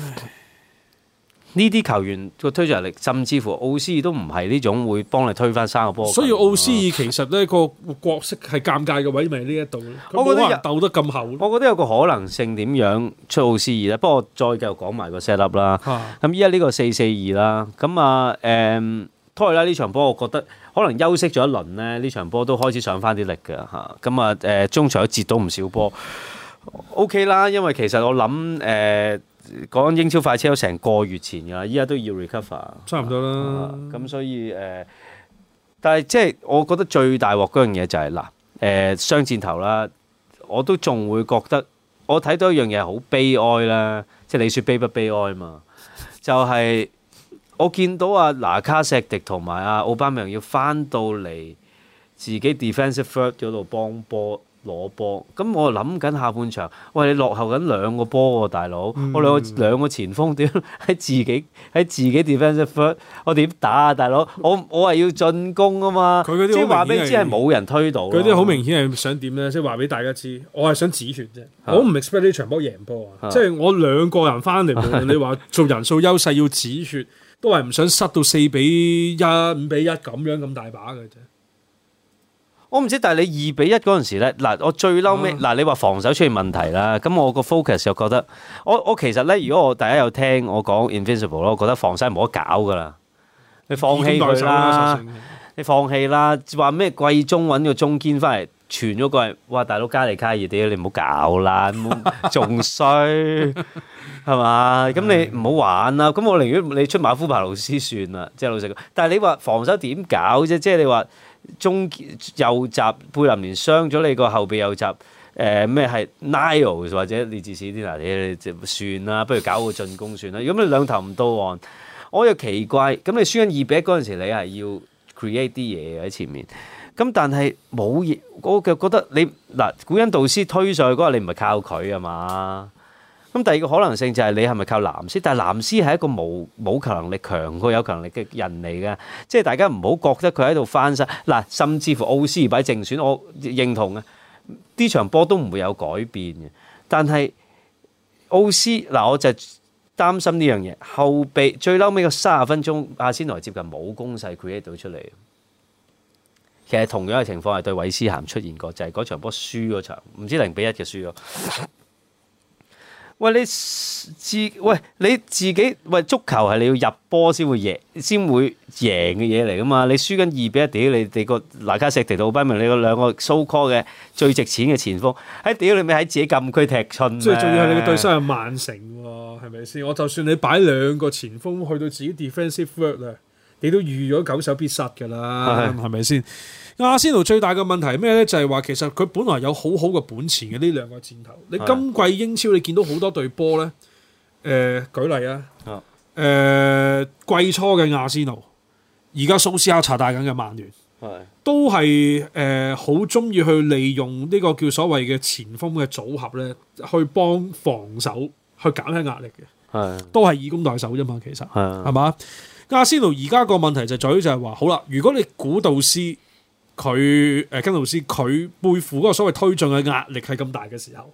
B: 呢啲球員個推進力，甚至乎奧斯爾都唔係呢種會幫你推翻三個波。所以
A: 奧斯爾其實呢個角色係尷尬嘅位，咪呢一度。我覺得
B: 鬥得咁厚，我覺得。我覺得有個可能性點樣出奧斯爾咧？不過再繼續講埋個 set up 啦。咁依家呢個四四二啦。咁啊誒，托瑞拉呢場波，我覺得可能休息咗一輪呢。呢場波都開始上翻啲力㗎嚇。咁啊誒，中場都截到唔少波。OK 啦，因為其實我諗誒。嗯講英超快車都成個月前㗎啦，依家都要 recover，差唔多啦。咁、啊、所以誒、呃，但係即係我覺得最大鑊嗰樣嘢就係、是、嗱，誒雙箭頭啦，我都仲會覺得我睇到一樣嘢好悲哀啦，即係你説悲不悲哀嘛？就係、是、我見到啊嗱，拿卡石迪同埋啊奧巴明要翻到嚟自己 defensive third 嗰度幫波。攞波，咁我諗緊下半場，餵你落後緊兩個波喎，大佬，嗯、我兩個兩個前鋒點喺自己喺自己 defense 我點打啊，大佬，我我係要進攻啊嘛，即係話俾你知係冇人推到，佢啲好明
A: 顯係想點咧，即係話俾大家知，我係想止血啫，我唔 expect 呢場波贏波啊，即係我，、啊、我兩個人翻嚟，你話做人數優勢要止血， 都係唔想塞到四比一、五比一咁樣咁大把嘅啫。
B: 我唔知，但係你二比一嗰陣時咧，嗱，我最嬲尾嗱，你話防守出現問題啦，咁我個 focus 又覺得，我我其實咧，如果我大家有聽我講 invisible 咯，我覺得防守係冇得搞噶啦，你放棄佢啦，你放棄啦，話咩季中搵個中堅翻嚟串咗個，哇，大佬加利卡爾啲，你唔好搞啦，仲衰係嘛？咁你唔好玩啦，咁我寧願你出馬夫帕老斯算啦，即係老實講，但係你話防守點搞啫？即係你話。中右閘貝林連傷咗你個後備右閘，誒咩係 Niles 或者你自私啲嗱，你算啦，不如搞個進攻算啦。如果你兩頭唔到岸，我又奇怪，咁你輸緊二比一嗰陣時，你係要 create 啲嘢喺前面，咁但係冇嘢，我覺得你嗱古恩道斯推上去嗰下，你唔係靠佢吖嘛？咁第二個可能性就係你係咪靠藍斯？但係藍斯係一個冇冇球力強過有球力嘅人嚟嘅，即係大家唔好覺得佢喺度翻身嗱，甚至乎奧斯而家正選，我認同啊。呢場波都唔會有改變嘅。但係奧斯嗱，我就擔心呢樣嘢後備最嬲尾嘅卅分鐘，阿仙來接近冇攻勢佢 r e 到出嚟，其實同樣嘅情況係對韋思涵出現過，就係、是、嗰場波輸嗰場，唔知零比一嘅輸咗。喂，你自己喂你自己喂足球係你要入波先會贏，先會贏嘅嘢嚟噶嘛？你輸緊二比一，屌你哋個萊卡石迪魯不明，你，你，你，你，你，你兩個兩個 so call 嘅最值錢嘅前鋒，喺屌你咪喺自己禁區踢寸，所以仲要係你嘅對手
A: 係曼城，係咪先？我就算你擺兩個前鋒去到自己 defensive work 啦，你都預咗九手必失噶啦，係咪先？阿仙奴最大嘅問題係咩咧？就係、是、話，其實佢本來有好好嘅本錢嘅呢兩個箭頭。你今季英超你見到好多隊波咧，誒、呃，舉例啊，誒、呃，季初嘅阿仙奴，而家蘇斯克查帶緊嘅曼聯，係都係誒好中意去利用呢個叫所謂嘅前鋒嘅組合咧，去幫防守去減輕壓力嘅，係的都係以攻代守啫嘛。其實係係嘛？阿仙的奴而家個問題就係在於就係、是、話，好啦，如果你古道斯佢誒金龍師佢背負嗰個所謂推進嘅壓力係咁大嘅時候，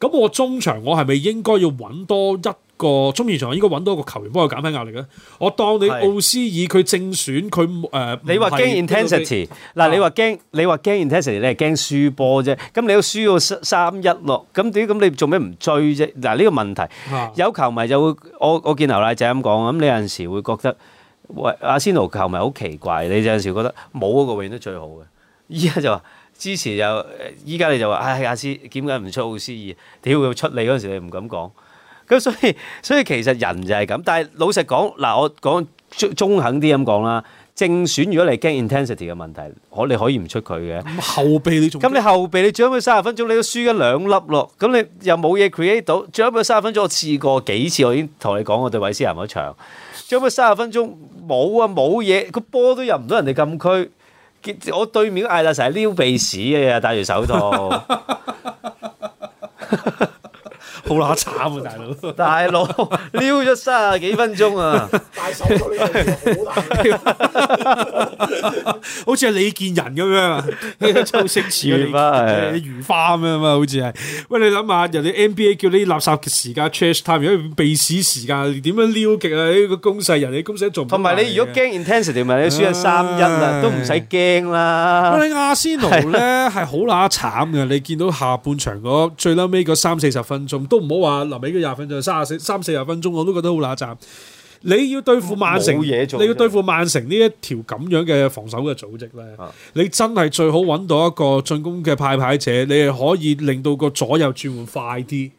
A: 咁、啊、我中場我係咪應該要揾多一個中前場，應該揾多一個球員幫我減輕壓力咧？我當你奧斯爾佢正選佢誒，你話驚 intensity，嗱你話
B: 驚你話驚 intensity，你係驚輸波啫。咁你都輸到三一六，咁點？咁你做咩唔追啫？嗱呢個問題，啊、有球迷就會我我見牛奶仔咁講，咁你有陣時會覺得。喂，阿仙奴球迷好奇怪，你有陣時覺得冇嗰個永遠都最好嘅，依家就話之前又，依家你就話，唉，阿仙點解唔出奧斯爾？屌佢出嚟嗰時你唔敢講，咁所以所以其實人就係咁，但係老實講，嗱我講中，中肯啲咁講啦，正選如果你驚 intensity 嘅問題，我你可以唔出佢嘅。咁後備你咁 你後備你最後三十分鐘你都輸咗兩粒咯，咁你又冇嘢 create 到，最後三十分鐘我試過幾次，我已經同你講我對韋斯咸嗰場。將三十分鐘冇啊，冇嘢，個波都入唔到人哋禁區。我對面個艾達成日撩鼻屎啊，戴住手套。 好乸慘啊大佬！大佬 撩咗卅幾分鐘啊！大手 好難
A: 撩， 好似係李健仁咁樣，周星馳嘅如花咁樣啊，好似係。喂，你諗下，人哋 NBA 叫呢啲垃圾時間，trash time，嗰啲鼻屎時間，點樣撩極啊？呢個攻勢，人哋攻勢都做，同埋你如果
B: 驚 intensity 咪，你輸咗三一啊，都唔使驚啦。
A: 但你亞仙奴咧係好乸慘嘅，你見到下半場嗰最嬲尾嗰三四十分鐘。都唔好話臨尾嗰廿分鐘三十四三四廿分鐘，我都覺得好邋遢。你要對付曼城，你要對付曼城呢一條咁樣嘅防守嘅組織咧，啊、你真係最好揾到一個進攻嘅派派者，你係可以令到個左右轉換快啲，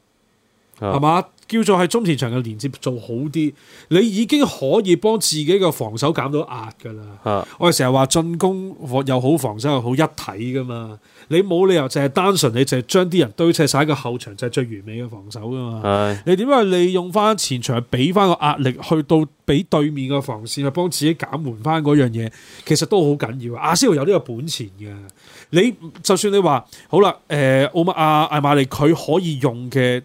A: 係嘛、啊？叫做喺中前場嘅連接做好啲，你已經可以幫自己嘅防守減到壓噶啦。啊、我哋成日話進攻又好，防守又好，一體噶嘛。你冇理由淨係單純，你淨係將啲人堆砌晒喺個後場就係最完美嘅防守噶嘛？的你點解利用翻前場，俾翻個壓力去到俾對面個防線，去幫自己減緩翻嗰樣嘢？其實都好緊要。阿仙奴有呢個本錢嘅，你就算你話好啦，誒、呃、奧馬阿艾馬利佢可以用嘅。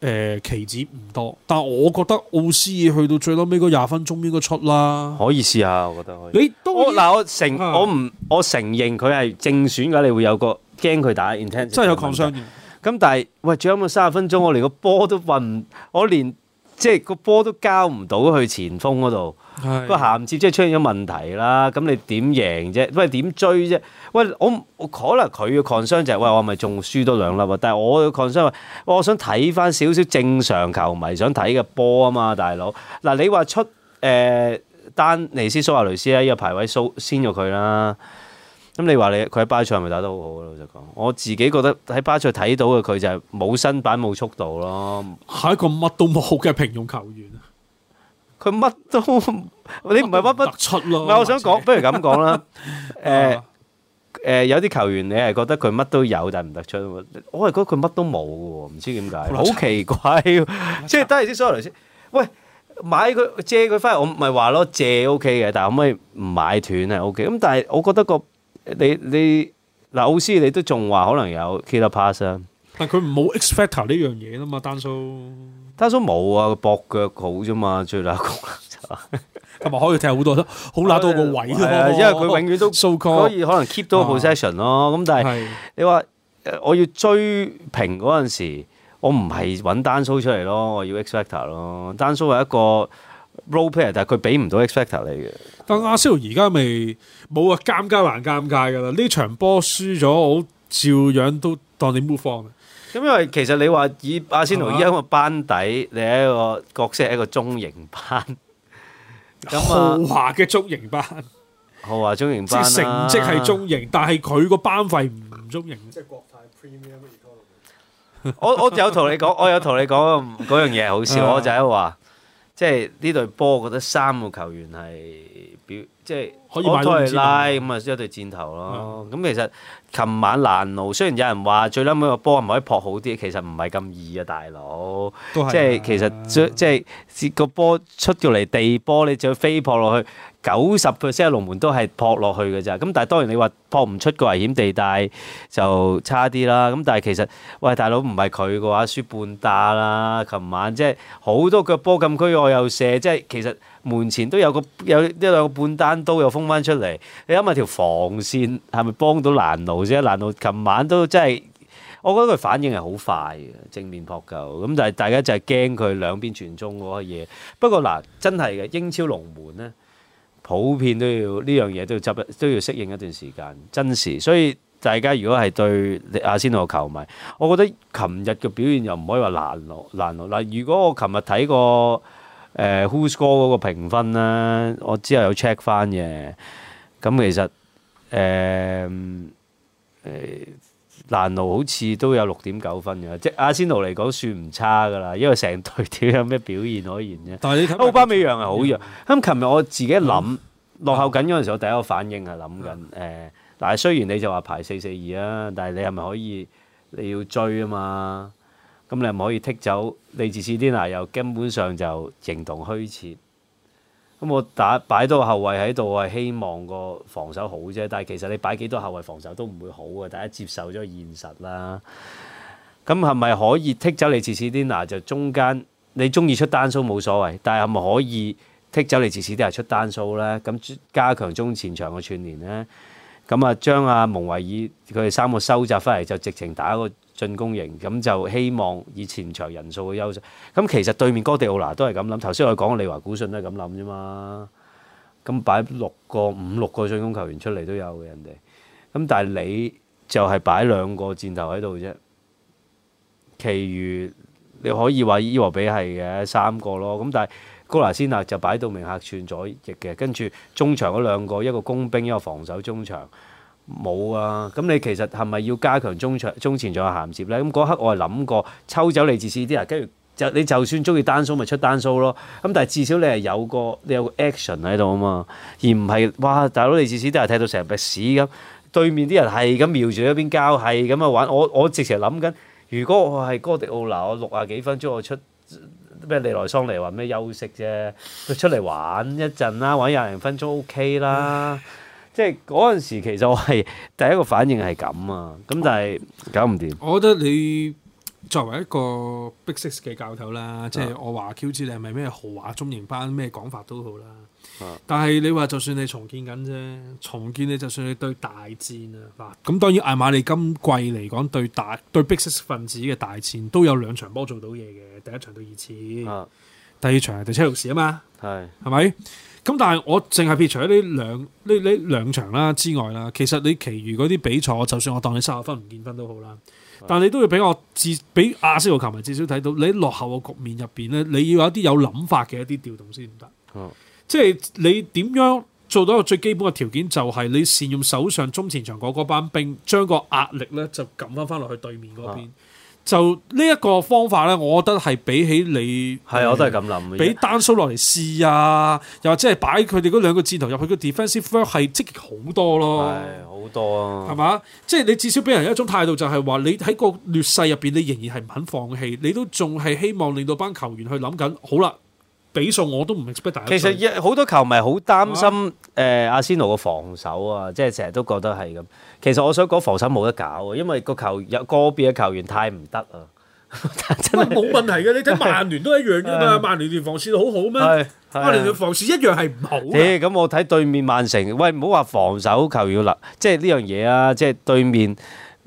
A: 誒，棋子唔多，但係我覺得奧斯爾去到最屘尾嗰廿分鐘應該出啦，
B: 可以試下，我覺得可以。你都嗱，我承的我唔我承認佢係正選嘅，你會有個驚佢打 intense，真係有抗傷。咁但係、啊、喂，最屘三十分鐘，我連個波都運唔，我連。即係個波都交唔到去前鋒嗰度，個銜是的 接即係出現咗問題啦。咁你點贏啫？喂，點追啫？喂，我，我可能佢嘅 concern 就係、是、喂我咪仲輸多兩粒啊？但就是」但係我嘅 concern 話，我我想睇翻少少正常球迷想睇嘅波啊嘛，大佬。嗱、啊，你話出誒、呃、丹尼斯蘇亞雷斯咧，依、這個排位輸先咗佢啦。咁你話你佢喺巴塞係咪打得好好咧？老實講，我自己覺得喺巴塞睇到嘅佢就係冇身板冇速度咯，
A: 係一個乜都冇嘅平庸球員。
B: 佢乜都你唔係乜乜突出咯。唔係我想講，不如咁講啦。誒誒，有啲球員你係覺得佢乜都有，但係唔突出喎。我係覺得佢乜都冇嘅喎，唔知點解，好奇怪。即係等下先，sorry 先。喂，買佢借佢翻嚟，我咪話咯，借 O K 嘅，但係可唔可以唔買斷係 O K。咁但係我覺得個。你你嗱，奧斯你都仲話可能有 Kita Pass 啊？
A: 但佢冇 X Factor 呢樣嘢啊嘛，單數
B: 單數冇啊，博腳好啫嘛，最難講，
A: 同 埋可以踢好多，好乸到個位咯、啊，啊、因為佢永
B: 遠都所、哦、以可能 keep 到多 p o s、啊、s t i o n 咯，咁但係你話我要追平嗰陣時，我唔係揾單數出嚟咯，我要 X Factor 咯，單數係一個。Role player，但係佢俾唔到 expect 你嘅。但阿仙奴而家未
A: 冇話尷尬還尷尬噶啦，呢場波輸咗，我照樣都當你 move
B: on。咁因為其實你話以阿仙奴而家個班底，啊、你係一個角色係一個中型班，豪華
A: 嘅中型班，
B: 豪華中型班啦、啊。成績係中
A: 型，但係佢個班費唔中型。即
C: 係國
B: 泰 Premium。 我我有同你講，我有同你講嗰樣嘢，好笑，我就喺度話。 即係呢隊波，我覺得三個球員係表，即係阿托拉咁啊，一對、like, 箭頭咯。咁的其實琴晚難路，雖然有人話最嬲尾個波唔可以撲好啲，其實唔係咁易啊，大佬。都係。即係其實即係個波出掉嚟，地波你就要飛撲落去。九十 percent 龍門都係撲落去嘅咋。咁但係當然你話撲唔出個危險地帶就差啲啦。咁但係其實喂，大佬唔係佢嘅話輸半打啦。琴晚即係好多腳波禁區我又射，即係其實門前都有個有一兩個半單刀又封翻出嚟。你諗下條防線係咪幫到蘭路啫？蘭路琴晚都真係我覺得佢反應係好快嘅，正面撲救。咁但係大家就係驚佢兩邊傳中嗰個嘢。不過嗱，真係嘅英超龍門咧，普遍都要呢樣嘢都要執，都要適應一段時間。真係，所以大家如果係對阿仙奴球迷，我覺得琴日嘅表現又唔可以話難落難落。嗱，如果我琴日睇過誒 Whoscore 嗰個評分啦，我之後有 check 翻嘅，咁其實誒誒。蘭奴好似都有六點九分嘅，即係阿仙奴嚟講算唔差㗎啦，因為成隊點有咩表現可言啫。但你睇歐巴美羊係好弱。咁琴日我自己諗、嗯、落後緊嗰陣時，我第一個反應係諗緊誒。但係雖然你就話排四四二啊，但係你係咪可以你要追啊嘛？咁你係咪可以剔走利茲史啲納？又根本上就形同虛設。咁、嗯、我打擺多個後衞喺度係希望個防守好啫，但係其實你擺幾多後衞防守都唔會好嘅，大家接受咗現實啦。咁係咪可以剔走嚟自此啲嗱？就中間你中意出單數冇所謂，但係係咪可以剔走嚟自此啲係出單數咧？咁加強中前場嘅串連咧，咁啊將阿蒙維爾佢哋三個收集翻嚟就直情打一個。進攻型，咁就希望以前場人數嘅優勢。咁其實對面哥迪奧拿都係咁諗。頭先我講利華古信都係咁諗啫嘛。咁擺六個、五六個進攻球員出嚟都有嘅人哋。咁但係你就係擺兩個箭頭喺度啫。其餘你可以話伊和比係嘅三個咯。咁但係哥拿先納就擺到名客串左翼嘅，跟住中場嗰兩個，一個攻兵，一個防守中場。冇啊！咁你其實係咪要加強中場、中前場嘅銜接咧？咁嗰刻我係諗過抽走利茲史啲人，跟住就你就算中意單數咪出單數咯。咁但係至少你係有個你有個 action 喺度啊嘛，而唔係哇！大佬利茲史啲人踢到成嚿屎咁，對面啲人係咁瞄住一邊交，係咁啊玩。我我直情諗緊，如果我係哥迪奧拿，我六啊幾分鐘我出咩利來桑尼話咩休息啫，出嚟玩一陣啦，玩廿零分鐘 OK 啦。 即係嗰陣時，其實我係第一個反應係咁啊！咁但係搞唔掂。我覺得你
A: 作為一個、Big、Six 嘅教頭啦，啊、即係我話 QZ 你係咪咩豪華中型班咩講法都好啦。啊、但係你話就算你重建緊啫，重建你就算你對大戰啊，咁、啊、當然艾瑪利今季嚟講對大對、Big、Six 分子嘅大戰都有兩場波做到嘢嘅，第一場對二次，啊、第二場對車路士啊嘛，係係咪？咁但係我淨係撇除咗呢兩呢呢兩場啦之外啦，其實你其餘嗰啲比賽，就算我當你三十分唔見分都好啦，是的 但你都要俾我至俾阿斯洛球迷至少睇到，你喺落後嘅局面入邊咧，你要有一啲有諗法嘅一啲調動先得。是的 即係你點樣做到一個最基本嘅條件，就係你善用手上中前場嗰班兵，將個壓力咧就撳翻翻落去對面嗰邊。就呢一個方法咧，我覺得係比起你係啊、嗯、我都係咁諗，俾丹蘇落嚟試啊，又或者係擺佢哋嗰兩個箭頭入去個 defensive front 係積極好多咯，係
B: 好多啊，係嘛？
A: 即係你至少俾人一種態度，就係話你喺個劣勢入邊，你仍然係唔肯放棄，你都仲係希望令到班球員去諗緊，好啦。比數我都唔係接得第一。其實
B: 好多球迷好擔心誒阿仙奴嘅防守啊，即係成日都覺得係咁。其實我想講防守冇得搞啊，因為個球有個別嘅球員太唔得
A: 啊。不過冇問題嘅，你睇曼聯都一樣啫嘛。曼聯聯防線好好咩？曼聯聯防線一樣係唔好。咦？
B: 咁我睇對面曼城，喂，唔好話防守球要喇，即係呢樣嘢啊！即係對面。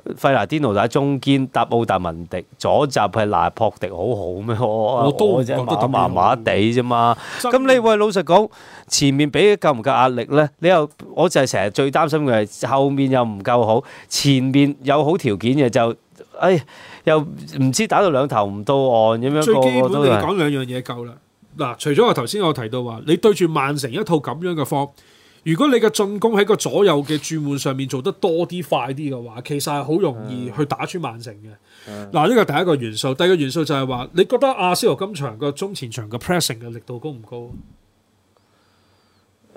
B: 費拿甸奴打中堅，搭奧達文迪，左閘係拿破迪，好好咩？我都麻麻麻麻地啫嘛。咁你喂老實講，前面俾夠唔夠壓力咧？你又，我就係成日最擔心嘅係後面又唔夠好，前面有好條件嘅就，哎，又唔知打到兩頭唔到岸咁樣。最基本你講
A: 兩樣嘢夠啦。嗱，除咗我頭先我提到話，你對住曼城一套咁樣嘅科。如果你嘅進攻喺個左右嘅轉換上面做得多啲快啲嘅話，其實係好容易去打穿曼城嘅。嗱、嗯，呢個第一個元素。第二個元素就係話，你覺得阿斯和今場個中前場嘅 pressing 嘅力度高唔高？
B: 誒、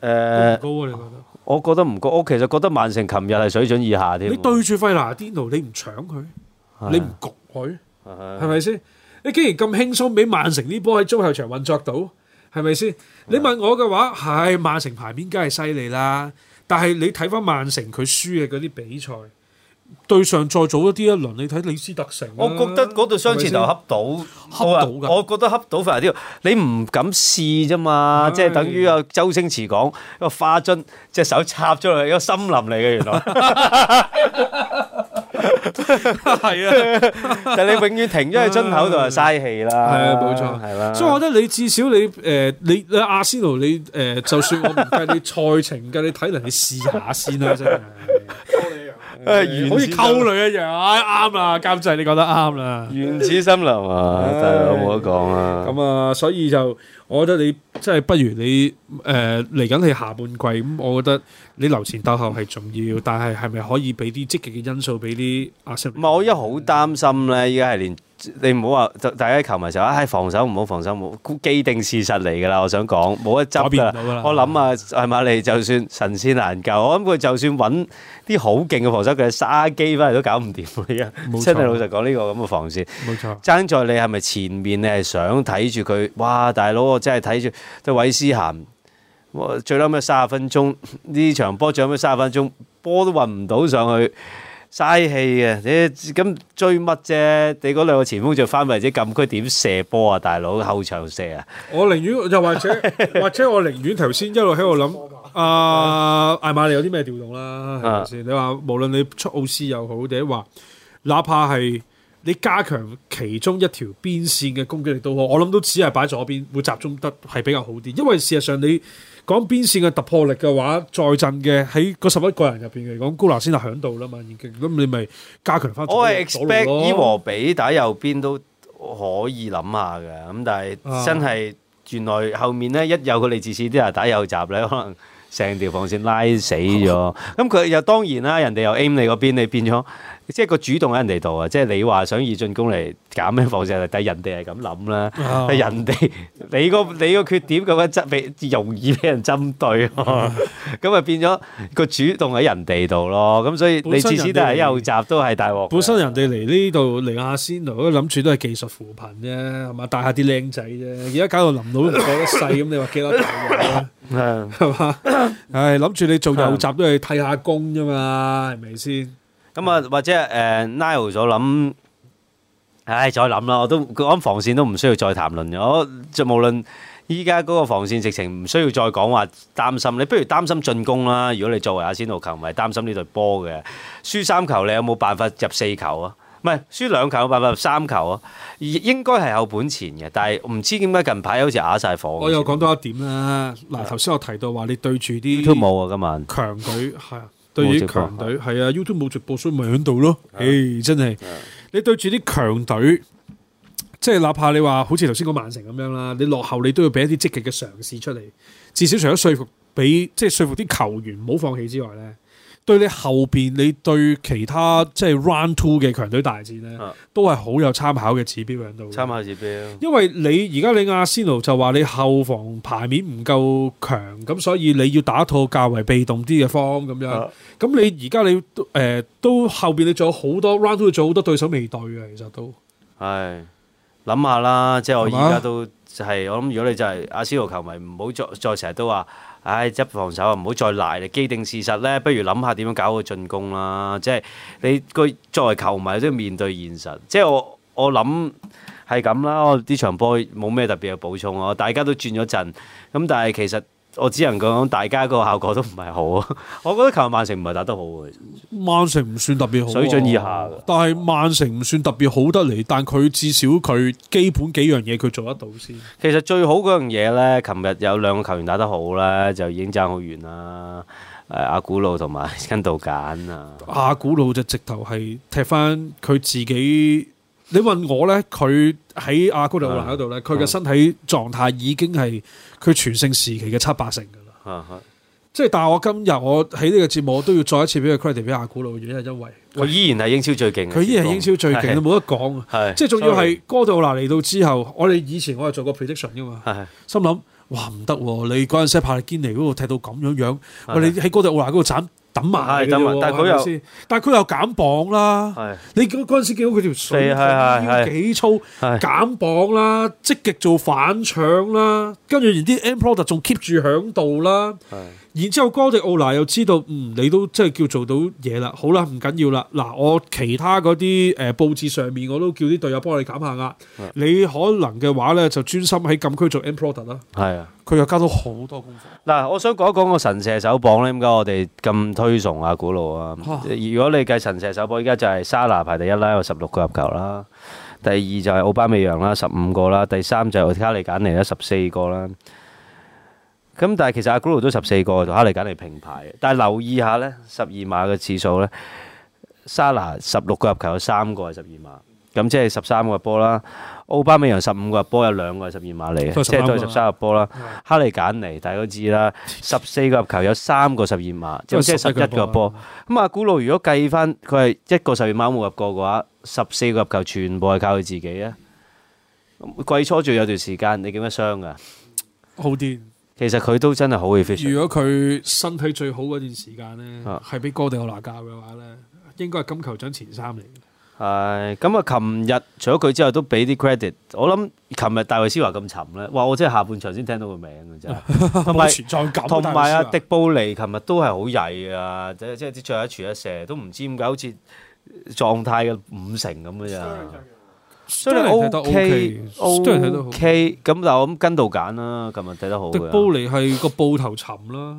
B: 呃，高啊！你覺得？我覺得唔高。我其實覺得曼城琴日係水準以下啲。你
A: 對住費拿顛奴，你唔搶佢，嗯、
B: 你唔焗佢，
A: 係咪先？你竟然咁輕鬆俾曼城呢波喺中後場運作到？係咪先？是是你問我嘅話，係曼城牌面梗係犀利啦。但係你睇翻曼城佢輸嘅嗰啲比賽，對上再早一啲一輪，你睇李斯特城。
B: 我覺得嗰度雙前頭恰到恰說到㗎。我覺得恰到份係啲，你唔敢試啫嘛。即係的等於阿周星馳講個花樽隻手插咗落去，一個森林嚟嘅原來。 係 是啊，但 你永遠停咗喺樽口度就嘥氣啦。係、嗯、啊，冇錯，係啦。所以我
A: 覺得你至少你誒、呃，你阿仙奴，你誒、呃，就算我唔計啲賽程，計 你睇嚟，你試下先啦，真係、 啊。好似溝女一樣，啱、哎、啦，監製，你講得啱啦。
B: 原始森林啊，大佬冇得講啊。咁、嗯、
A: 啊，所以就。我覺得你即係不如你誒嚟緊係下半季咁，我覺得你留前鬥後
B: 係重要，但係係咪可以俾啲積極嘅因素俾啲阿叔？唔係，我而家好擔心咧，而家係連你唔好話就大家球迷就話唉，防守唔好，防守冇固既定事實嚟㗎啦。我想講冇得執㗎啦。改變到啦。我諗啊，係咪你就算神仙難救？我諗佢就算揾啲好勁嘅防守，佢沙機翻嚟都搞唔掂佢啊。真係老實講呢個咁嘅防線。冇錯。爭在你係咪前面？你係想睇住佢？哇，大佬！我真係睇住即韋斯咸，我最嬲咩三十分鐘，呢場波最嬲咩三十分鐘，波都運唔到上去，嘥氣啊！你咁追乜啫？你嗰兩個前鋒就翻返嚟，或者禁區點射波啊？大佬後場射啊！
A: 我寧願又或者或者我寧願頭先一路喺度諗，阿、 呃、艾馬利有啲咩調動啦？係咪先？啊、你話無論你出奧斯又好，或者話哪怕係。你加強其中一條邊線嘅攻擊力都好，我諗都只係擺咗邊會集中得係比較好啲，因為事實上你講邊線嘅突破力嘅話，再陣嘅喺嗰十一個人入邊嚟講，高蘭先係響度啦嘛，嚴極咁你咪加強翻左邊左路咯。我係 expect 伊和
B: 比打右邊都可以諗下嘅，咁但係真係、啊、原來後面呢，一有佢哋自私啲人打右閘咧，可能成條防線拉死咗。咁佢又當然啦，人哋又 aim 你嗰邊，你變咗。即係個主動喺人哋度啊！即係你話想以進攻嚟減輕防力，但係人哋係咁諗啦。但人哋你個你個缺點咁樣，則被容易俾人針對，咁啊 變咗個主動喺人哋度咯。咁所以你次次都係右閘都係大鑊。
A: 本身人哋嚟呢度嚟阿仙奴，諗住都係技術扶貧啫，係嘛，帶下啲靚仔啫。而家搞到林老唔過得世，咁 你話幾多大鑊咧？係嘛吧？唉，諗 住你做右閘都係睇下工啫嘛，係咪先？
B: 咁啊、嗯，或者誒、呃、n i l e 所諗，唉，再諗啦，我都講防線都唔需要再談論咗。就無論依家嗰個防線直情唔需要再講話擔心。你不如擔心進攻啦。如果你作為阿仙奴球迷，擔心呢隊波嘅，輸三球你有冇辦法入四球啊？唔係，輸兩球有辦法入三球啊？應該係有本錢嘅，但係唔知點解近排好似啞晒火。我
A: 又講多一點啦。嗱的，頭先我提到話，你對住啲都冇啊，今日強隊係。對於強隊，係啊，YouTube 冇直播，所以咪喺度咯。誒，真係你對住啲強隊，即係哪怕你話好似頭先個曼城咁樣啦，你落後你都要俾一啲積極嘅嘗試出嚟，至少除咗說服俾，即係說服啲球員唔好放棄之外咧。對你後邊你對其他即係 round two 嘅強隊大戰咧，啊、都係好有參考嘅指標喺度。
B: 參考指標，
A: 因為你而家你阿仙奴就話你後防牌面唔夠強，咁所以你要打套較為被動啲嘅方，咁、啊、樣。咁你而家你誒、呃、都後邊你仲有好多 round two 做好多對手未對嘅，其實都
B: 係諗下啦。即係我而家都就係、是、吧我諗，如果你就係阿仙奴球迷，唔好再再成日都話。唉、哎，執防守啊，唔好再賴啦！既定事實咧，不如諗下點樣搞個進攻啦！即係你個作為球迷都要面對現實。即係我我諗係咁啦。我呢場波冇咩特別嘅補充啊，大家都轉咗陣。咁但係其實。我只能講，大家個效果都唔係好。 我覺得琴日曼城唔係打得好嘅、
A: 啊。曼城唔算特別好、啊，水準以下。但係曼城唔算特別好得嚟，但佢至少佢基本幾樣嘢佢做得到先。
B: 嗯、其實最好嗰樣嘢呢，琴日有兩個球員打得好啦，就已經爭好遠啦，誒阿古魯同埋根度簡啊。阿、
A: 啊、古魯就直頭係踢翻佢自己。你問我咧，佢喺阿哥迪奧拿嗰度咧，佢嘅的身體狀態已經係
B: 佢全盛時
A: 期嘅七八成噶
C: 啦。
B: 即係的，但係
A: 我今日我喺呢個節目，我都要再一次俾佢 credit 俾阿哥迪奧拿，因為因為佢依
B: 然係英超最勁嘅，佢依然係英超最勁都冇得講。即係仲要係
A: 哥迪奧拿嚟到之後，我哋以前我係做過 prediction 噶嘛，心諗哇唔得喎，你嗰陣時帕利堅尼嗰度踢到咁樣樣，我哋喺哥迪奧拿嗰個抌埋，但係佢又，但係佢又減磅啦。的你嗰嗰陣時見到佢條水腰幾粗，減磅啦，積極做反搶啦，跟住而啲 end product 仲 keep 住響度啦。然之後，哥迪奧拿又知道，嗯，你都即係叫做到嘢啦。好啦，唔緊要啦。嗱，我其他嗰啲誒佈置上面，我都叫啲隊友幫你減下壓。是的 你可能嘅話咧，就專心喺禁區做 end product 啦。係啊，佢又加到好多功夫。
B: 嗱，我想講一講個神射手榜咧。點解我哋咁推崇阿古魯啊？老啊啊如果你計神射手榜，依家就係沙拿排第一啦，有十六個入球啦。第二就係奧巴美揚啦，十五個啦。第三就係卡利簡尼啦，十四個啦。咁但係其實阿古路都十四個，就哈利簡尼平排。但係留意下咧，十二碼嘅次數咧，沙拿十六個入球有三個係十二碼，咁即係十三個入波啦。奧巴美揚十五個入波有兩個係十二碼嚟，即係都係十三個入波啦。哈利簡尼大家都知啦，十四個入球有三個十二碼， 即係十一個波。咁、啊、阿古路如果計翻佢係一個十二碼冇入過嘅話，十四個入球全部係靠佢自己啊！季初仲有段時間你記唔記得傷點樣傷噶？好啲。其實佢都真係好會。如果
A: 佢身體最好嗰
B: 段時間呢，
A: 係是俾哥迪奧拿教嘅話呢，應該係金球獎前三嚟。
B: 係咁啊！琴日除咗佢之外，都俾啲 credit。我諗琴日戴衛斯華咁沉呢，哇！我真係下半場先聽到個名嘅啫。唔係，同埋阿迪布尼琴日都係好曳啊！即係即係啲一傳一射，都唔知點解好似狀態嘅五成咁嘅咋。嗯都係睇得 O K，都係睇得好。咁 okay, 但我咁跟度揀啦，今日睇得好。迪布
A: 尼係個布頭沉啦，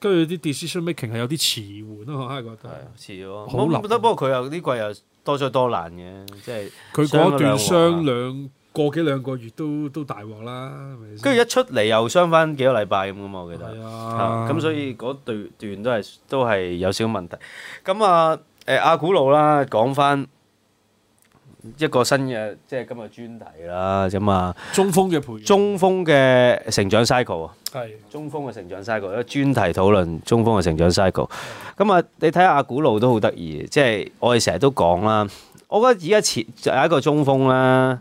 A: 跟住啲 decision making 係有啲遲
B: 緩咯，我係覺得係遲咯。好難得，不過佢又啲季又多災多難嘅，即係佢嗰段
A: 商兩個幾兩個月，個月都都大鑊啦。跟
B: 住一出嚟又傷翻幾個禮拜咁噶嘛，我記得。咁對呀、嗯、所以嗰段段都係都係有少問題。咁啊，誒阿古魯啦，講翻。一個新嘅即係今日專題啦，咁啊，中鋒嘅培養，中鋒嘅成長 cycle。係。中鋒嘅成長 cycle，專題討論中鋒嘅成長 cycle。咁啊，你睇下阿古路都好得意，即係我哋成日都講啦。我覺得而家前就係一個中鋒啦，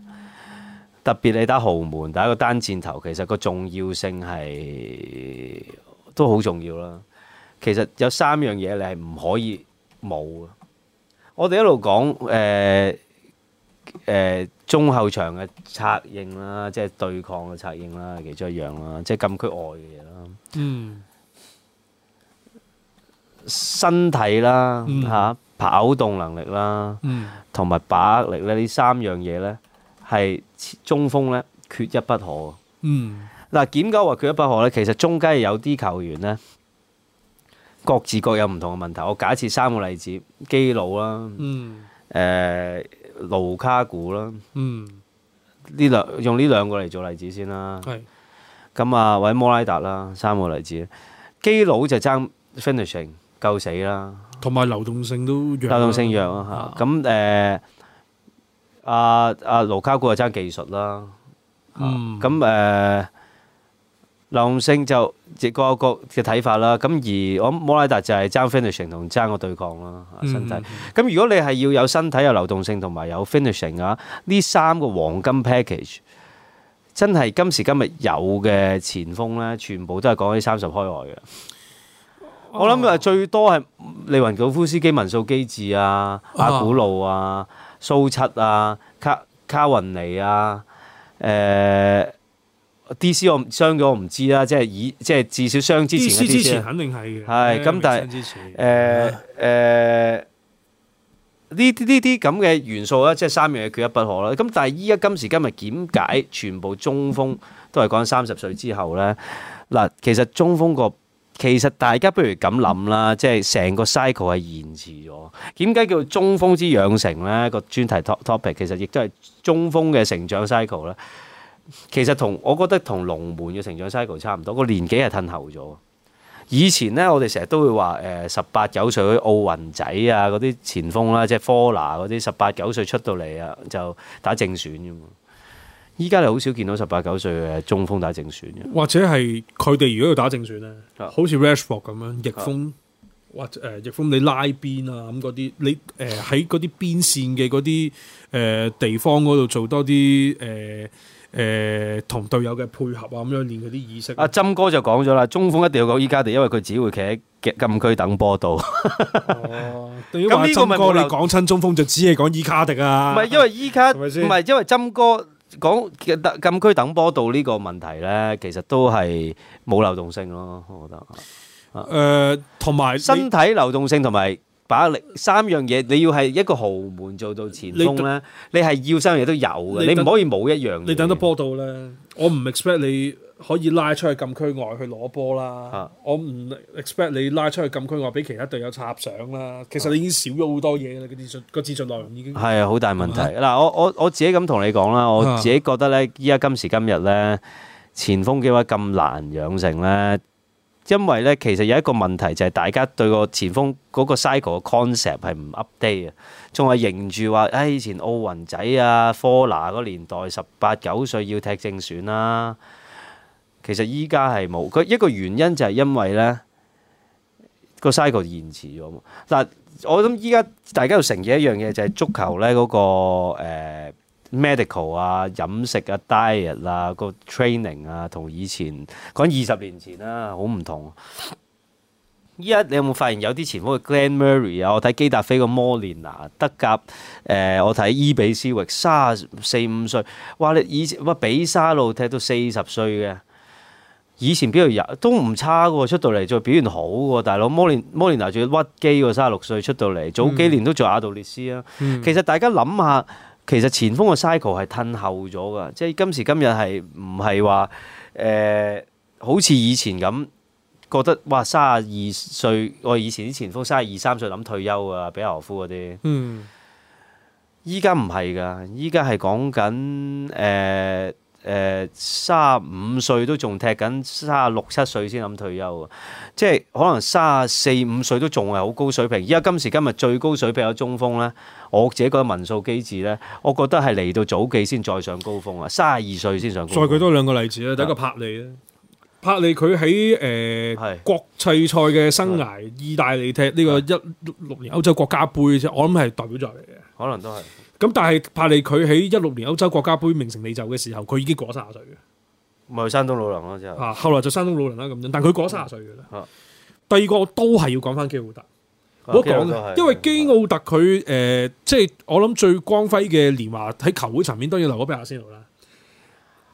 B: 特別你打豪門打一個單箭頭，其實個重要性係都好重要啦。其實有三樣嘢你係唔可以冇啊。我哋一路講誒。呃誒、呃、中後場嘅策應啦，即係對抗嘅策應啦，其中一樣啦，即係禁區外嘅嘢啦。嗯、身體啦嚇、嗯啊，跑動能力啦，同埋、嗯、把握力咧，呢三樣嘢咧係中鋒咧缺、嗯、缺一不可。嗱，點解話缺一不可咧？其實中間有啲球員咧，各自各有唔同嘅問題。我假設三個例子，基佬啦，誒、嗯。呃盧卡古啦，嗯，呢兩用呢兩個嚟做例子先啦，咁啊是或者摩拉達啦，三個例子，基佬就爭 finishing 夠死啦，同埋流動性都弱流動性弱啊吓，咁誒，阿阿盧卡古就爭技術啦，咁誒、嗯。流動性就直各有各嘅睇法啦，咁而我諗摩拉達就係爭 finishing 同爭個對抗咯，身體。咁、嗯、如果你係要有身體有流動性同埋有 finishing 啊，呢三個黃金 package 真係今時今日有嘅前鋒咧，全部都係講緊三十開外嘅。我諗啊，最多係利雲度夫斯基、文素基治啊、阿古路啊、啊蘇七啊、卡卡雲尼啊，誒、呃。D.C. 我傷咗，我唔知啦。即係以，即係至少傷之前。D.C. 之前肯定係嘅。係咁，但係誒誒呢啲呢啲咁嘅元素啦，即係三樣嘢缺一不可啦。咁但係依家今時今日，點解全部中鋒都係講三十歲之後咧？嗱，其實中鋒個其實大家不如咁諗啦，即係成個 cycle 係延遲咗。點解叫中鋒之養成咧？個專題 top topic 其實亦都係中鋒嘅成長 cycle 啦。其實同我覺得同龍門嘅成長 cycle 差唔多，個年紀係褪後咗。以前呢，我哋成日都會話誒十八九歲奧運仔啊，嗰啲前鋒啦，即係科拿嗰啲十八九歲出到嚟啊，就打正選嘅嘛。依家你好少見到十八九歲嘅中鋒打正選嘅。
A: 或者係佢哋如果要打正選咧，好似 Rashford 咁樣翼鋒，的或誒翼鋒你拉邊啊咁嗰啲，你誒喺嗰啲邊線嘅嗰啲誒地方嗰度做多啲誒。呃誒，同隊、呃、友嘅配合啊，咁樣練佢
B: 啲意識、啊。阿針哥就講咗啦，中鋒一定要講伊、e、卡迪，因為佢只會企喺禁區等波度。
A: 咁 呢、哦、個咪你講親中鋒就只係講伊卡迪啊？唔係
B: 因為伊、e、卡，唔係因為針哥講禁區等波度呢個問題咧，其實都係冇流動性咯，我覺得。誒、呃，同埋身體流動性同埋。把力三樣嘢，你要係一個豪門做到前鋒咧，你係要三樣
A: 嘢都有嘅，你唔可
B: 以冇一樣。你等得波到咧，我唔因為咧，其實有一個問題就係大家對個前鋒嗰個 cycle 嘅 concept 係唔 update 啊，仲係認住話，誒、哎、以前奧運仔啊，科拿個年代十八九歲要踢正選啦、啊。其實依家係冇佢一個原因就係因為咧個 cycle 延遲咗。嗱，我諗依家大家要承認一樣嘢就係足球咧嗰、那個、呃 Medical 啊、飲食啊、diet 啊，個 training 啊，同以前講二十年前啦，好唔同。依家你有冇發現有啲前鋒，阿 Glen Murray 啊，我睇基達菲個摩連拿、德甲誒、呃，我睇伊比斯域卅四五歲，哇！你以前哇，比沙路踢到四十歲嘅，以前邊度有？都唔差喎，出到嚟再表現好喎，大佬摩連摩連拿仲要屈機喎，卅六歲出到嚟，早幾年都做亞道列斯啊。嗯嗯、其實大家諗下。其實前鋒嘅 cycle 係褪後咗㗎，即係今時今日係唔係話誒好似以前咁覺得哇三十二歲，我以前啲前鋒三十二三歲諗退休啊，比爾霍夫嗰啲。嗯，依家唔係㗎，依家係講緊誒。呃誒，三十五歲都仲踢緊，三十六七歲先諗退休啊！即係可能三十四五歲都仲係好高水平。而家今時今日最高水平嘅中鋒咧，我自己覺得文素基智咧，我覺得係嚟到早季先再上高峰啊！三十二歲先上高峰。高再舉多兩個例子啦，第一個柏
A: 利啦，柏是利佢喺誒國際賽嘅生涯，意大利踢呢、呢個一六年歐洲國家杯，我諗係代表作嚟嘅，可能都係。咁但係柏利佢喺一六年歐洲國家杯名成利就嘅時候，佢已經過咗卅歲
B: 嘅，咪山東魯能咯
A: 之後，啊後來就山東魯能啦咁樣，但佢過咗卅歲嘅，啦。第二個都係要講翻基奧特，唔好講，因為基奧特佢誒，即、呃、係、就是、我諗最光輝嘅年華喺球會層面都要留咗俾阿仙奴啦，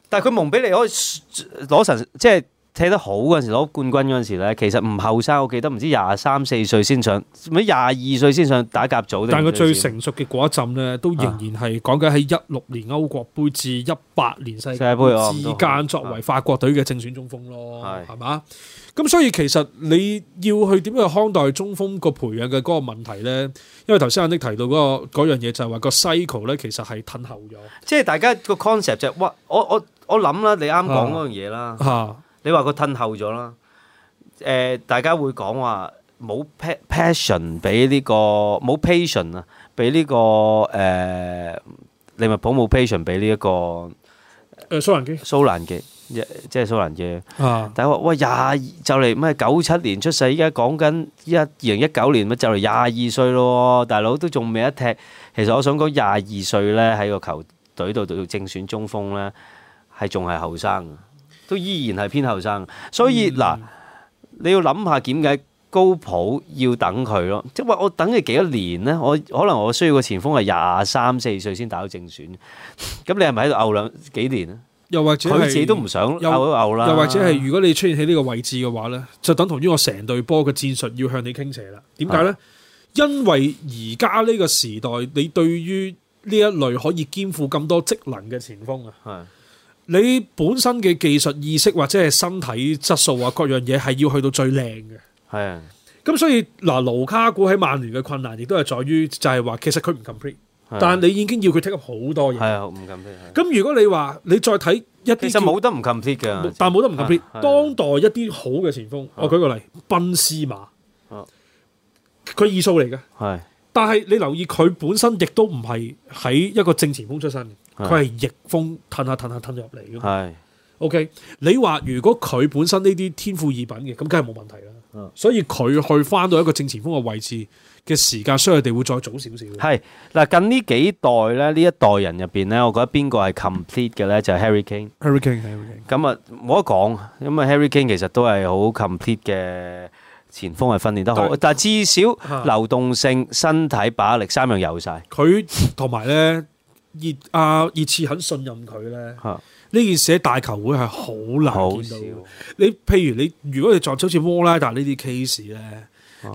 B: 但係佢蒙比尼可以攞神即係。就是踢得好嗰陣時攞冠軍嗰陣時咧，其實唔後生，我記得唔知廿三四歲先上，唔係廿二歲先上打甲組。但佢最成
A: 熟嘅嗰一陣咧，都仍然係講緊喺一六年歐國杯至一八年世界杯之間作為法國隊嘅正選中鋒咯，係嘛、嗯？咁、嗯、所以其實你要去點樣去看待中鋒個培養嘅嗰個問題咧？因為頭先阿 Nick 提到嗰、嗰個樣嘢就係話個 cycle 咧，其實係褪
B: 後咗。即係大家個 concept 就係、係、哇，我我我諗啦，你啱講嗰樣嘢啦。嗯嗯你話佢褪後咗啦？誒、呃，大家會講話冇 passion 俾呢、呢個冇 passion 啊，俾呢、呢個誒、呃、利物浦冇 passion 俾呢、呢、一個誒、呃、蘇蘭基蘇蘭基，即係蘇蘭基啊，但、但係話喂，廿二就嚟咩，九七年出世，依家講緊一二零一九年咪就嚟廿二歲咯，大佬都仲未一踢。其實我想講廿二歲咧喺個球隊度做正選中鋒咧，係仲係後生。都依然係偏後生，所以嗱、嗯，你要諗下點解高普要等佢咯，即係話我等佢幾多年呢？我可能我需要個前鋒係廿三四歲先打到正選，咁 你係咪喺度嘔兩幾年咧？又或者佢自己都唔想嘔都嘔啦。又或者係
A: 如果你出現喺呢個位置嘅話呢，就等同於我成隊波嘅戰術要向你傾斜啦。點解呢？是的 因為而家呢個時代，你對於呢一類可以肩負咁多職能嘅前鋒啊。你本身嘅技術意識或者係身體質素啊，各樣嘢係要去到最靚嘅。係啊，咁所以嗱，盧卡古喺曼聯嘅困難亦都係在於，就係話其實佢唔 complete，但係你已經要佢 take up 好多嘢。係啊，唔 complete。咁如果你話你再睇
B: 一啲，其實冇得唔 complete 嘅，
A: 但係冇得唔 complete。當代一啲好嘅前鋒，我舉個例，賓斯馬，佢異數嚟嘅，但係你留意佢本身亦都唔係喺一個正前鋒出身。佢係逆風騰下騰下騰入嚟嘅。係是，OK。你話如果佢本身呢啲天賦異稟嘅，咁梗係冇問題啦。嗯、所以佢去返到一個正前鋒嘅位
B: 置嘅時間，所以佢哋會再早少少。係嗱，近呢幾代咧，呢一代人入邊咧，我覺得邊個係 complete 嘅咧？就係、是、Harry Kane。
A: Harry Kane。
B: 咁啊，冇得講。因為，Harry Kane 其實都係好 complete 嘅前鋒，係訓練得好。對但係至少流動性、身體把握力三樣有晒。佢
A: 同埋咧。熱啊！熱刺很信任佢咧。
B: 呢件事喺大球會係好難見到。
A: 你譬如你，如果你撞出好似摩拉達呢啲 case 咧，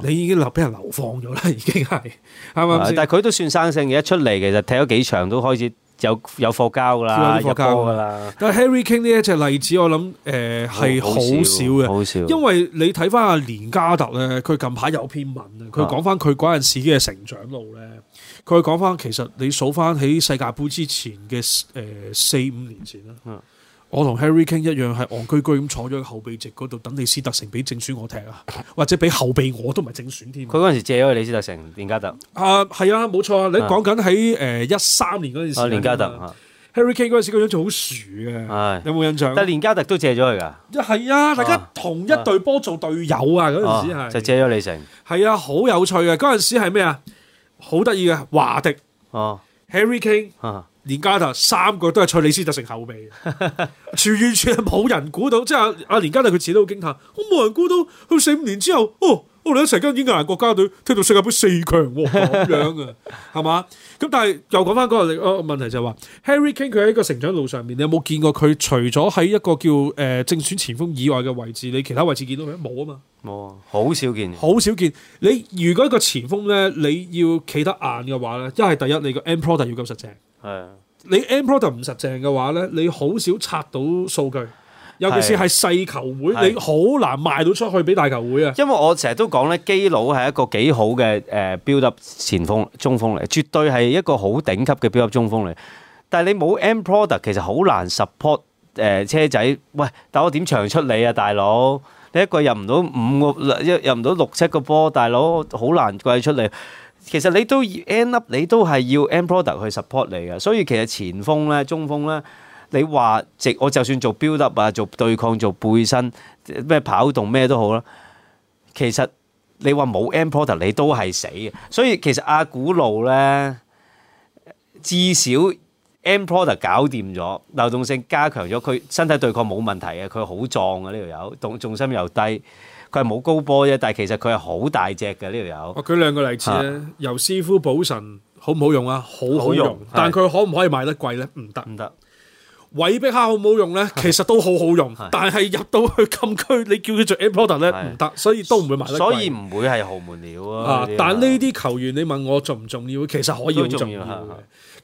A: 你已經留俾人流放咗啦，已經係
B: 係咪先？但係佢都算生性嘅，一出嚟其實踢咗幾場都開始有有火交㗎啦，有交㗎啦。
A: 但係 Harry Kane 呢一隻例子，我諗誒係好少
B: 嘅，好少。因
A: 為你睇翻阿連加特咧，佢近排有篇文，佢講翻佢嗰陣時嘅成長路咧。佢講翻，其實你數翻喺世界盃之前嘅誒四五年前啦，嗯、我同 Harry King 一樣係戇居居咁坐咗個後備席嗰度等李斯特城俾正選我踢啊，或者俾後備我都唔係正選添。佢嗰
B: 陣時借咗李斯特城連加特
A: 啊，係啊，冇錯在在啊！你講緊喺誒一三年嗰陣時啊，連加特、啊、Harry King 嗰陣時個樣仲好薯
B: 嘅，哎、有冇印象？但係連加特都借咗佢噶，
A: 係啊、啊！大家同一隊波做隊友啊，嗰陣時、啊啊啊、就
B: 借咗李成，係啊，好有
A: 趣嘅嗰陣時係咩啊？好得意嘅，華迪、啊、Harry King、啊、連加特三個都係李斯特城後備，全 完全係冇人估到。即係阿阿連加特佢自己都好驚歎，我冇人估到佢四五年之後哦。我哋、哦、一成間英格蘭國家隊踢到世界杯四強咁樣啊，係嘛？ 咁但係又講翻嗰個你，哦問題就係、是、話 Harry Kane 佢喺一個成長路上面，你有冇見過佢除咗喺一個叫誒、呃、正選前鋒以外嘅位置，你其他位置見到佢冇啊嘛？冇啊，
B: 好、啊、少見，
A: 好少見。你如果一個前鋒咧，你要企得硬嘅話咧，一係第一你個 end product 要夠實淨，係啊的，你 end product 唔實淨嘅話咧，你好少刷到數據。尤其是係細球會，是你好
B: 難賣到出去俾大球會啊！因為我成日都講咧，基佬係一個幾好嘅誒 build up 前鋒、中鋒嚟，絕對係一個好頂級嘅 build up 中鋒嚟。但係你冇 end product，其實好難 support 誒、呃、車仔。喂，但我點長出你啊，大佬？你一個入唔到五個，入唔到六七個波，大佬好難貴出嚟。其實你都要 end up，你都係要 end product 去 support 你嘅。所以其實前鋒咧、中鋒咧。你話直我就算做 build up 啊，做對抗做背身咩跑動咩都好啦。其實你話冇 import 你都係死嘅。所以其實阿古路咧至少 import 搞掂咗，流動性加強咗。佢身體對抗冇問題嘅，佢好壯嘅呢條友，重重心又低。佢係冇高波啫，但係其實佢係好大隻嘅呢條友。這個、我舉兩個例子、啊、
A: 由師傅補神好唔好用啊？好好用，好用但佢可唔可以賣得貴咧？唔得，唔得。韋碧克好唔好用咧，其實都好好用，的但係入到去禁區，你叫佢做 a p o r t e r 咧唔得，所以都唔會買得貴。所以唔
B: 會係豪門料啊！但呢
A: 啲球員，你問我重唔重要，其實可以好重要嘅。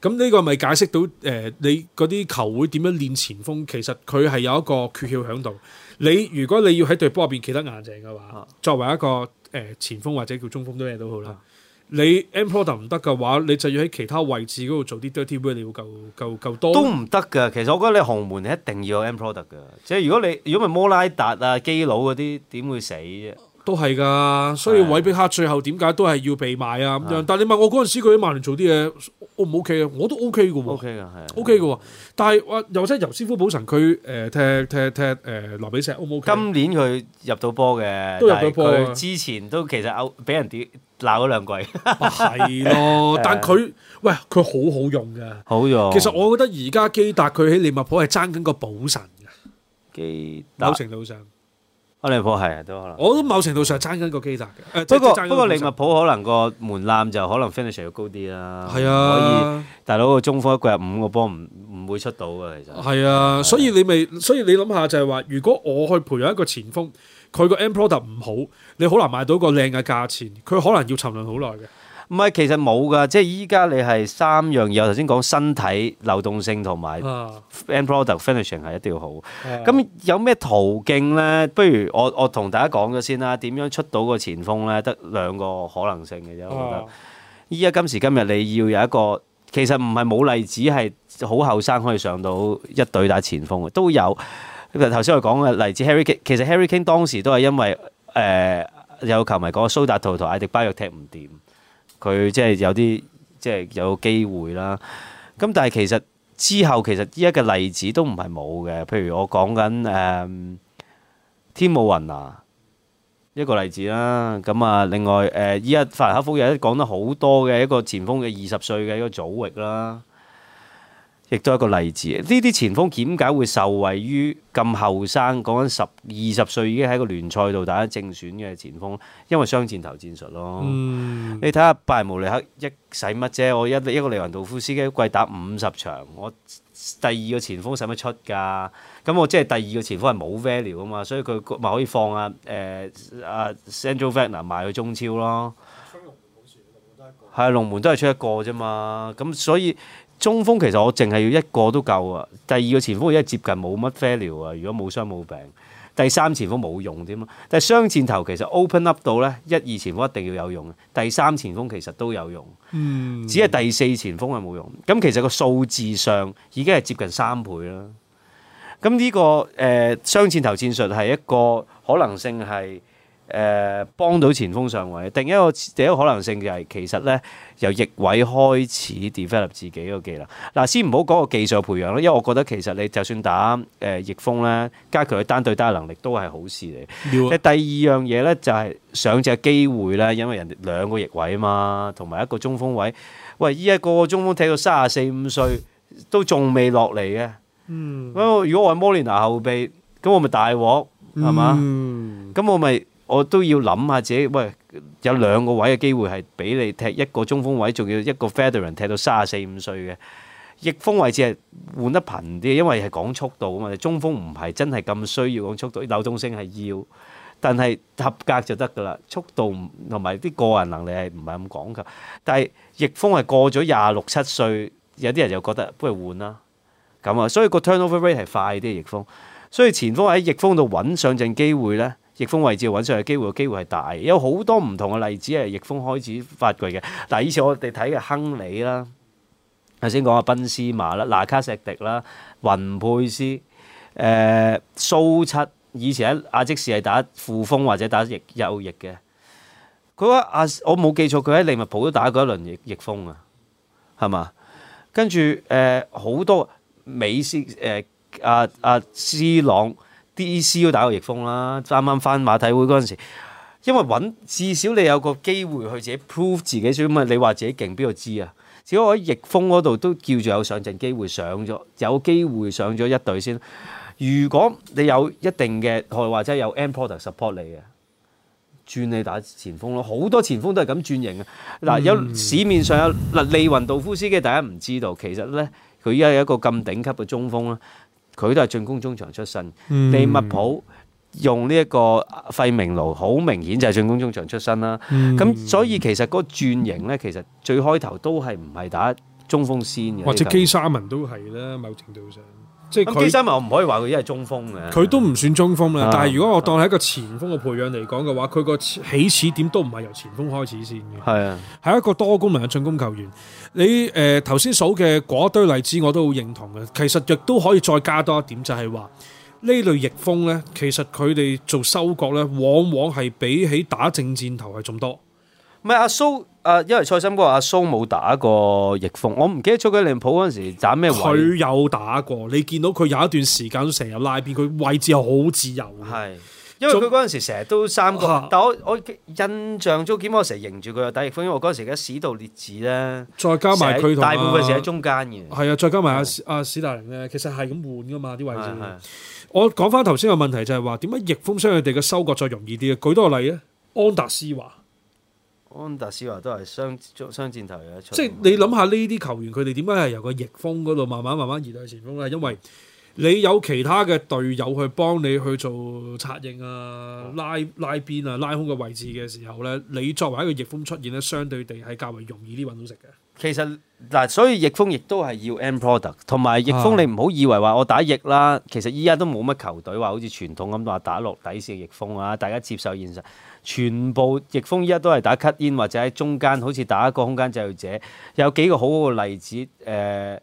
A: 咁呢個咪解釋到誒、呃，你嗰啲球會點樣練前鋒？其實佢係有一個缺竅喺度。你如果你要喺隊波入邊企得硬淨嘅話，作為一個誒、呃、前鋒或者叫中鋒都咩都好啦。你 end product 唔得嘅話，你就要喺其他位置嗰度做啲 dirty work，你要夠
B: 夠夠多都唔得嘅。其實我覺得你紅門你一定要有 end product 嘅。即係如果你如果咪摩拉達啊基佬嗰啲，點會死啫？都係噶。所以韋碧克最後點解
A: 都係要被賣啊咁樣？的但係你問我嗰陣時，佢喺曼聯做啲嘢 O 唔 O K 啊？我都 O K 嘅 O K 嘅。但係話又或者尤斯夫保臣佢誒踢踢踢誒羅、呃、比錫
B: 今年佢入到波嘅，都入到波之前都其實歐俾人屌。鬧咗兩季，係咯，但佢
A: 喂佢好好用嘅，好用。其實我覺得而家基達佢喺利物浦係爭緊個補神嘅，
B: 基達某程度上，利物浦係啊，都可能。
A: 我都某程度上爭緊個基達嘅。不過不過利物浦
B: 可能個門檻就可能 finish 要高啲啦。係啊，大佬個中鋒一季入五個波唔唔會出到嘅其實。
A: 係啊，所以你咪，所以你諗下就係話，如果我去培養一個前鋒，佢個 end product 唔好。你好難買到個靚嘅價錢，佢可能要沉淪好耐嘅。
B: 唔係，其實冇㗎，即係依家你係三樣嘢，我頭先講身體流動性同埋 end product、啊、finishing 係一定要好。咁、啊、有咩途徑咧？不如我我同大家講咗先啦，點樣出到個前鋒咧？得兩個可能性嘅啫。我覺得依家今時今日你要有一個，其實唔係冇例子係好後生可以上到一隊打前鋒嘅，都有。頭先我講嘅例子 Harry King，其實 Harry King 當時都係因為誒有球迷講蘇達圖同艾迪巴約踢唔掂，佢即係有啲即係有機會啦。咁但係其實之後其實依家嘅例子都唔係冇嘅，譬如我講緊誒天武雲拿一個例子啦。咁啊另外誒依家法蘭克福亦都講得好多嘅一個前鋒嘅二十歲嘅一個祖域啦。亦都係一個例子，呢啲前鋒點解會受惠於咁後生？講緊十二十歲已經喺個聯賽度打緊正選嘅前鋒，因為雙箭頭戰術咯。嗯，你睇下拜仁慕尼黑一使乜啫？我一一個利雲道夫斯基一季打五十場，我第二個前鋒使乜出㗎？咁我即係第二個前鋒係冇 value 啊嘛，所以佢咪可以放啊誒阿、呃啊、Sandro Wagner 賣去中超咯。係啊，龍門都係出一個啫嘛，咁所以。中鋒其實我淨係要一個都夠啊，第二個前鋒因為接近冇乜 failure 啊，如果冇傷冇病，第三前鋒冇用添啊，但係雙箭頭其實 open up 到咧，一、二前鋒一定要有用，第三前鋒其實都有用，只係第四前鋒係冇用，咁其實個數字上已經係接近三倍啦。咁、這、呢個誒雙箭頭戰術係一個可能性係。誒幫到前鋒上位，第一個第一個可能性就係、是、其實咧由翼位開始 develop 自己個技能。嗱，先唔好講個技術培養咯，因為我覺得其實你就算打誒翼鋒咧，加強佢單對單嘅能力都係好事嚟。啊、第二樣嘢咧就係、是、上正機會啦，因為人哋兩個翼位啊嘛，同埋一個中鋒位。喂，依一個個中鋒踢到三廿四五歲都仲未落嚟嘅。嗯、如果我係摩連拿後備，咁我咪大鑊係嘛？咁、嗯、我咪。我都要諗下自己，喂，有兩個位嘅機會係俾你踢一個中鋒位，仲要一個 featherman 踢到三十四五歲嘅逆鋒位置，係換得頻啲，因為係講速度啊嘛。中鋒唔係真係咁需要講速度，啲流動性係要，但係合格就得噶啦。速度同埋啲個人能力係唔係咁講求，但係逆鋒係過咗廿六七歲，有啲人就覺得不如換啦咁啊。所以個 turnover rate 係快啲逆鋒，所以前鋒喺逆鋒度揾上陣機會咧。翼鋒位置揾上嘅機會，機會係大，有好多唔同嘅例子係翼鋒開始發掘嘅。嗱，以前我哋睇嘅亨利啦，頭先講啊賓斯馬啦、拿卡錫迪啦、雲佩斯、誒、呃、蘇七，以前喺阿積士係打副鋒或者打翼右翼嘅。佢話啊，我冇記錯，佢喺利物浦都打過一輪翼翼鋒啊，係嘛？跟住誒好多美斯誒、呃、啊啊斯朗，D.C.U 打過逆風啦，啱啱翻馬體會嗰陣時，因為揾至少你有個機會去自己 prove 自己，所以咁你話自己勁邊個知啊？只不過喺逆風嗰度都叫做有上陣機會上咗，有機會上咗一隊先。如果你有一定嘅，或者有 import support 你嘅，轉你打前鋒咯。好多前鋒都係咁轉型嘅。嗱，有市面上有嗱利雲道夫斯基大家唔知道，其實咧佢依家有一個咁頂級嘅中鋒啦。佢都係進攻中場出身，利物浦用呢一個費明奴，好明顯就係進攻中場出身啦。咁、嗯、所以其實嗰個轉型呢，其實最開頭都係唔係打中鋒先嘅。或者基沙文都
A: 係啦，某程度上。即係基沙文，我唔可以話佢一係中鋒嘅。佢都唔算中鋒啦，啊、但係如果我當係一個前鋒嘅培養嚟講嘅話，佢個起始點都唔係由前鋒開始先嘅。係啊，係一個多功能嘅進攻球員。你誒頭先數嘅嗰堆例子我都好認同嘅，其實亦都可以再加多一點，就係話呢類逆風咧，其實佢哋做收割咧，往往係比起打正箭頭係仲多。
B: 唔係阿蘇啊、呃，因為蔡心哥阿蘇冇打過逆風，我唔記得卓佳寧普嗰陣時打咩位。佢
A: 有打過，你見到佢有一段時間都成日拉邊，佢位置好自由。
B: 係。因為佢嗰陣時成日都三個，但我我印象中點解我成日迎住佢打逆風，因為我嗰陣時嘅史道列治咧，再加埋佢大部分時喺中間
A: 嘅。係啊，再加埋阿阿史達寧咧，其實係咁換噶嘛啲位置。的我講翻頭先個問題就係話點解逆風相佢哋嘅收割再容易啲啊？舉多個例
B: 啊，安達斯華，安達斯華都係雙雙箭頭嘅。即係
A: 你諗下呢啲球員佢哋點解係由個逆風嗰度慢慢慢慢移到去前鋒咧？因為你有其他嘅隊友去幫你去做策應啊、拉拉邊啊、拉空嘅位置嘅時候呢，你作為一個翼鋒出現呢，相對地係較為容易啲揾到食嘅。其實
B: 嗱，所以翼鋒亦都係要 end product，同埋翼鋒你唔好以為話我打翼啦，啊、其實依家都冇乜球隊話好似傳統咁話打落底線翼鋒啊，大家接受現實，全部翼鋒依家都係打 cut in 或者喺中間，好似打一個空間製造者，有幾個好好嘅例子誒。呃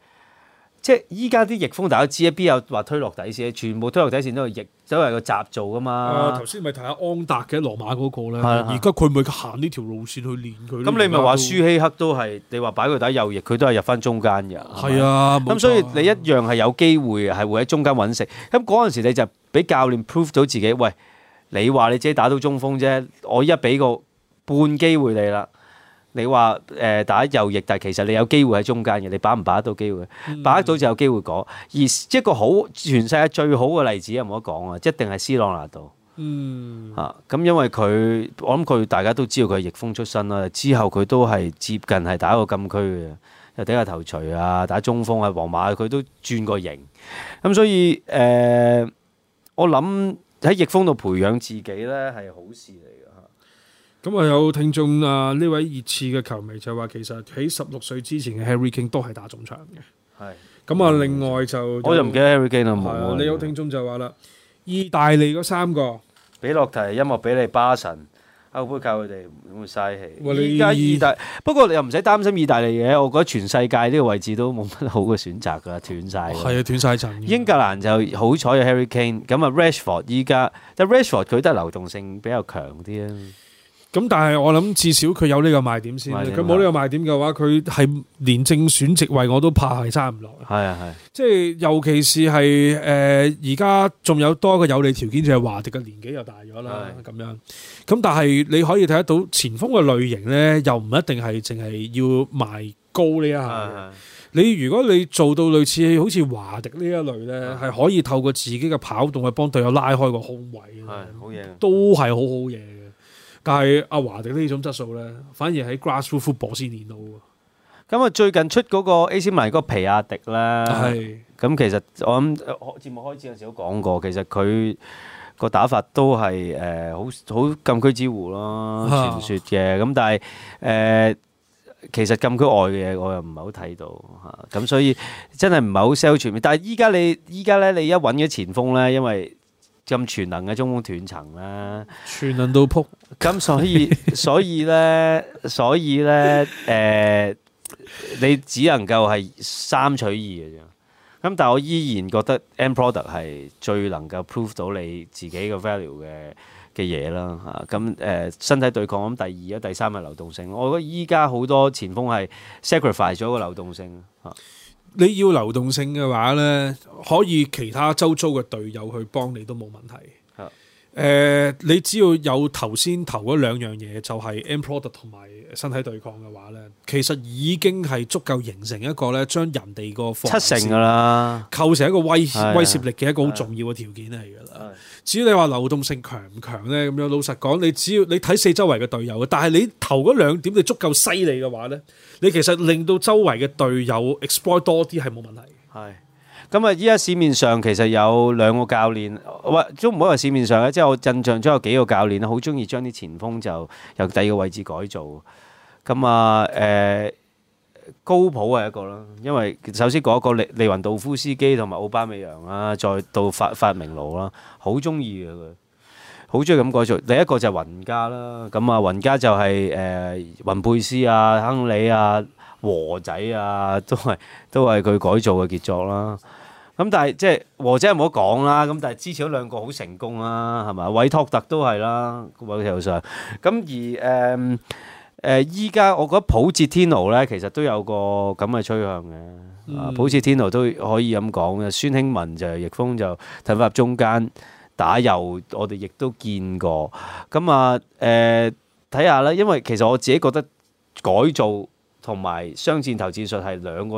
B: 即係依家啲逆風，大家知啊，邊有話推落底線？全部推落底線都係逆，都係個閘做㗎嘛。頭
A: 先咪提下安達嘅羅馬嗰個咧，而家佢咪行呢條路線去練佢。咁、嗯、你咪話舒
B: 希克都係，你話擺佢底右翼，佢都係入返中間嘅。係啊，咁吧錯所以你一樣係有機會係會喺中間揾食。咁嗰陣時你就俾教練 prove 到自己，喂，你話你只係打到中鋒啫，我一俾個半機會你啦。你話誒、呃、打右翼，但係其實你有機會喺中間嘅，你把唔把握到機會？把握、嗯、到就有機會講。而一個好全世界最好嘅例子有冇得講、嗯、啊？一定係 C 朗拿度。嗯啊，咁因為佢我諗佢大家都知道佢係翼鋒出身啦，之後佢都係接近係打一個禁區嘅，又頂下頭槌啊，打中鋒啊，皇馬佢都轉過型。咁所以誒、呃，我諗喺翼鋒度培養自己咧係好事嚟嘅。咁啊，有、嗯、聽眾啊，呢位
A: 熱刺嘅球迷就話：其實喺十六歲之前嘅 Harry Kane 都係打中場嘅。係是。咁啊、嗯，另外就，就我就唔記得 Harry Kane 啦，冇、嗯。你有
B: 聽眾就話啦，是意大利嗰三個，比諾提，音樂比利巴神歐杯教佢哋，會嘥氣。依家意大你不過你又唔使擔心意大利嘅，我覺得全世界呢個位置都冇乜好嘅選擇噶，斷晒係啊，斷曬層。英格蘭就好彩有 Harry Kane，咁啊，Rashford 依家，但 Rashford 佢得流動性比較強啲啊。咁但係我諗至少佢有呢個賣
A: 點先，佢冇呢個賣點嘅話，佢係連正選席位我都怕係爭唔落。係啊係，即係尤其是係誒而家仲有多一個有利條件，就係、是、華迪嘅年紀又大咗啦，咁的樣。咁但係你可以睇得到前鋒嘅類型咧，又唔一定係淨係要埋高呢一下。的你如果你做到類似好似華迪呢一類咧，係的可以透過自己嘅跑動去幫隊友拉開個空位，
C: 好嘢的，的
A: 都係好好嘢。但係阿華迪呢種質素咧，反而喺 grassroot football 先練到。
B: 咁啊，最近出嗰個 AC 米嗰個皮亞迪啦。係是。咁其實我諗節目開始嗰時候都講過，其實佢個打法都係誒好好禁區之狐咯，傳説嘅。咁 但係誒、呃、其實禁區外嘅嘢我又唔係好睇到嚇。咁、啊、所以真係唔係好 sell 全面。但係依家你依家咧你一揾嘅前鋒咧，因為咁全能嘅中鋒斷層啦，全能到仆。咁 所以所以咧，所以咧，誒、呃，你只能夠係三取二嘅啫。咁但係我依然覺得 End product 係最能夠 prove 到你自己嘅 value 嘅嘅嘢啦。嚇、啊，咁、啊、誒身體對抗咁第二啊，第三係流動性。我覺得依家好多前鋒係 sacrifice 咗個流動性啊。你要流動
A: 性嘅話咧，可以其他周遭嘅隊友去幫你都冇問題。誒、呃，你只要有頭先投嗰兩樣嘢，就係 exploit 同埋身體對抗嘅話咧，其實已經係足夠形成一個咧，將人哋個防七成噶啦，構成一個威威懾力嘅一個好的重要嘅條件嚟噶啦。至於你話流動性強唔強咧，咁樣老實講，你只要你睇四周圍嘅隊友嘅，但係你投嗰兩點你足夠犀利嘅話咧，你其實令到周圍嘅隊友 exploit 多啲係冇問題。係。
B: 咁啊！依家市面上其實有兩個教練，喂，都唔好話市面上咧，即係我印象中有幾個教練好中意將啲前鋒就由第二個位置改造。咁啊，誒、呃、高普係一個啦，因為首先嗰個利利雲道夫斯基同埋奧巴美揚啊，再到法法明路啦，好中意嘅佢，好中意咁改造。第一個就係雲家雲加啦。咁啊，雲加就係、是、誒、呃、雲佩斯啊、亨利啊、和仔啊，都係都係佢改造嘅傑作啦。咁但係即係或者唔好講啦，咁但係支持咗兩個好成功啦，係咪？委托特都係啦，位球上。咁而誒誒，依、呃、家、呃、我覺得普捷天奴咧，其實都有個咁嘅趨向嘅。嗯、普捷天奴都可以咁講嘅。孫興文就易風就睇返中間打右，我哋亦都見過。咁啊誒，睇下啦，因為其實我自己覺得改造同埋雙箭頭戰術係兩個。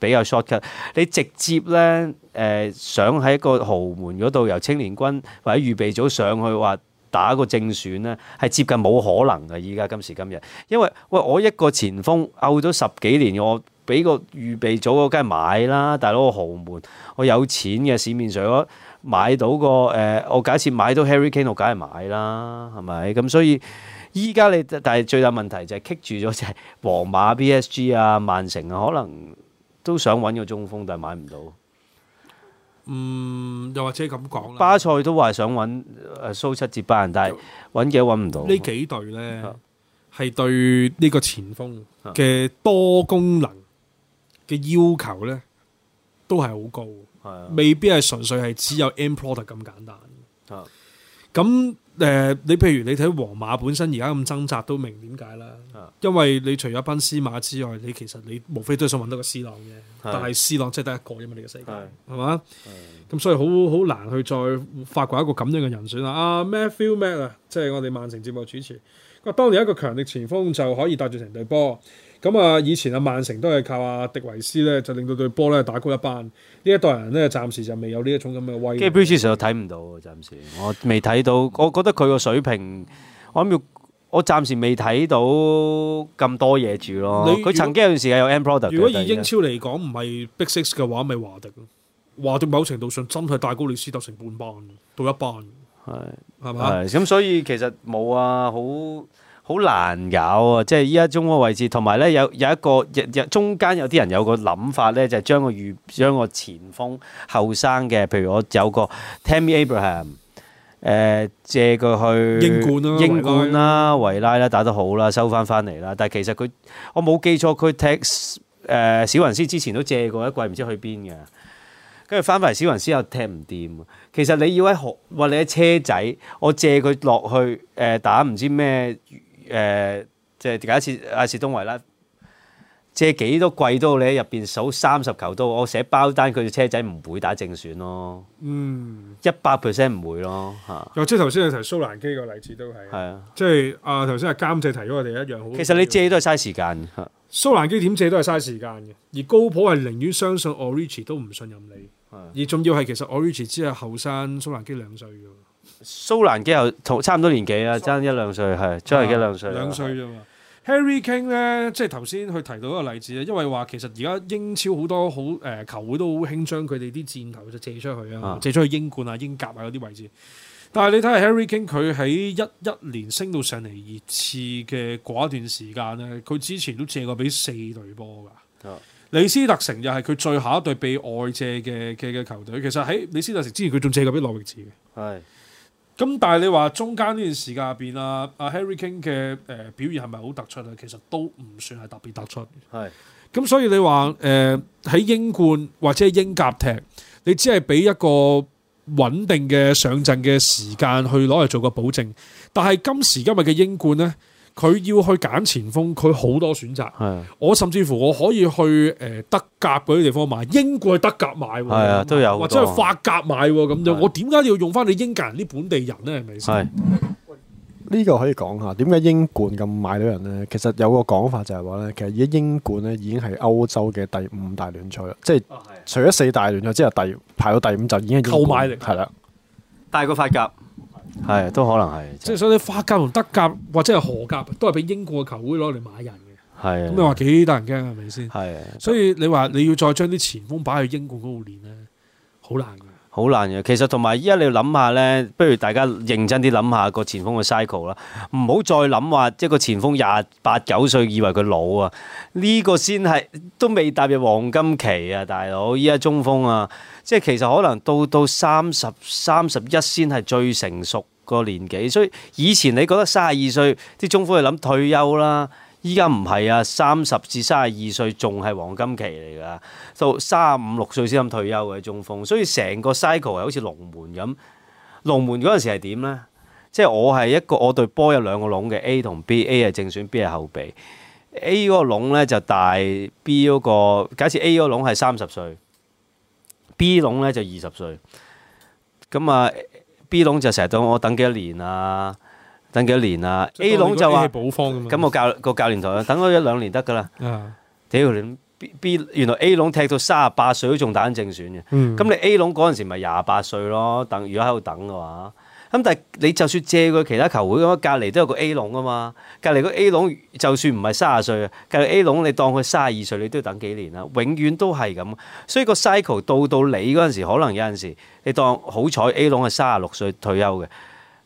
B: 比較 short 嘅，你直接咧誒、呃、想喺一個豪門嗰度由青年軍或者預備組上去話打個正選咧，係接近冇可能嘅。依家今時今日，因為喂我一個前鋒勾咗十幾年，我俾個預備組我梗係買啦。大佬豪門，我有錢嘅，市面上我買到個誒、呃，我假設買到 Harry Kane，我梗係買啦，係咪？咁所以依家你，但係最大問題就係棘住咗隻皇馬、B.S.G. 啊、曼城啊，可能。都想揾個中鋒，但係買唔到。嗯，又或者咁講啦，巴塞都話想揾、啊、蘇七接班人，但係揾嘢揾唔到。呢
A: 幾隊咧
B: 係、啊、對呢個
A: 前鋒嘅多功能嘅要求咧都係好高，啊、未必係純粹係只有 importer 咁簡單。啊，咁。誒、呃，你譬如你睇皇馬本身而家咁掙扎，都明點解啦。因為你除咗賓斯馬之外，你其實你無非都係想搵到個 C 朗嘅，但係 C 朗即係得一個啫嘛是的，你個世界係嘛？咁所以好好難去再發掘一個咁樣嘅人選啦。啊，Matt Philmat 啊，即係我哋曼城節目主持，佢當年一個強力前鋒就可以帶住成隊波。咁啊，以前阿曼城都係靠阿迪維斯咧，就令到佢隊波咧打高一班。呢一代人咧，暫時就未有呢一種咁嘅威。即係 Bruce
B: 我睇唔到，暫時我未睇到。我覺得佢個水平，我諗要，我暫時未睇到咁多嘢住咯。佢曾經有陣時係有 end product。如果以英超
A: 嚟講，唔係，嗯、Big Six 嘅話，咪，就是，華迪咯。華迪某程度上真係打高利斯特成半班到一班，
B: 係，係咪？咁係，所以其實冇啊，好。好難搞啊！即係依家中個位置，同埋咧有有一個日日中間有啲人有個諗法咧，就係、是、將個預將個前鋒後生嘅，譬如我有個 Tammy Abraham，誒、呃、借佢去英冠啦、啊，英冠啦、啊，維拉啦、啊啊，打得好啦，收翻翻嚟啦。但係其實佢我冇記錯，佢踢誒小雲斯之前都借過一季，唔知去邊嘅。跟住翻返嚟小雲斯又踢唔掂。其實你要喺學話你喺車仔，我借佢落去誒、呃、打唔知咩。誒，即係一次，阿、啊、士東維拉，借幾多季都你喺入邊數三十球都，我寫包單佢嘅車仔唔會打正選咯。嗯，一百 percent 唔會咯，嚇。即係頭先嘅提
A: 蘇蘭基個例子都
B: 係，係啊，即係啊頭先阿監製提咗我哋一樣。其實你借都係嘥時間嚇，
A: 蘇蘭基點借都係嘥時間嘅。而高普係寧願相信 Origi 都唔信任你，啊、而仲要係其實 Origi 只係後生蘇蘭基兩歲嘅。
B: 蘇蘭基又差唔多年紀啊，爭一兩歲係真係一兩歲兩歲
C: 啫嘛。
A: 的 Harry Kane 咧，即係頭先佢提到一個例子啊，因為話其實而家英超好多好誒、呃、球會都好興將佢哋啲箭頭就借出去啊，借出去英冠英啊、英甲啊嗰啲位置。但係你睇下 Harry Kane 佢喺一一年升到上嚟熱刺嘅，嗰一段時間咧，佢之前都借過俾四隊波噶。李、啊、斯特城又係佢最後一隊被外借嘅嘅嘅球隊。其實喺李斯特城之前，佢仲借過俾諾域治嘅。係。咁但係你話中間呢段時間入邊啊，阿 Harry King 嘅誒、呃、表現係咪好突出啊？其實都唔算係特別突出。係是。咁所以你話誒喺英冠或者係英甲踢，你只係俾一個穩定嘅上陣嘅時間去攞嚟做個保證。但係今時今日嘅英冠咧。佢要去揀前鋒，佢好多選擇。係、啊，我甚至乎我可以去誒、呃、德甲嗰啲地方買，英國去德甲買，係啊都有，或者去法甲買咁、啊、樣我就。我點解要用翻你英格蘭啲本地人咧？係咪先？呢、啊呢個可以講下，點解英冠咁買到人咧？其實有個講法就係話咧，其實而家英冠咧已經係歐洲嘅第五大聯賽啦，即係除咗四大聯賽之後，第排到第五就已經購買力係啦，
B: 了大過個法甲。係，都可能係，
A: 即係所以啲法甲同德甲或者係荷甲都係俾英國嘅球會攞嚟買人嘅。係啊
B: 是的，咁
A: 你話幾得人驚係
B: 咪先？係啊，
A: 所以你話你要再將啲前鋒擺去英國度練咧，好難嘅。
B: 好難嘅，其實同埋依家你要諗下呢，不如大家認真啲諗下個前鋒嘅 cycle 啦，唔好再諗話即係個前鋒廿八九歲以為佢老啊，呢個先係都未踏入黃金期啊，大佬依家中鋒啊，即係其實可能到到三十、三十一先係最成熟個年紀，所以以前你覺得三十二歲啲中鋒係諗退休啦。依家唔係啊，三十至三十二歲仲係黃金期嚟噶，到三十五六歲先咁退休嘅中鋒，所以成個 cycle 係好似龍門咁。龍門嗰陣時係點咧？即係我係一個，我對波有兩個籠嘅 A 同 B，A 係正選，B 係後備。A 嗰個籠咧就大，B 嗰個，假設 A 嗰籠係三十歲，B 籠呢就二十歲。咁啊，B 籠就成日等我等幾多年啊！等幾多年啊？A 龍就話咁我教個教練就話等咗一兩年得噶啦。啊，屌 B B 原來 A 龍踢到三十八歲都仲打緊正選嘅。咁、嗯、你 A 龍嗰陣時咪廿八歲咯？等如果喺度等嘅話，咁但係你就算借佢其他球會咁，隔籬都有個 A 龍啊嘛。隔籬個 A 龍就算唔係三十歲，隔籬 A 龍你當佢三十二歲，你都要等幾年啦。永遠都係咁，所以個 cycle 到到你嗰陣時，可能有陣時你當好彩 A 龍係三十六歲退休嘅。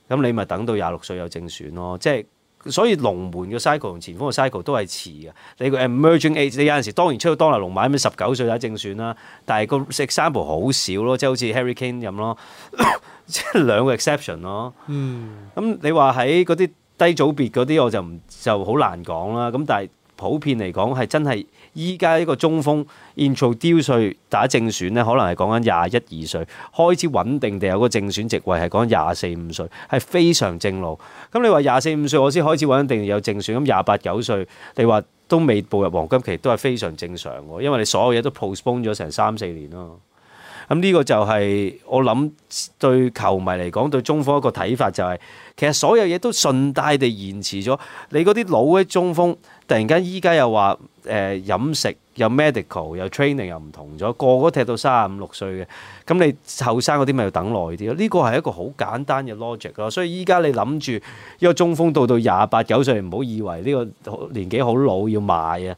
B: 咁你咪等到廿六歲有正選咯，即係所以龍門嘅 cycle 同前鋒嘅 cycle 都係遲嘅。你個 emerging age，你有陣時當然出到當拿隆馬咁，十九歲就係正選啦。但係個 example 好少咯，即係好似 Harry Kane 咁咯，咯，咯，即係兩個 exception 咯。嗯，嗯，咁你話喺嗰啲低組別嗰啲，我就唔就好難講啦。咁但係。普遍嚟講係真係依家一個中鋒 introduce 打正選呢，可能係講緊廿一二歲開始穩定地有個正選席位，係講廿四五歲，係非常正路。咁你話廿四五歲我先開始穩定有正選，咁廿八九歲你話都未步入黃金期，都係非常正常嘅，因為你所有嘢都 postpone 咗成三四年咯。咁呢個就係、是、我諗對球迷嚟講對中鋒一個睇法、就係，就係其實所有嘢都順帶地延遲咗你嗰啲老嘅中鋒。突然間，依家又話誒飲食又 medical 又 training 又唔同咗，個個踢到三十五六歲嘅，咁你後生嗰啲咪要等耐啲咯？呢個係一個好簡單嘅 logic 咯。所以依家你諗住呢個中鋒到到廿八九歲，唔好以為呢個年紀好老要賣啊。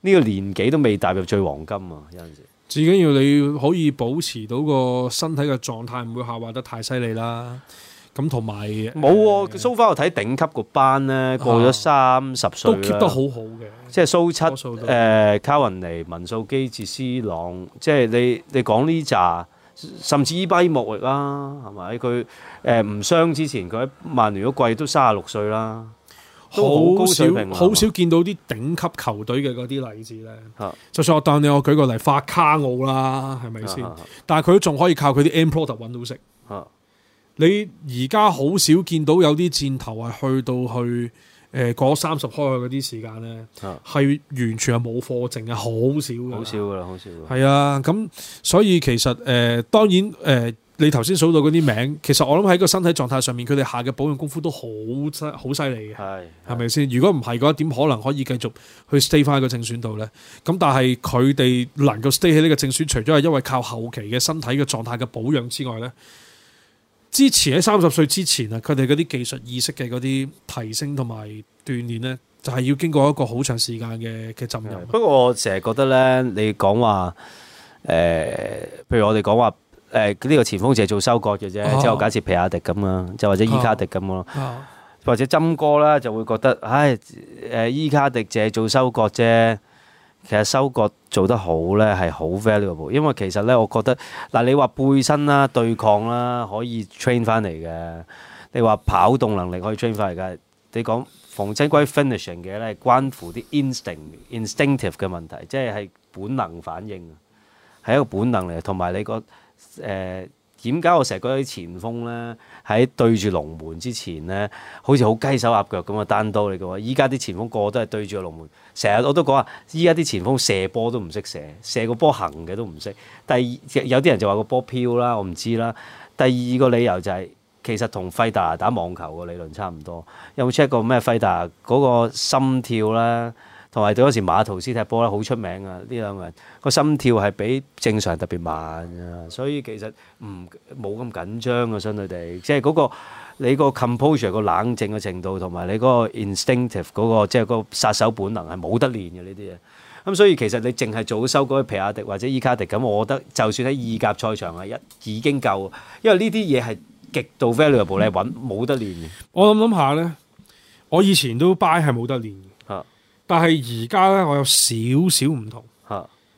B: 呢、呢個年紀都未踏入最黃金啊，有陣時。至緊要你
A: 可以保持到個身體嘅狀態，唔會下滑得太犀利啦。咁同埋
B: 冇蘇花，我睇頂級個班咧，過咗三十歲都 keep 得好好嘅。即係蘇七，誒卡雲尼、文素基、哲斯朗，即係你你講呢紮，甚至伊巴依莫力啦，係咪？佢誒唔傷之前，佢喺曼聯嗰季都三十六歲啦。好少好少見到啲頂
A: 級球隊嘅嗰啲例子咧。就算我當你我舉個例，法卡奧啦，係咪先？但係佢都仲可以靠佢啲 import 揾到食。你而家好少見到有啲箭頭係、啊、去到去誒嗰三十開嗰啲時間咧，係、啊、完全係冇貨剩，係好少嘅。好少㗎啦，好少。係啊，咁所以其實誒、呃，當然誒、呃，你頭先數到嗰啲名，其實我諗喺個身體狀態上面，佢哋下嘅保養功夫都好犀好犀利嘅。係係咪先？如果唔係嘅話，點可能可以繼續去 stay 翻喺個正選度咧？咁但係佢哋能夠 stay 喺呢個正選，除咗係因為靠後期嘅身體嘅狀態嘅保養之外咧？支持喺三十歲之前啊，佢哋嗰啲技術意識嘅嗰啲提升同埋鍛煉咧，就係、是、要經過一個好長時間嘅嘅浸淫。
B: 不過我成日覺得咧，你講話誒，譬如我哋講話誒，呢、呃這個前鋒淨係做收割嘅啫，之後、啊、假設皮亞迪咁啦，就或者伊卡迪咁咯，啊啊、或者針哥啦，就會覺得，唉，誒，伊卡迪淨係做收割啫。其實收割做得好咧，係好 valuable。因為其實咧，我覺得嗱，你話背身啦、對抗啦，可以 train 翻嚟嘅；你話跑動能力可以 train 翻嚟嘅。你講逢親關於 finishing 嘅咧，關乎啲 instinct、instinctive 嘅問題，即係係本能反應，係一個本能嚟。同埋你個誒，點解我成日覺得啲前鋒咧喺對住龍門之前咧，好似好雞手鴨腳咁啊，單刀嚟嘅喎。依家啲前鋒個個都係對住個龍門。成日我都講啊，依家啲前鋒射波都唔識射，射個波行嘅都唔識。第二有啲人就話個波飄啦，我唔知啦。第二個理由就係，其實同費達打網球嘅理論差唔多。有冇 check 過咩費達嗰個心跳啦，同埋仲有對時馬圖斯踢波啦，好出名啊！呢兩個人個心跳係比正常人特別慢啊，所以其實唔冇咁緊張啊，相對地，即係嗰個。你個 composure 個冷靜嘅程度，同埋你嗰個 instinctive 嗰、嗰個即係個殺手本能係冇得練嘅呢啲嘢。咁、嗯、所以其實你淨係早收嗰個皮亞迪或者伊卡迪，咁我覺得就算喺意甲賽場係一已經夠，因為呢啲嘢係極度 valuable 你揾冇得練。我諗諗下咧，我以前都 buy 係冇得練嘅，的但係而
A: 家咧我有少少唔同。的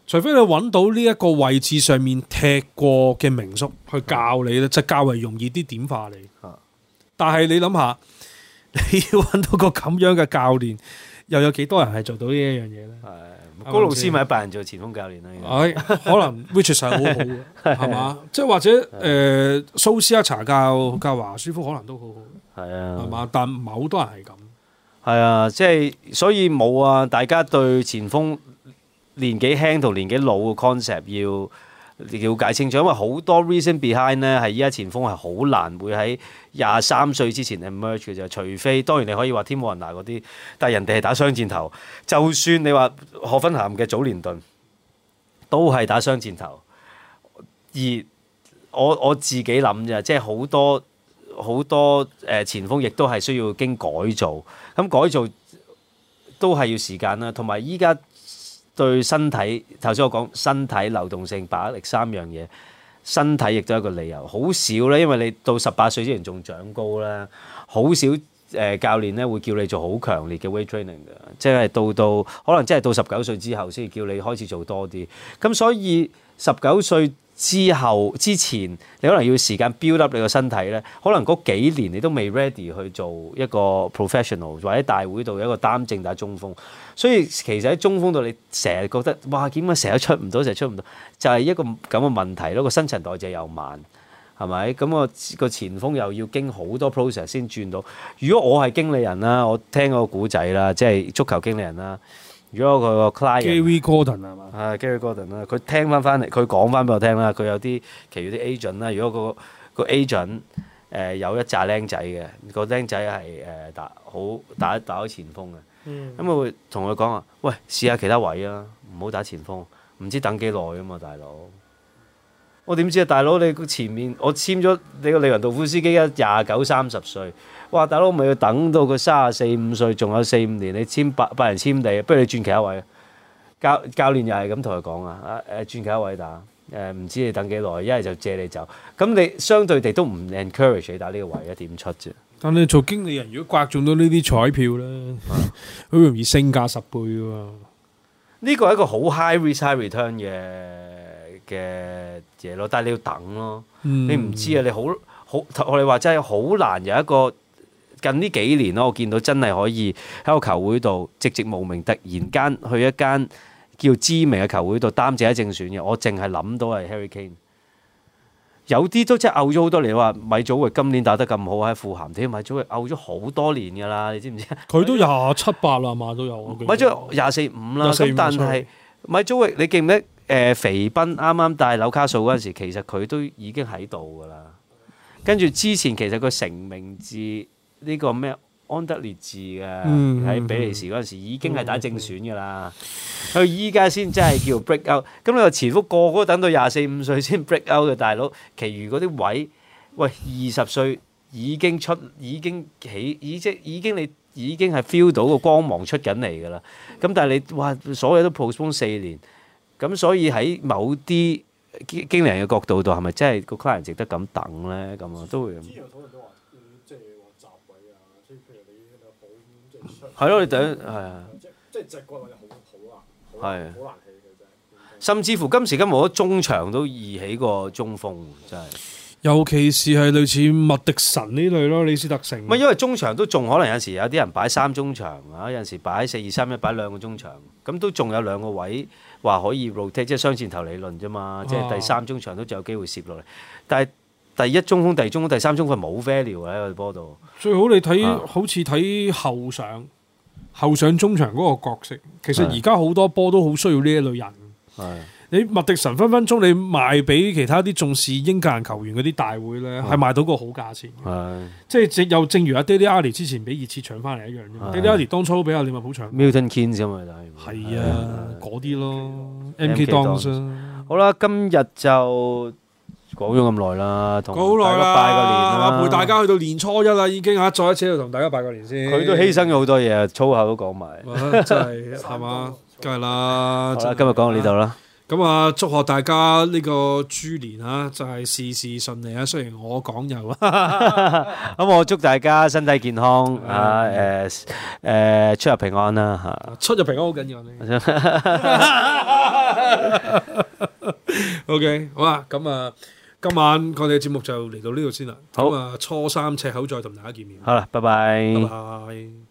A: 除非你揾到呢一個位置上面踢過嘅名宿去教你咧，的就較為容易啲點化你。但係你諗下，你要揾到個咁樣嘅教練，又有幾多人係做到呢一樣嘢咧？係
B: 高老斯咪一班人做前鋒教練啦。
A: 唉、哎，可能 Richard 係好好嘅，
B: 係嘛的？
A: 即係或者誒，蘇、呃、斯阿查教教華舒夫可能都好好。係啊的，係嘛？但唔係好多人係咁。
B: 係啊，即係所以冇啊！大家對前鋒年紀輕同年紀老嘅 concept 要了解清楚，因為好多 reason behind 咧，係依家前鋒係好難會喺廿三歲之前 emerge 嘅啫。除非當然你可以話天皇大嗰啲，但係人哋係打雙箭頭。就算你話賀芬咸嘅早年盾都係打雙箭頭。而我我自己諗啫，即係好多好多誒前鋒亦都係需要經改造。咁改造都係要時間啦，同埋依家。對身體，頭先我講身體、流動性、把握力三樣嘢，身體亦都係一個理由。好少咧，因為你到十八歲之前仲長高啦，好少誒教練咧會叫你做好強烈嘅 weight training 嘅，即係到到可能即係到十九歲之後先叫你開始做多啲。咁所以十九歲。之後之前你可能要時間 build up 你個身體咧，可能嗰幾年你都未 ready 去做一個 professional 或者大會度有一個擔正打中鋒，所以其實喺中鋒度你成日覺得，哇，點解成日出唔到？成日出唔到，就係、是、一個咁嘅問題咯。個新陳代謝又慢，係咪？咁個、那個前鋒又要經好多 process 先轉到。如果我係經理人啦，我聽個古仔啦，即係足球經理人啦。如果佢個 client，Gary Gordon 係嘛？係 Gary Gordon 啦，佢聽翻翻嚟，佢講翻俾我聽啦。佢有啲其他啲 agent 啦。如果、個、個 agent 誒、個呃、有一紮僆仔嘅，個僆仔係誒打好打打前鋒嘅，咁佢、嗯、會同佢講話，喂，試下其他位啊，唔好打前鋒，唔知等幾耐啊嘛，大佬。我點知啊，大佬你前面我簽咗你個利雲道夫斯基啊，廿九三十歲，哇！大佬唔係要等到佢卅四五歲，仲有四五年，你簽八百人簽你，不如你轉其他位。教教練又係咁同佢講啊，誒、啊、轉其他位打，誒、呃、唔知你等幾耐，一係就借你走。咁你相對地都唔 encourage 你打呢個位一點出啫。
A: 但你做經理人如果刮中到呢啲彩票咧，好、啊、 容易升價十倍
B: 喎。呢個係一個好 high risk high return 嘅嘅。嘢咯，但係你要等咯，嗯、你唔知啊！你好，好我哋話真係好難有一個近呢幾年咯，我見到真係可以喺個球會度寂寂無名，突然間去一間叫，叫知名嘅球會度擔正喺正選嘅。我淨係諗到係 Harry Kane，有啲都真係 out 咗好多年。話米祖域今年打得咁好喺富咸，點解米祖域 out 咗好多年㗎啦？你知唔知？佢都廿七八啦嘛，都有。米祖域廿四五啦，24, 14, 5, 但係米祖域你記唔記得？誒、呃、肥斌啱啱帶紐卡素嗰陣時，其實佢都已經喺度噶啦。跟住之前其實佢成名字呢、這個咩安德烈治嘅，喺、嗯、比利時嗰陣時已經係打正選噶啦。佢依家先真係叫 break out。咁 你個潛伏個嗰個等到廿四五歲先 break out 嘅大佬，其餘嗰啲位，喂，二十歲已經出已經起已經已經你已經係 feel 到個光芒出緊嚟㗎啦。咁但係你哇所有都 postpone 四年。咁所以喺某啲經經理人嘅角度度，係咪真係個 client 值得咁等咧？咁啊都會。之前討論都話，即係集體啊，所以譬如你喺
C: 度好即係衰。係咯，你第
B: 一係啊。即即係就係講話好好難，好難起嘅啫。甚至乎今時今無，我中場都易起過中鋒，真係。
A: 尤其是係類似麥迪臣呢類咯，李斯特
B: 城。唔係，因為中場都仲可能有時有啲人擺三中場啊，有陣時擺四二三一，擺兩個中場，咁都仲有兩個位。話可以 rotate 即係雙箭頭理論啫嘛，啊、即係第三中場都仲有機會攝落嚟。但係第一中鋒、第二中鋒、第三中鋒係冇 value 喺個波度。
A: 最好你睇、啊、好似睇後上後上中場嗰個角色，其實而家好多波都好需要呢一類人。係你麥迪神分分鐘你賣俾其他啲重視英格蘭球員嗰啲大會咧，係賣到個好價錢。
B: 係，
A: 即係正，又正如阿 Daddy Ali 之前俾熱刺搶翻嚟一樣。Daddy Ali 當初都俾阿利物浦搶。Milton Keynes 啊嘛，係嘛。係啊，嗰啲咯，M K Dons 啊。
B: 好啦，今日就講咗咁耐啦，同大家拜個年啦，陪大家
A: 去到年初一啦，已經吓，再一次，度同大家拜個年先。佢都犧
B: 牲咗好多嘢，粗口都講埋。真係，係嘛，梗係啦。就啦，今日講到呢度啦。咁啊，
A: 祝賀大家呢個豬年啊，就係事事順利啊！雖然我講又，
B: 咁我祝大家身體健康啊，誒誒出入平安啦吓。出入平安好緊要。
A: OK，好啦，咁啊，今晚我哋嘅節目就嚟到呢度先啦。好啊，初三赤口再同大家見面。
B: 好啦，拜拜，拜
A: 拜。